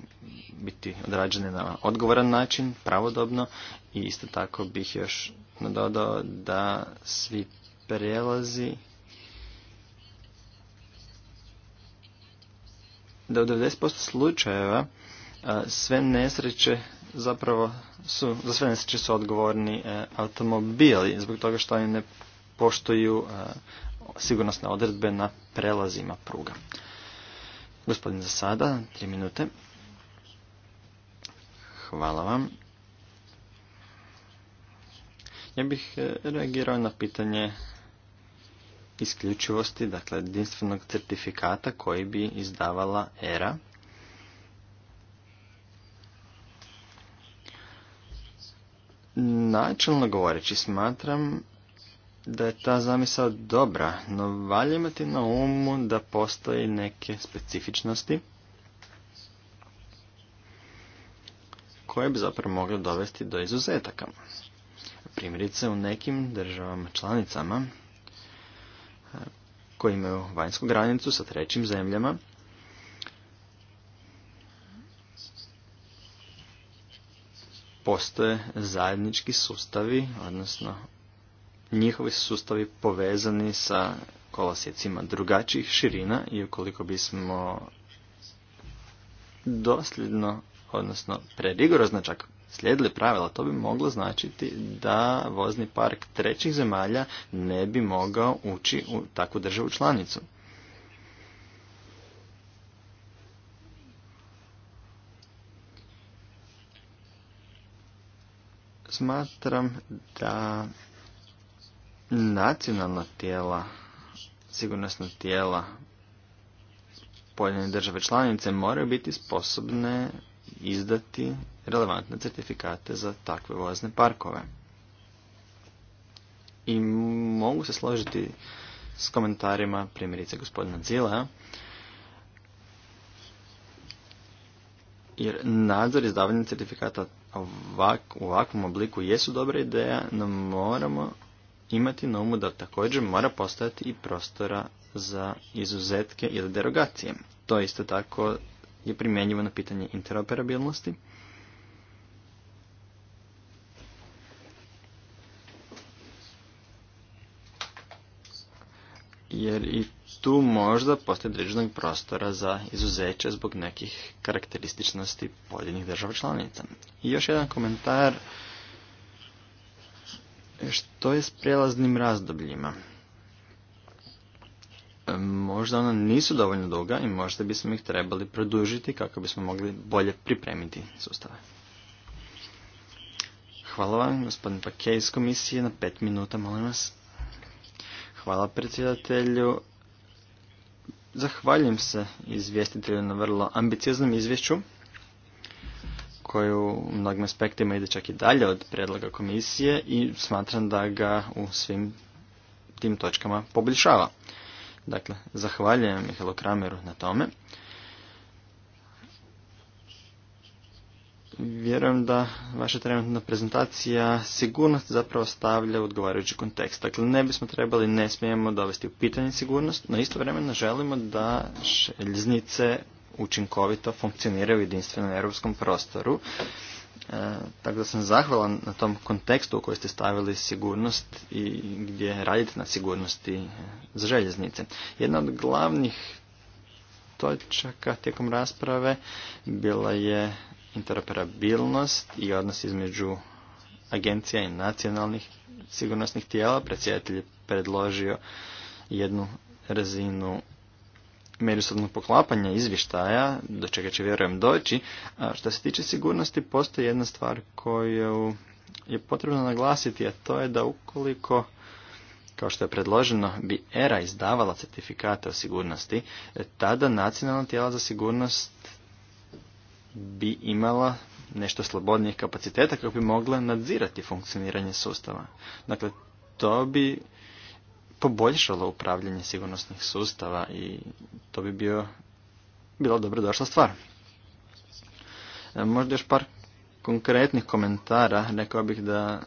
biti odrađene na odgovoran način, pravodobno i isto tako bih još nadodao da svi prelazi da u 90% slučajeva sve nesreće zapravo su, za sve nesreće su odgovorni e, automobili zbog toga što oni ne poštuju e, sigurnosne odredbe na prelazima pruga. Gospodin za sada, tri minute. Hvala vam. Ja bih e, reagirao na pitanje isključivosti, dakle jedinstvenog certifikata koji bi izdavala ERA. Načelno govoreći smatram da je ta zamisao dobra, no valja imati na umu da postoji neke specifičnosti koje bi zapravo mogle dovesti do izuzetaka. Primjerice, u nekim državama članicama koji imaju vanjsku granicu sa trećim zemljama. Postoje zajednički sustavi, odnosno njihovi sustavi povezani sa kolosjecima drugačijih širina i ukoliko bismo dosljedno, odnosno prerigorozno čak slijedili pravila, to bi moglo značiti da vozni park trećih zemalja ne bi mogao ući u takvu državu članicu. Smatram da nacionalna tijela, sigurnosna tijela pojedine države članice moraju biti sposobne izdati relevantne certifikate za takve vozne parkove. I mogu se složiti s komentarima primjerice gospodina Zila, jer nadzor izdavanja certifikata u ovakvom obliku jesu dobra ideja, no moramo imati na umu da također mora postojati i prostora za izuzetke ili derogacije. To isto tako je primjenjivo na pitanje interoperabilnosti. Jer i tu možda postoji određenog prostora za izuzeće zbog nekih karakterističnosti pojedinih država članica. I još jedan komentar što je s prelaznim razdobljima možda ona nisu dovoljno duga i možda bismo ih trebali produžiti kako bismo mogli bolje pripremiti sustave. Hvala vam, gospodin Pakej iz komisije, na pet minuta, molim vas. Hvala predsjedatelju. Zahvaljujem se izvjestitelju na vrlo ambicioznom izvješću koju u mnogim aspektima ide čak i dalje od predloga komisije i smatram da ga u svim tim točkama poboljšava. Dakle, zahvaljujem Mihalu Krameru na tome. Vjerujem da vaša trenutna prezentacija sigurnost zapravo stavlja u odgovarajući kontekst. Dakle, ne bismo trebali, ne smijemo dovesti u pitanje sigurnost, no istovremeno želimo da željeznice učinkovito funkcioniraju u jedinstvenom europskom prostoru E, tako da sam zahvalan na tom kontekstu u kojoj ste stavili sigurnost i gdje radite na sigurnosti e, za željeznice. Jedna od glavnih točaka tijekom rasprave bila je interoperabilnost i odnos između agencija i nacionalnih sigurnosnih tijela. Predsjedatelj je predložio jednu razinu međusobnog poklapanja izvještaja, do čega će vjerujem doći, a što se tiče sigurnosti postoji jedna stvar koju je potrebno naglasiti, a to je da ukoliko kao što je predloženo, bi ERA izdavala certifikate o sigurnosti, tada nacionalna tijela za sigurnost bi imala nešto slobodnijih kapaciteta kako bi mogla nadzirati funkcioniranje sustava. Dakle, to bi poboljšalo upravljanje sigurnosnih sustava i to bi bio, bila dobro došla stvar. E, možda još par konkretnih komentara. Rekao bih da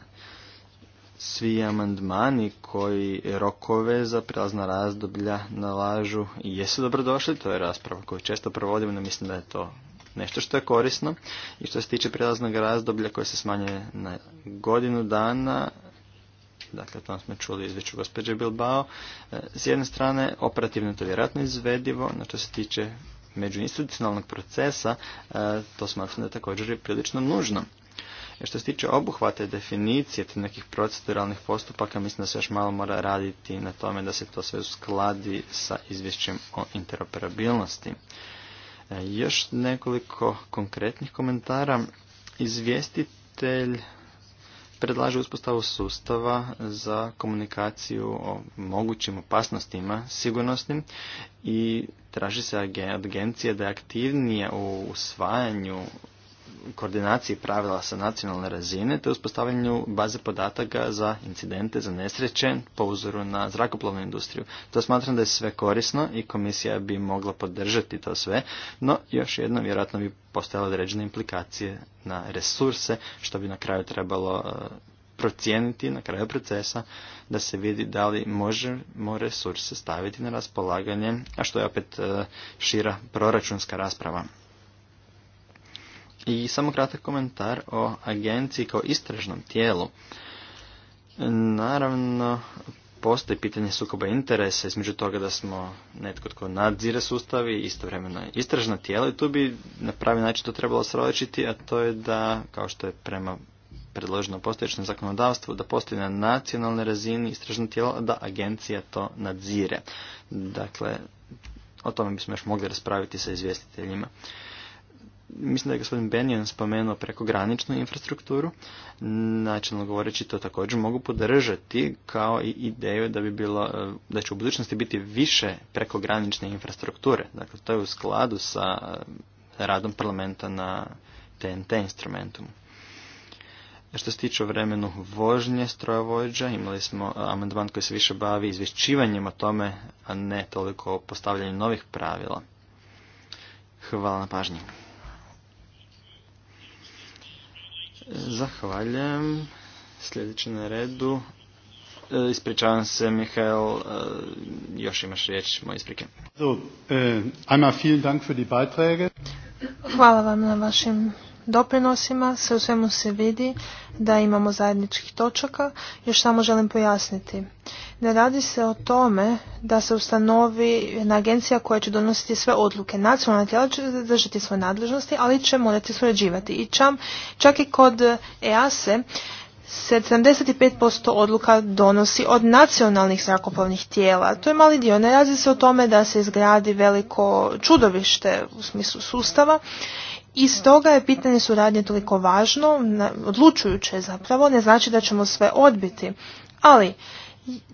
svi amandmani koji rokove za prijelazna razdoblja nalažu i jesu dobrodošli. To je rasprava koju često provodimo, no mislim da je to nešto što je korisno. I što se tiče prilaznog razdoblja koje se smanjuje na godinu dana, Dakle, to smo čuli izveću gospođe Bilbao. E, s jedne strane, operativno to vjerojatno izvedivo, no što se tiče međuinstitucionalnog procesa, e, to smatram da je također je prilično nužno. E, što se tiče obuhvata i definicije te nekih proceduralnih postupaka, mislim da se još malo mora raditi na tome da se to sve uskladi sa izvješćem o interoperabilnosti. Još nekoliko konkretnih komentara. Izvjestitelj predlaže uspostavu sustava za komunikaciju o mogućim opasnostima sigurnosnim i traži se od agencije da je aktivnije u usvajanju koordinaciji pravila sa nacionalne razine te uspostavljanju baze podataka za incidente, za nesreće po uzoru na zrakoplovnu industriju. To smatram da je sve korisno i komisija bi mogla podržati to sve, no još jedno vjerojatno bi postojale određene implikacije na resurse što bi na kraju trebalo e, procijeniti na kraju procesa da se vidi da li možemo resurse staviti na raspolaganje, a što je opet e, šira proračunska rasprava. I samo kratak komentar o agenciji kao istražnom tijelu. Naravno, postoji pitanje sukoba interesa između toga da smo netko tko nadzire sustavi istovremeno istražna tijela i tu bi na pravi način to trebalo sroličiti, a to je da, kao što je prema predloženo postojećem zakonodavstvu, da postoji na nacionalnoj razini istražno tijelo, da agencija to nadzire. Dakle, o tome bismo još mogli raspraviti sa izvjestiteljima. Mislim da je gospodin Benjen spomenuo prekograničnu infrastrukturu. Načelno govoreći to također mogu podržati kao i ideju da bi bilo, e, da će u budućnosti biti više prekogranične infrastrukture. Dakle, to je u skladu sa e, radom parlamenta na TNT instrumentu. E, što se tiče vremenu vožnje strojovođa, imali smo amandman koji se više bavi izvješćivanjem o tome, a ne toliko postavljanjem novih pravila. Hvala na pažnji. Zahvaljujem. Sljedeći na redu. E, ispričavam se, Mihael, e, još imaš riječ, moje isprike. E, Hvala vam na vašim doprinosima se u svemu se vidi da imamo zajedničkih točaka. Još samo želim pojasniti. Ne radi se o tome da se ustanovi jedna agencija koja će donositi sve odluke. Nacionalna tijela će zadržati svoje nadležnosti, ali će morati surađivati. I čam, čak i kod EASE 75% odluka donosi od nacionalnih zrakoplovnih tijela. To je mali dio. Ne radi se o tome da se izgradi veliko čudovište u smislu sustava i stoga je pitanje suradnje toliko važno, odlučujuće zapravo, ne znači da ćemo sve odbiti. Ali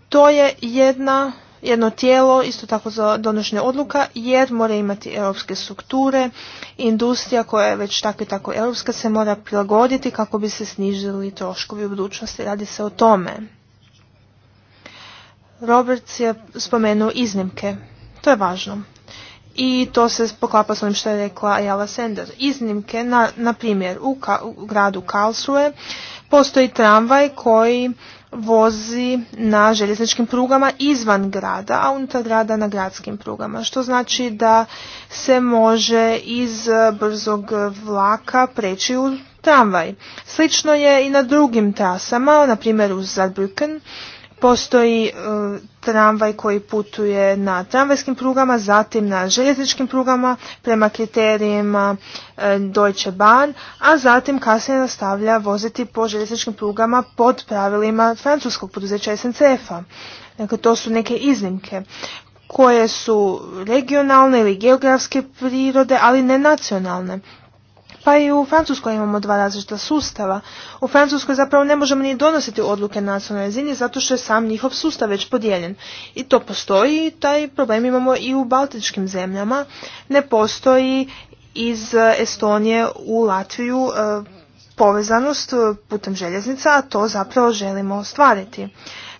to je jedna, jedno tijelo, isto tako za donošenje odluka, jer mora imati europske strukture, industrija koja je već tako i tako europska se mora prilagoditi kako bi se snižili troškovi u budućnosti. Radi se o tome. Roberts je spomenuo iznimke. To je važno i to se poklapa s onim što je rekla Ayala Sender. Iznimke, na, primjer, u, gradu Karlsruhe postoji tramvaj koji vozi na željezničkim prugama izvan grada, a unutar grada na gradskim prugama. Što znači da se može iz brzog vlaka preći u tramvaj. Slično je i na drugim trasama, na primjer u Zarbrücken, Postoji e, tramvaj koji putuje na tramvajskim prugama, zatim na željezničkim prugama prema kriterijima e, Deutsche Bahn, a zatim kasnije nastavlja voziti po željezničkim prugama pod pravilima francuskog poduzeća SNCF-a. Dakle, to su neke iznimke koje su regionalne ili geografske prirode, ali ne nacionalne. Pa i u Francuskoj imamo dva različita sustava. U Francuskoj zapravo ne možemo ni donositi odluke na nacionalnoj razini zato što je sam njihov sustav već podijeljen. I to postoji taj problem imamo i u baltičkim zemljama. Ne postoji iz Estonije u Latviju e, povezanost e, putem željeznica, a to zapravo želimo ostvariti.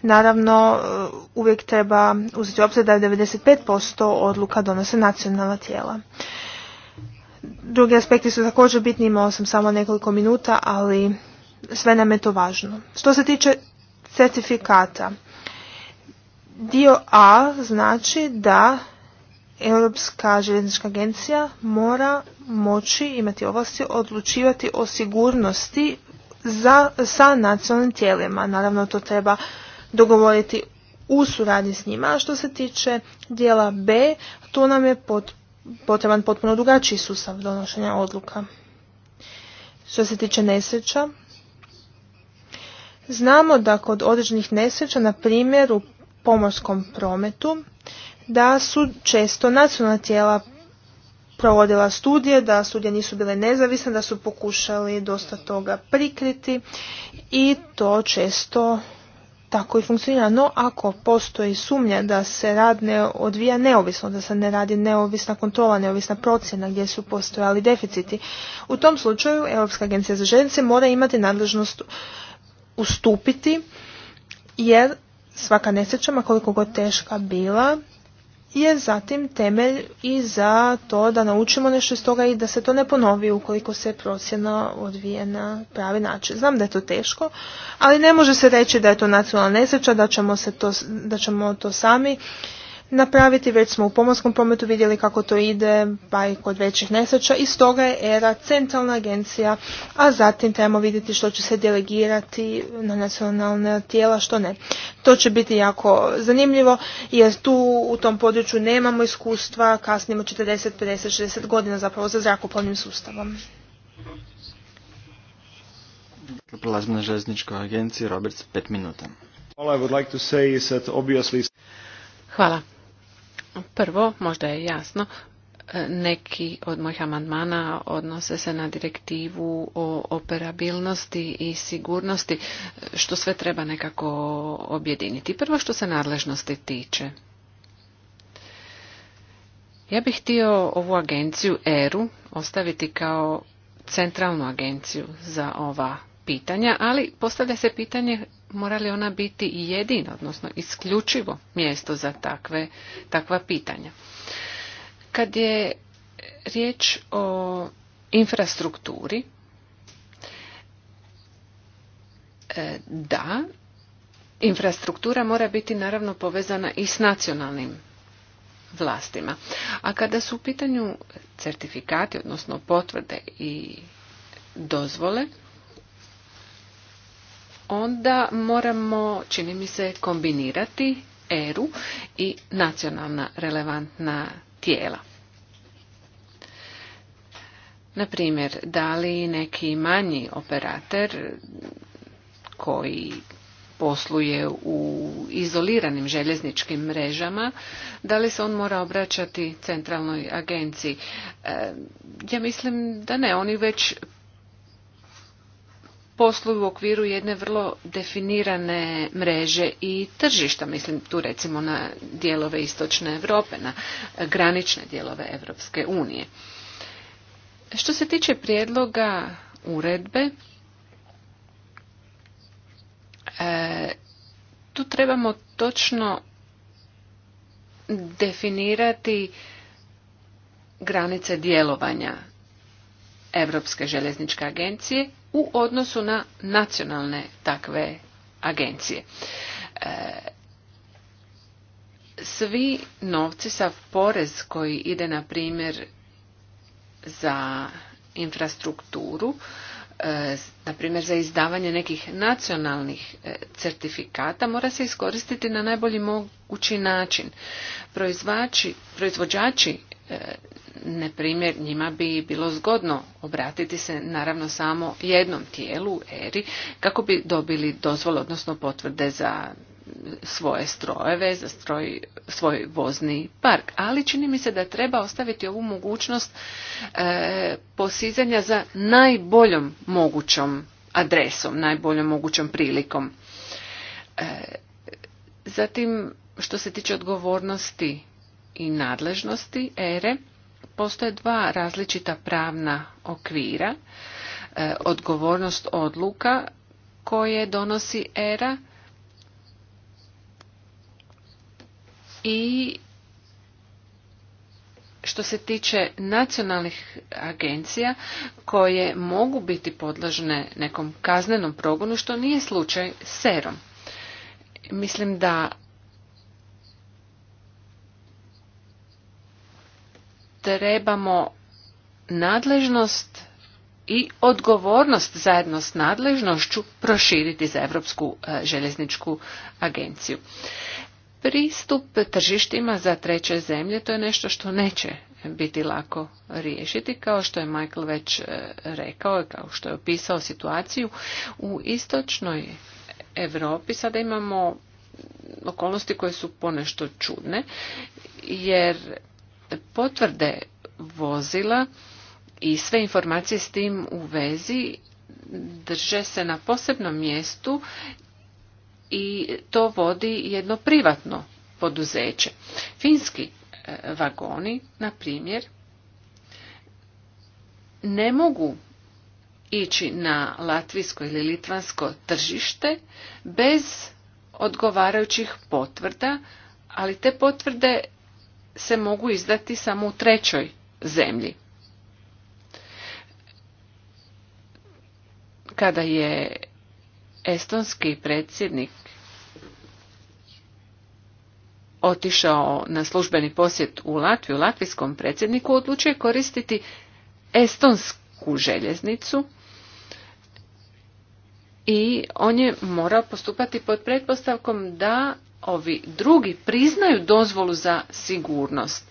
Naravno, e, uvijek treba uzeti obzir da je 95% odluka donose nacionalna tijela. Drugi aspekti su također bitni, imao sam samo nekoliko minuta, ali sve nam je to važno. Što se tiče certifikata, dio A znači da Europska željeznička agencija mora moći imati ovlasti odlučivati o sigurnosti za, sa nacionalnim tijelima. Naravno to treba dogovoriti u suradnji s njima. A što se tiče dijela B, to nam je pod potreban potpuno drugačiji sustav donošenja odluka. Što se tiče nesreća, znamo da kod određenih nesreća, na primjer u pomorskom prometu, da su često nacionalna tijela provodila studije, da studije nisu bile nezavisne, da su pokušali dosta toga prikriti i to često tako i funkcionira. No ako postoji sumnja da se rad ne odvija neovisno, da se ne radi neovisna kontrola, neovisna procjena gdje su postojali deficiti, u tom slučaju Europska agencija za željenice mora imati nadležnost ustupiti jer svaka nesreća, koliko god teška bila, je zatim temelj i za to da naučimo nešto iz toga i da se to ne ponovi ukoliko se procjena odvije na pravi način. Znam da je to teško, ali ne može se reći da je to nacionalna nesreća, da ćemo, se to, da ćemo to sami napraviti. Već smo u pomorskom prometu vidjeli kako to ide, pa i kod većih nesreća. I stoga je ERA centralna agencija, a zatim trebamo vidjeti što će se delegirati na nacionalna tijela, što ne. To će biti jako zanimljivo jer tu u tom području nemamo iskustva, kasnimo 40, 50, 60 godina zapravo za zrakoplovnim sustavom. Dakle, prelazimo na železničku agenciju, Robert, 5 minuta. Hvala. Prvo, možda je jasno, neki od mojih amandmana odnose se na direktivu o operabilnosti i sigurnosti, što sve treba nekako objediniti. Prvo što se nadležnosti tiče. Ja bih htio ovu agenciju ERU ostaviti kao centralnu agenciju za ova pitanja, ali postavlja se pitanje mora li ona biti jedina, odnosno isključivo mjesto za takve, takva pitanja. Kad je riječ o infrastrukturi, e, da, infrastruktura mora biti naravno povezana i s nacionalnim vlastima. A kada su u pitanju certifikati, odnosno potvrde i dozvole, onda moramo, čini mi se, kombinirati eru i nacionalna relevantna tijela. Na primjer, da li neki manji operator koji posluje u izoliranim željezničkim mrežama, da li se on mora obraćati centralnoj agenciji? E, ja mislim da ne, oni već posluju u okviru jedne vrlo definirane mreže i tržišta, mislim tu recimo na dijelove istočne Europe, na granične dijelove Europske unije. Što se tiče prijedloga uredbe, e, tu trebamo točno definirati granice djelovanja Europske željezničke agencije u odnosu na nacionalne takve agencije. E, svi novci, sa porez koji ide na primjer za infrastrukturu, E, na primjer za izdavanje nekih nacionalnih e, certifikata mora se iskoristiti na najbolji mogući način. proizvođači e, ne primjer njima bi bilo zgodno obratiti se naravno samo jednom tijelu ERI kako bi dobili dozvol odnosno potvrde za svoje strojeve, za stroj, svoj vozni park. Ali čini mi se da treba ostaviti ovu mogućnost e, posizanja za najboljom mogućom adresom, najboljom mogućom prilikom. E, zatim, što se tiče odgovornosti i nadležnosti ere, postoje dva različita pravna okvira. E, odgovornost odluka koje donosi era I što se tiče nacionalnih agencija koje mogu biti podložne nekom kaznenom progonu, što nije slučaj serom. Mislim da trebamo nadležnost i odgovornost zajedno s nadležnošću proširiti za Europsku e, željezničku agenciju. Pristup tržištima za treće zemlje to je nešto što neće biti lako riješiti, kao što je Michael već e, rekao, kao što je opisao situaciju. U istočnoj Europi sada imamo okolnosti koje su ponešto čudne, jer potvrde vozila i sve informacije s tim u vezi drže se na posebnom mjestu i to vodi jedno privatno poduzeće. Finski e, vagoni, na primjer, ne mogu ići na latvijsko ili litvansko tržište bez odgovarajućih potvrda, ali te potvrde se mogu izdati samo u trećoj zemlji. Kada je estonski predsjednik otišao na službeni posjet u Latviju, latvijskom predsjedniku odlučio koristiti estonsku željeznicu i on je morao postupati pod pretpostavkom da ovi drugi priznaju dozvolu za sigurnost.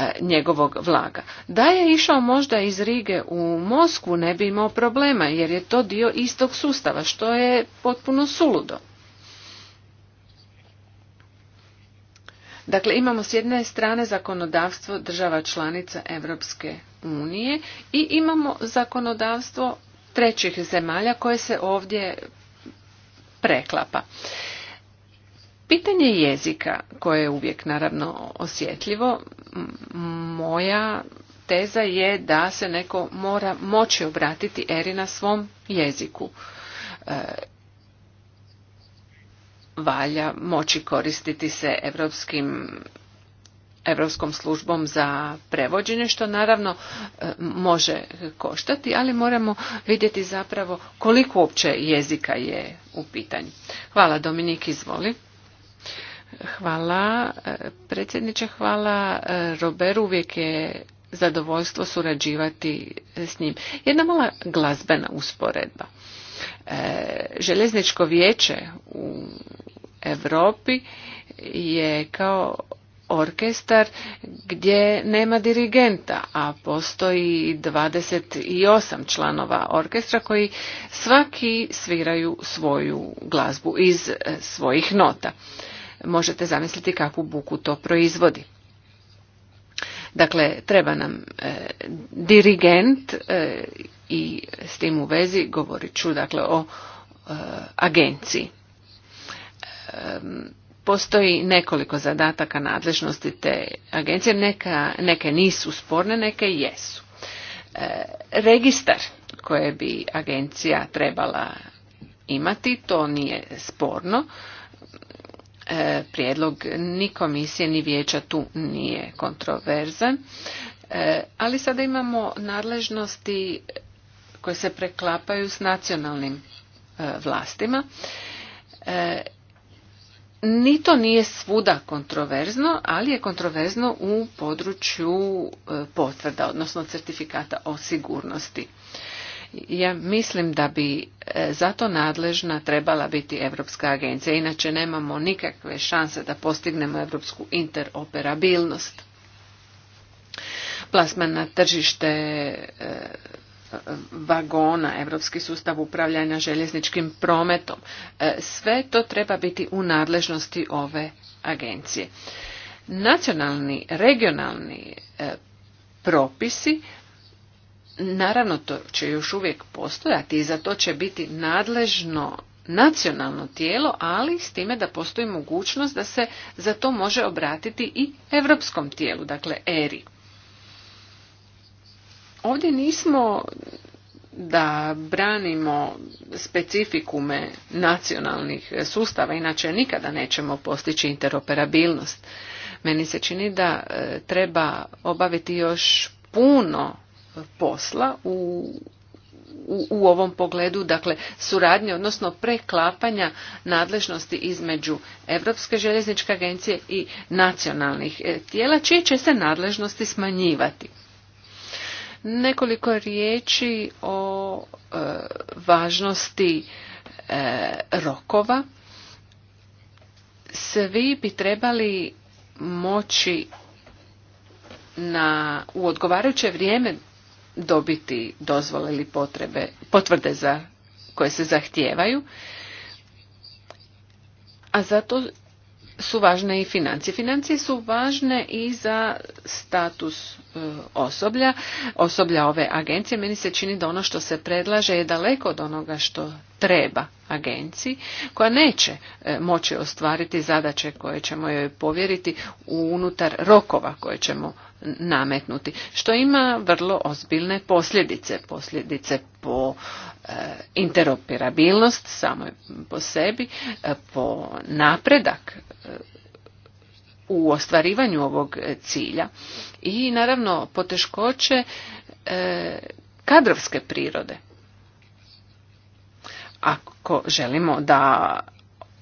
E, njegovog vlaga. Da je išao možda iz Rige u Moskvu ne bi imao problema jer je to dio istog sustava što je potpuno suludo. Dakle, imamo s jedne strane zakonodavstvo država članica Europske unije i imamo zakonodavstvo trećih zemalja koje se ovdje preklapa. Pitanje jezika, koje je uvijek naravno osjetljivo, moja teza je da se neko mora moći obratiti Eri na svom jeziku. E, valja moći koristiti se evropskim Europskom službom za prevođenje, što naravno e, može koštati, ali moramo vidjeti zapravo koliko uopće jezika je u pitanju. Hvala Dominik, izvoli. Hvala e, predsjedniče, hvala e, Roberu, uvijek je zadovoljstvo surađivati s njim. Jedna mala glazbena usporedba. E, Željezničko vijeće u Europi je kao orkestar gdje nema dirigenta, a postoji 28 članova orkestra koji svaki sviraju svoju glazbu iz svojih nota možete zamisliti kakvu buku to proizvodi. Dakle, treba nam e, dirigent e, i s tim u vezi govorit ću dakle, o e, agenciji. Postoji nekoliko zadataka nadležnosti te agencije, neka, neke nisu sporne, neke jesu. Registar koje bi agencija trebala imati, to nije sporno. E, prijedlog ni komisije ni vijeća tu nije kontroverzan. E, ali sada imamo nadležnosti koje se preklapaju s nacionalnim e, vlastima. Ni to nije svuda kontroverzno, ali je kontroverzno u području potvrda, odnosno certifikata o sigurnosti. Ja mislim da bi e, zato nadležna trebala biti Europska agencija, inače nemamo nikakve šanse da postignemo europsku interoperabilnost. Plasman na tržište e, vagona, Europski sustav upravljanja željezničkim prometom. E, sve to treba biti u nadležnosti ove agencije. Nacionalni, regionalni propisi Naravno, to će još uvijek postojati i za to će biti nadležno nacionalno tijelo, ali s time da postoji mogućnost da se za to može obratiti i europskom tijelu, dakle ERI. Ovdje nismo da branimo specifikume nacionalnih sustava, inače nikada nećemo postići interoperabilnost. Meni se čini da e, treba obaviti još puno posla u u, ovom pogledu, dakle suradnje, odnosno preklapanja nadležnosti između Europske željezničke agencije i nacionalnih e, tijela, čije će se nadležnosti smanjivati. Nekoliko riječi o e, važnosti e, rokova. Svi bi trebali moći na, u odgovarajuće vrijeme dobiti dozvole ili potrebe, potvrde za koje se zahtijevaju, a zato su važne i financije. Financije su važne i za status e, osoblja, osoblja ove agencije. Meni se čini da ono što se predlaže je daleko od onoga što treba agenciji koja neće e, moći ostvariti zadaće koje ćemo joj povjeriti unutar rokova koje ćemo nametnuti što ima vrlo ozbiljne posljedice posljedice po e, interoperabilnost samo po sebi e, po napredak u ostvarivanju ovog cilja i naravno poteškoće kadrovske prirode ako želimo da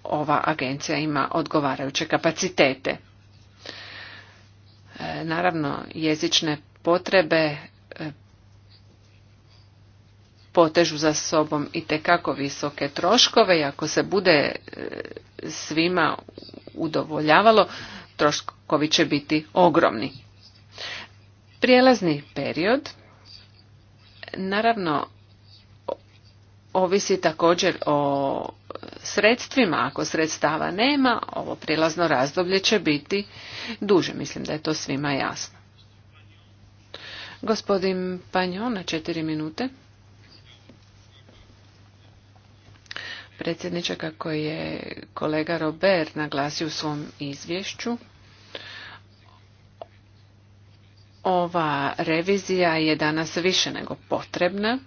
ova agencija ima odgovarajuće kapacitete. E, naravno, jezične potrebe e, potežu za sobom i tekako visoke troškove i ako se bude e, svima udovoljavalo, troškovi će biti ogromni. Prijelazni period naravno ovisi također o sredstvima. Ako sredstava nema, ovo prilazno razdoblje će biti duže. Mislim da je to svima jasno. Gospodin Panjo na četiri minute. Predsjedniče, kako je kolega Robert naglasio u svom izvješću, ova revizija je danas više nego potrebna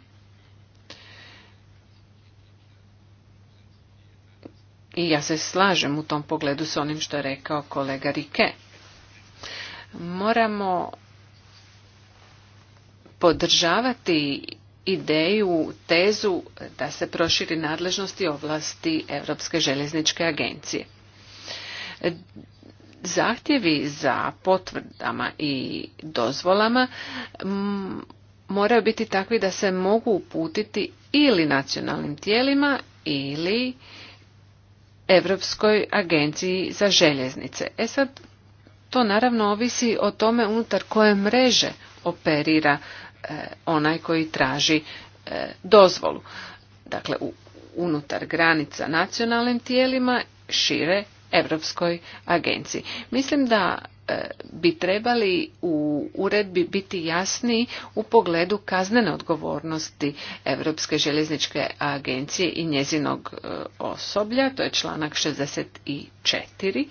I ja se slažem u tom pogledu s onim što je rekao kolega Rike. Moramo podržavati ideju, tezu da se proširi nadležnost i ovlasti Europske željezničke agencije. Zahtjevi za potvrdama i dozvolama moraju biti takvi da se mogu uputiti ili nacionalnim tijelima ili Europskoj agenciji za željeznice. E sad, to naravno ovisi o tome unutar koje mreže operira e, onaj koji traži e, dozvolu. Dakle, unutar granica nacionalnim tijelima šire Europskoj agenciji. Mislim da E, bi trebali u uredbi biti jasni u pogledu kaznene odgovornosti Europske željezničke agencije i njezinog e, osoblja, to je članak 64,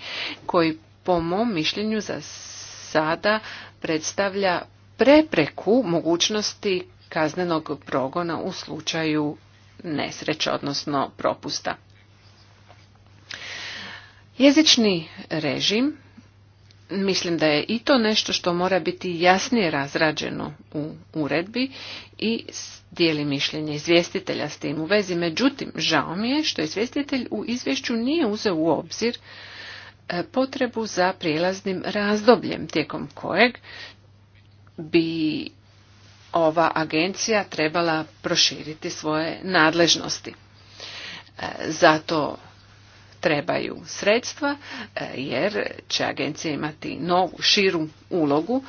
koji po mom mišljenju za sada predstavlja prepreku mogućnosti kaznenog progona u slučaju nesreća, odnosno propusta. Jezični režim Mislim da je i to nešto što mora biti jasnije razrađeno u uredbi i dijeli mišljenje izvjestitelja s tim u vezi. Međutim, žao mi je što izvjestitelj u izvješću nije uzeo u obzir e, potrebu za prijelaznim razdobljem tijekom kojeg bi ova agencija trebala proširiti svoje nadležnosti. E, zato trebaju sredstva e, jer će agencija imati novu, širu ulogu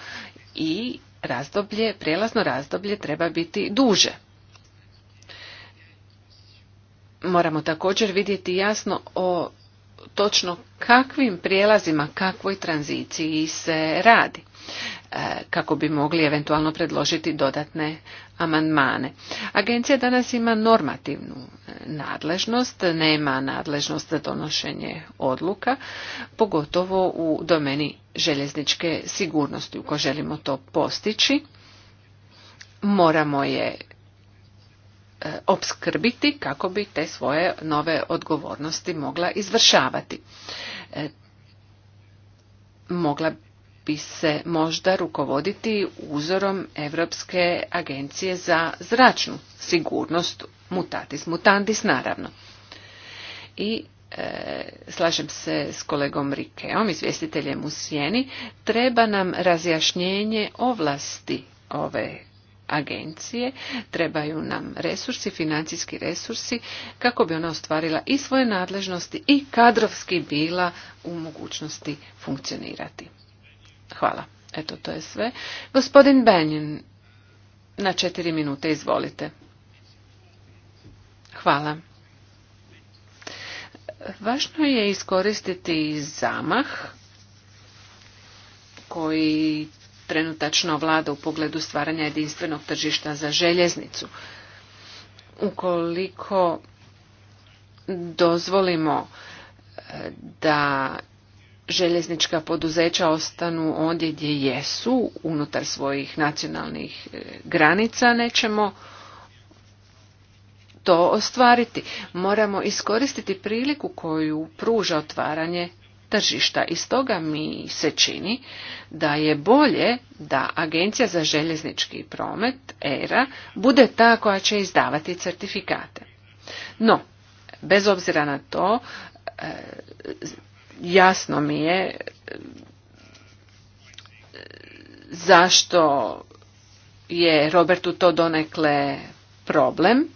i razdoblje, prijelazno razdoblje treba biti duže. Moramo također vidjeti jasno o točno kakvim prijelazima, kakvoj tranziciji se radi. E, kako bi mogli eventualno predložiti dodatne amandmane. Agencija danas ima normativnu e, nadležnost, nema nadležnost za donošenje odluka, pogotovo u domeni željezničke sigurnosti. Uko želimo to postići, moramo je e, opskrbiti kako bi te svoje nove odgovornosti mogla izvršavati. Mogla bi se možda rukovoditi uzorom Europske agencije za zračnu sigurnost mutatis mutandis naravno. I e, slažem se s kolegom Rikeom, izvjestiteljem u Sjeni, treba nam razjašnjenje ovlasti ove agencije, trebaju nam resursi, financijski resursi, kako bi ona ostvarila i svoje nadležnosti i kadrovski bila u mogućnosti funkcionirati. Hvala. Eto, to je sve. Gospodin Benjin, na četiri minute, izvolite. Hvala. Važno je iskoristiti zamah koji trenutačno vlada u pogledu stvaranja jedinstvenog tržišta za željeznicu. Ukoliko dozvolimo eh, da željeznička poduzeća ostanu ondje gdje jesu, unutar svojih nacionalnih e, granica, nećemo to ostvariti. Moramo iskoristiti priliku koju pruža otvaranje tržišta. I stoga mi se čini da je bolje da Agencija za željeznički promet, ERA, bude ta koja će izdavati certifikate. No, bez obzira na to, e, jasno mi je e, zašto je Robertu to donekle problem.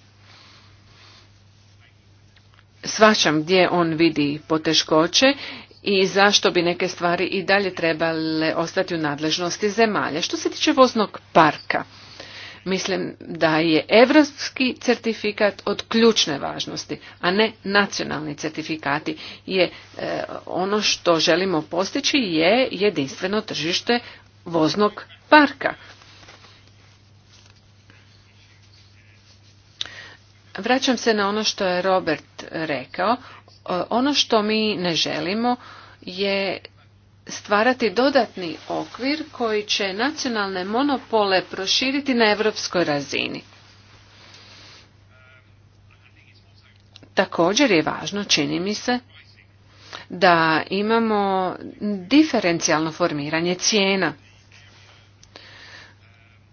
svaćam gdje on vidi poteškoće i zašto bi neke stvari i dalje trebale ostati u nadležnosti zemalja. Što se tiče voznog parka, Mislim da je evropski certifikat od ključne važnosti, a ne nacionalni certifikati. Je e, ono što želimo postići je jedinstveno tržište voznog parka. Vraćam se na ono što je Robert rekao. E, ono što mi ne želimo je stvarati dodatni okvir koji će nacionalne monopole proširiti na europskoj razini. Također je važno, čini mi se, da imamo diferencijalno formiranje cijena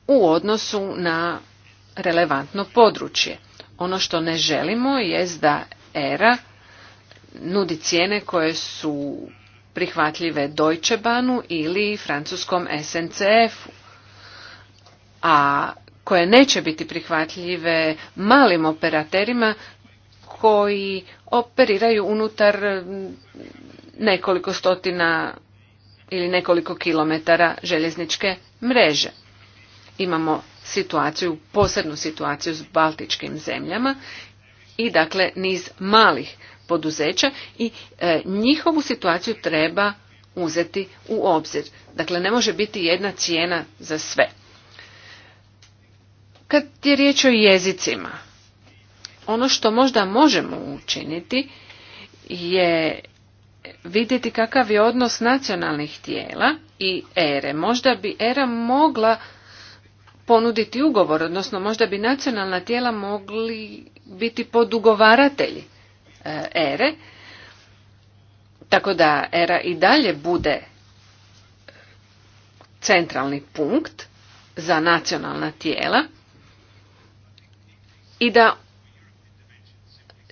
u odnosu na relevantno područje. Ono što ne želimo je da era nudi cijene koje su prihvatljive Deutsche Bahnu ili francuskom SNCF-u, a koje neće biti prihvatljive malim operaterima koji operiraju unutar nekoliko stotina ili nekoliko kilometara željezničke mreže. Imamo situaciju, posebnu situaciju s baltičkim zemljama i dakle niz malih poduzeća i e, njihovu situaciju treba uzeti u obzir. Dakle, ne može biti jedna cijena za sve. Kad je riječ o jezicima, ono što možda možemo učiniti je vidjeti kakav je odnos nacionalnih tijela i ere. Možda bi era mogla ponuditi ugovor, odnosno možda bi nacionalna tijela mogli biti podugovaratelji E, ere, tako da era i dalje bude centralni punkt za nacionalna tijela i da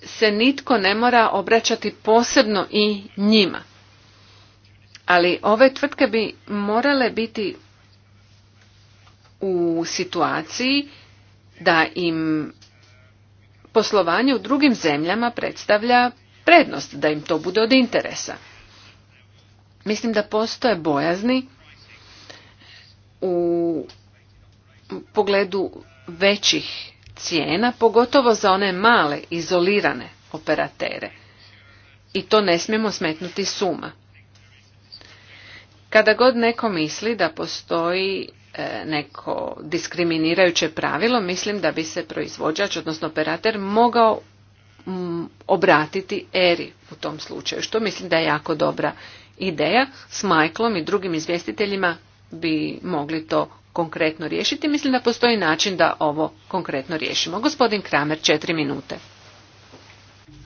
se nitko ne mora obraćati posebno i njima. Ali ove tvrtke bi morale biti u situaciji da im poslovanje u drugim zemljama predstavlja prednost, da im to bude od interesa. Mislim da postoje bojazni u pogledu većih cijena, pogotovo za one male, izolirane operatere. I to ne smijemo smetnuti suma. Kada god neko misli da postoji E, neko diskriminirajuće pravilo, mislim da bi se proizvođač, odnosno operater, mogao obratiti eri u tom slučaju, što mislim da je jako dobra ideja. S Michaelom i drugim izvjestiteljima bi mogli to konkretno riješiti. Mislim da postoji način da ovo konkretno riješimo. Gospodin Kramer, četiri minute.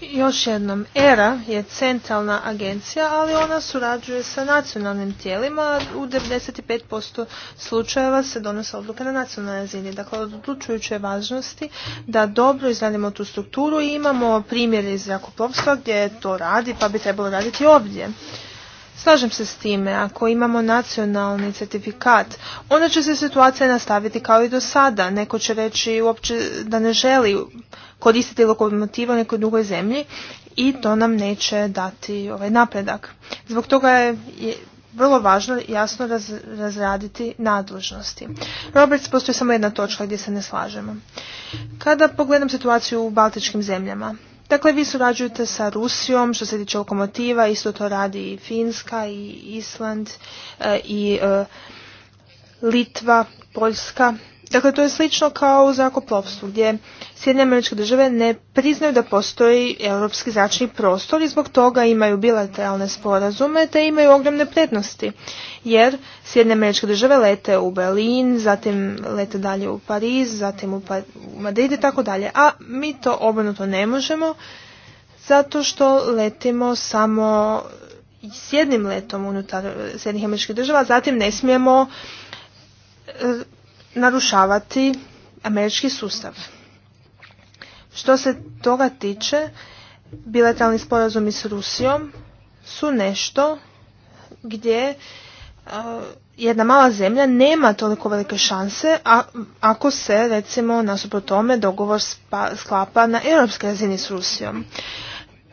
Još jednom, ERA je centralna agencija, ali ona surađuje sa nacionalnim tijelima. U 95% slučajeva se donose odluke na nacionalnoj razini. Dakle, od odlučujuće važnosti da dobro izradimo tu strukturu i imamo primjer iz zrakoplovstva gdje to radi, pa bi trebalo raditi ovdje. Slažem se s time, ako imamo nacionalni certifikat, onda će se situacija nastaviti kao i do sada. Neko će reći uopće da ne želi koristiti lokomotiva u nekoj drugoj zemlji i to nam neće dati ovaj napredak. Zbog toga je vrlo važno jasno razraditi nadležnosti. Roberts, postoji samo jedna točka gdje se ne slažemo. Kada pogledam situaciju u baltičkim zemljama, Dakle, vi surađujete sa Rusijom što se tiče lokomotiva, isto to radi i Finska i Island e, i e, Litva, Poljska. Dakle, to je slično kao u zrakoplovstvu gdje Sjedinje američke države ne priznaju da postoji europski zračni prostor i zbog toga imaju bilateralne sporazume te imaju ogromne prednosti. Jer Sjedinje američke države lete u Berlin, zatim lete dalje u Pariz, zatim u, pa- Madrid i tako dalje. A mi to obrnuto ne možemo zato što letimo samo s jednim letom unutar Sjedinih američkih država, zatim ne smijemo e, narušavati američki sustav. Što se toga tiče, bilateralni sporazumi s Rusijom su nešto gdje e, jedna mala zemlja nema toliko velike šanse a, ako se recimo nasuprot tome dogovor sklapa na europskoj razini s Rusijom.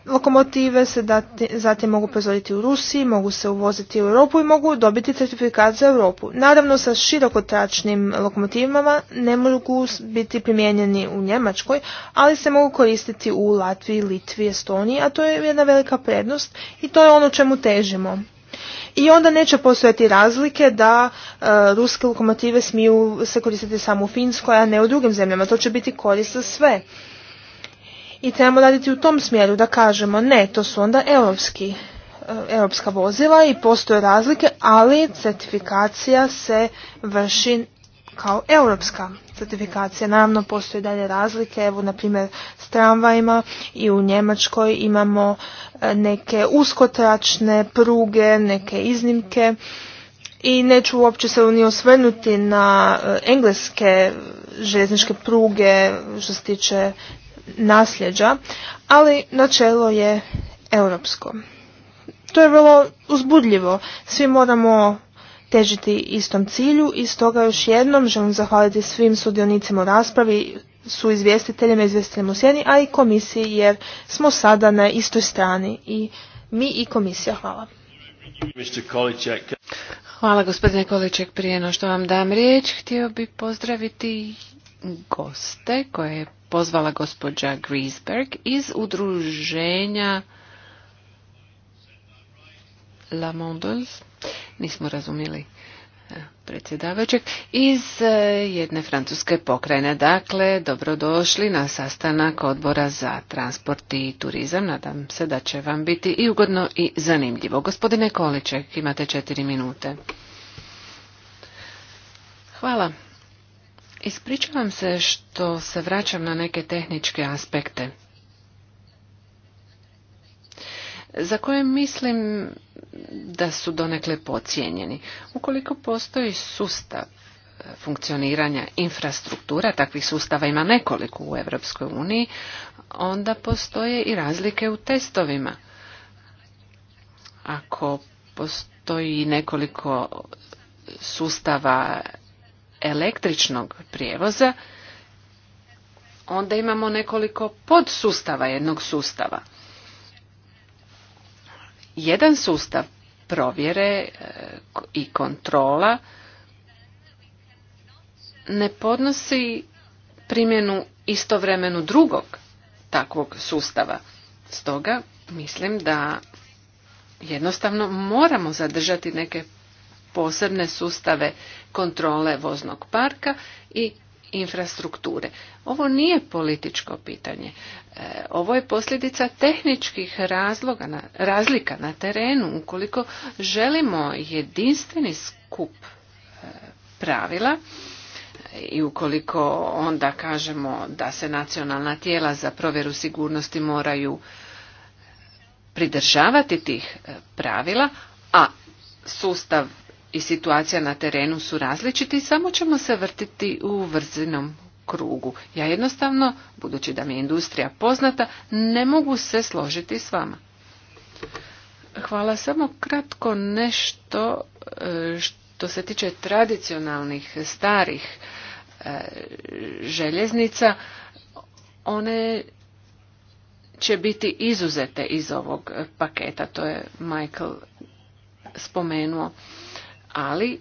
Lokomotive se dati, zatim mogu proizvoditi u Rusiji, mogu se uvoziti u Europu i mogu dobiti certifikat za Europu. Naravno sa širokotračnim lokomotivama ne mogu biti primijenjeni u Njemačkoj, ali se mogu koristiti u Latviji, Litvi, Estoniji, a to je jedna velika prednost i to je ono čemu težimo. I onda neće postojati razlike da e, ruske lokomotive smiju se koristiti samo u Finskoj, a ne u drugim zemljama. To će biti korist za sve. I trebamo raditi u tom smjeru da kažemo ne, to su onda europski e, europska vozila i postoje razlike, ali certifikacija se vrši kao europska certifikacija. Naravno, postoje dalje razlike. Evo, na primjer, s tramvajima i u Njemačkoj imamo e, neke uskotračne pruge, neke iznimke. I neću uopće se ni osvrnuti na e, engleske željezničke pruge što se tiče nasljeđa, ali načelo je europsko. To je vrlo uzbudljivo. Svi moramo težiti istom cilju i stoga još jednom želim zahvaliti svim sudionicima u raspravi, su izvjestiteljima, izvjestiteljima u sjeni, a i komisiji jer smo sada na istoj strani i mi i komisija. Hvala. Hvala gospodine Količek. Prije no što vam dam riječ, htio bih pozdraviti goste koje je pozvala gospođa Grisberg iz udruženja La Mondeuse. Nismo razumjeli eh, predsjedavajućeg, iz eh, jedne francuske pokrajine. Dakle, dobrodošli na sastanak odbora za transport i turizam. Nadam se da će vam biti i ugodno i zanimljivo. Gospodine Količek, imate četiri minute. Hvala. Ispričavam se što se vraćam na neke tehničke aspekte za koje mislim da su donekle pocijenjeni. Ukoliko postoji sustav e, funkcioniranja infrastruktura, takvih sustava ima nekoliko u Europskoj uniji, onda postoje i razlike u testovima. Ako postoji nekoliko sustava električnog prijevoza, onda imamo nekoliko podsustava jednog sustava. Jedan sustav provjere e, i kontrola ne podnosi primjenu istovremenu drugog takvog sustava. Stoga mislim da jednostavno moramo zadržati neke posebne sustave kontrole voznog parka i infrastrukture. Ovo nije političko pitanje. E, ovo je posljedica tehničkih razloga razlika na terenu. Ukoliko želimo jedinstveni skup e, pravila i ukoliko onda kažemo da se nacionalna tijela za provjeru sigurnosti moraju pridržavati tih e, pravila, a sustav i situacija na terenu su različiti i samo ćemo se vrtiti u vrzinom krugu. Ja jednostavno, budući da mi je industrija poznata, ne mogu se složiti s vama. Hvala samo kratko nešto e, što se tiče tradicionalnih starih e, željeznica. One će biti izuzete iz ovog paketa, to je Michael spomenuo ali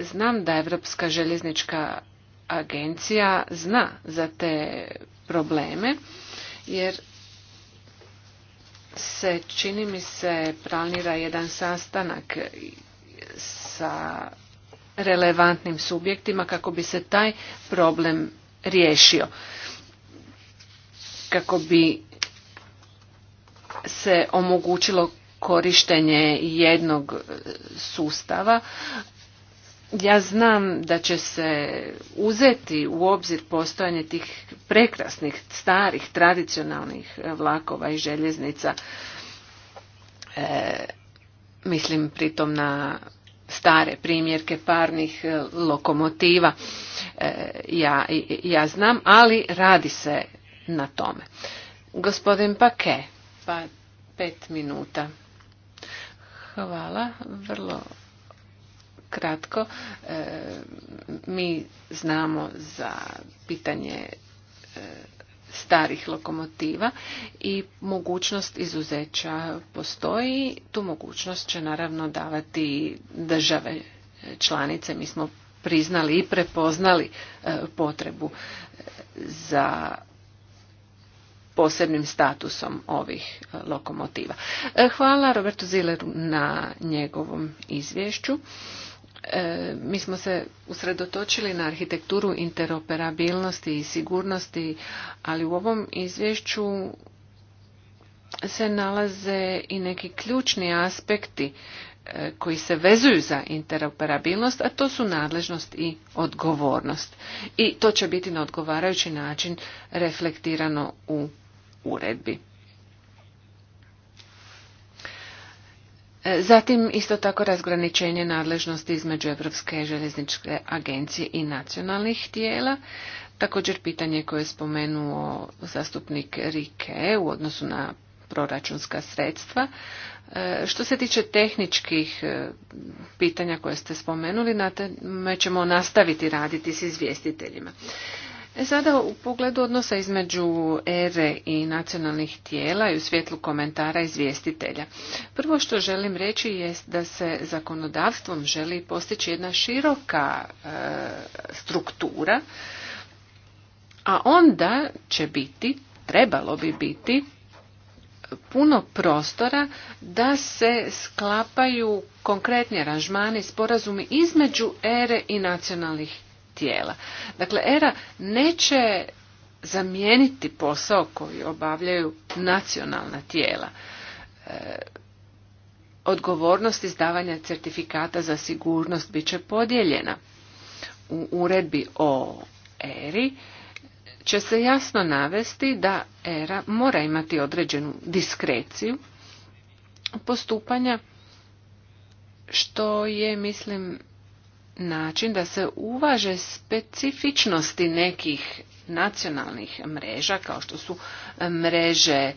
znam da Europska željeznička agencija zna za te probleme, jer se čini mi se planira jedan sastanak sa relevantnim subjektima kako bi se taj problem riješio. Kako bi se omogućilo korištenje jednog e, sustava. Ja znam da će se uzeti u obzir postojanje tih prekrasnih, starih, tradicionalnih e, vlakova i željeznica. E, mislim pritom na stare primjerke parnih lokomotiva. ja, ja znam, ali radi se na tome. Gospodin Pake, pa pet minuta. Hvala. Vrlo kratko. E, mi znamo za pitanje e, starih lokomotiva i mogućnost izuzeća postoji. Tu mogućnost će naravno davati države članice. Mi smo priznali i prepoznali e, potrebu za posebnim statusom ovih e, lokomotiva. E, hvala Robertu Zileru na njegovom izvješću. E, mi smo se usredotočili na arhitekturu interoperabilnosti i sigurnosti, ali u ovom izvješću se nalaze i neki ključni aspekti koji se vezuju za interoperabilnost, a to su nadležnost i odgovornost. I to će biti na odgovarajući način reflektirano u uredbi. Zatim isto tako razgraničenje nadležnosti između Europske željezničke agencije i nacionalnih tijela. Također pitanje koje je spomenuo zastupnik Rike u odnosu na proračunska sredstva. E, što se tiče tehničkih e, pitanja koje ste spomenuli, na ćemo nastaviti raditi s izvjestiteljima. Sada u pogledu odnosa između ere i nacionalnih tijela i u svjetlu komentara izvjestitelja. Prvo što želim reći jest da se zakonodavstvom želi postići jedna široka e, struktura, a onda će biti, trebalo bi biti, puno prostora da se sklapaju konkretni aranžmani, sporazumi između ere i nacionalnih tijela. Dakle, ERA neće zamijeniti posao koji obavljaju nacionalna tijela. E, odgovornost izdavanja certifikata za sigurnost bit će podijeljena. U uredbi o ERI će se jasno navesti da ERA mora imati određenu diskreciju postupanja, što je, mislim, način da se uvaže specifičnosti nekih nacionalnih mreža kao što su mreže e,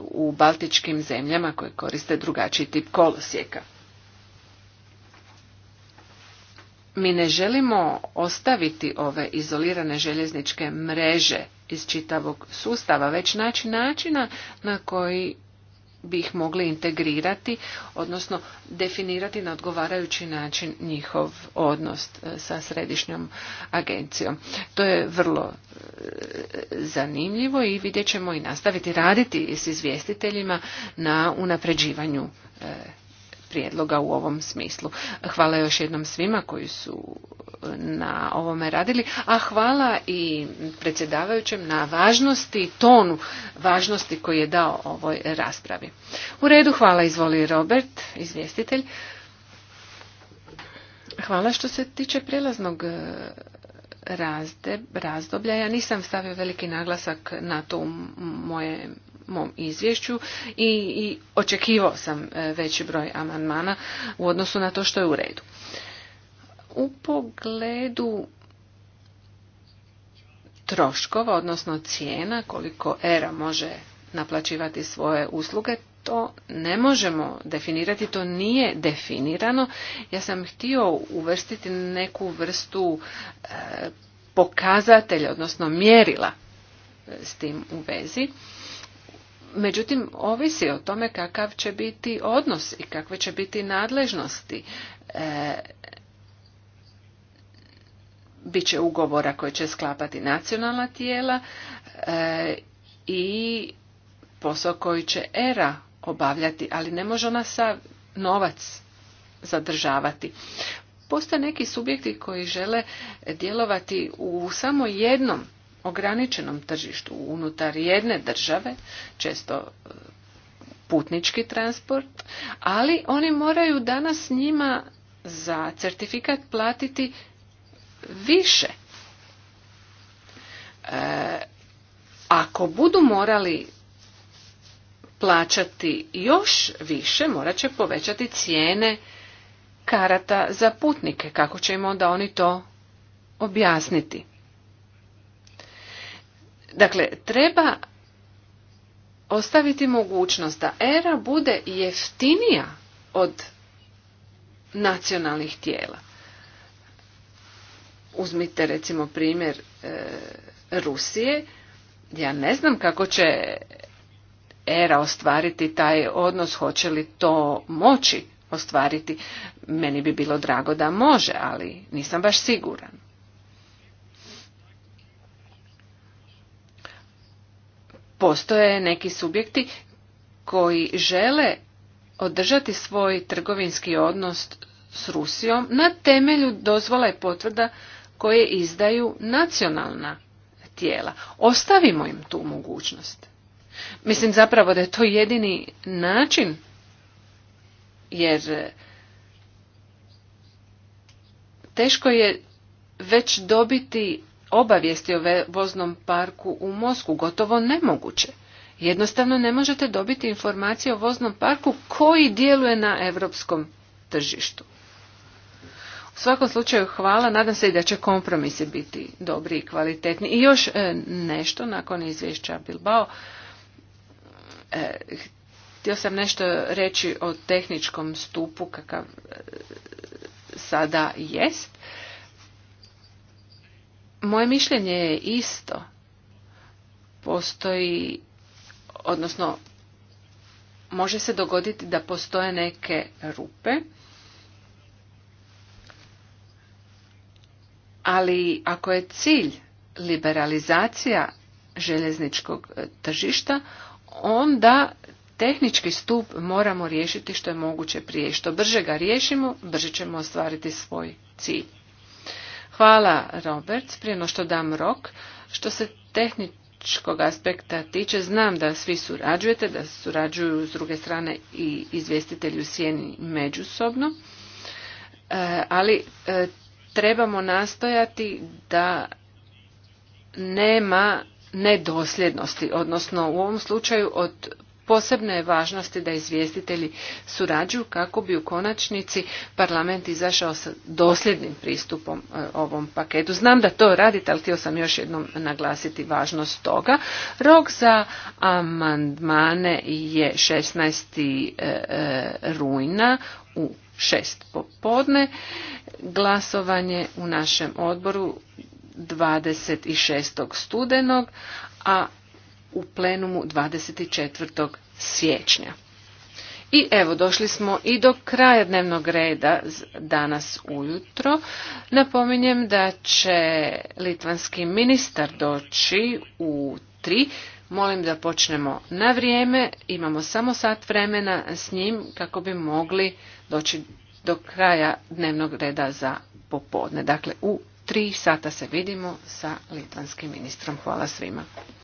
u baltičkim zemljama koje koriste drugačiji tip kolosijeka. Mi ne želimo ostaviti ove izolirane željezničke mreže iz čitavog sustava, već naći načina na koji bi ih mogli integrirati, odnosno definirati na odgovarajući način njihov odnos e, sa središnjom agencijom. To je vrlo e, zanimljivo i vidjet ćemo i nastaviti raditi s izvjestiteljima na unapređivanju e, prijedloga u ovom smislu. Hvala još jednom svima koji su e, na ovome radili, a hvala i predsjedavajućem na važnosti tonu važnosti koji je dao ovoj raspravi. U redu, hvala izvoli Robert, izvjestitelj. Hvala što se tiče prijelaznog e, razdoblja. Ja nisam stavio veliki naglasak na to u mojem mom izvješću i, očekivao sam e, veći broj amandmana u odnosu na to što je u redu. U pogledu troškova, odnosno cijena, koliko ERA može naplaćivati svoje usluge, to ne možemo definirati, to nije definirano. Ja sam htio uvrstiti neku vrstu e, pokazatelja, odnosno mjerila e, s tim u vezi međutim ovisi o tome kakav će biti odnos i kakve će biti nadležnosti e, biće ugovora koje će sklapati nacionalna tijela e, i posao koji će era obavljati ali ne može ona sav novac zadržavati postoje neki subjekti koji žele djelovati u samo jednom ograničenom tržištu unutar jedne države, često e, putnički transport, ali oni moraju danas njima za certifikat platiti više. E, ako budu morali plaćati još više, morat će povećati cijene karata za putnike. Kako će im onda oni to objasniti? Dakle, treba ostaviti mogućnost da era bude jeftinija od nacionalnih tijela. Uzmite recimo primjer e, Rusije. Ja ne znam kako će era ostvariti taj odnos, hoće li to moći ostvariti. Meni bi bilo drago da može, ali nisam baš siguran. postoje neki subjekti koji žele održati svoj trgovinski odnos s Rusijom na temelju dozvola i potvrda koje izdaju nacionalna tijela. Ostavimo im tu mogućnost. Mislim zapravo da je to jedini način jer e, teško je već dobiti obavijesti o voznom parku u Mosku gotovo nemoguće. Jednostavno ne možete dobiti informacije o voznom parku koji djeluje na europskom tržištu. U svakom slučaju hvala, nadam se i da će kompromisi biti dobri i kvalitetni. I još e, nešto nakon izvješća Bilbao. E, htio sam nešto reći o tehničkom stupu kakav e, sada jest. Moje mišljenje je isto. Postoji, odnosno, može se dogoditi da postoje neke rupe, ali ako je cilj liberalizacija željezničkog e, tržišta, onda tehnički stup moramo riješiti što je moguće prije. Što brže ga riješimo, brže ćemo ostvariti svoj cilj. Hvala Robert, prije što dam rok. Što se tehničkog aspekta tiče, znam da svi surađujete, da surađuju s druge strane i izvjestitelji u sjeni međusobno, e, ali e, trebamo nastojati da nema nedosljednosti, odnosno u ovom slučaju od Posebno je važnosti da izvjestitelji surađuju kako bi u konačnici parlament izašao sa dosljednim pristupom e, ovom paketu. Znam da to radite, ali htio sam još jednom naglasiti važnost toga. Rok za amandmane je 16. E, e, rujna u 6 popodne. Glasovanje u našem odboru 26. studenog, a u plenumu 24. siječnja. I evo, došli smo i do kraja dnevnog reda danas ujutro. Napominjem da će litvanski ministar doći u tri. Molim da počnemo na vrijeme. Imamo samo sat vremena s njim kako bi mogli doći do kraja dnevnog reda za popodne. Dakle, u tri sata se vidimo sa litvanskim ministrom. Hvala svima.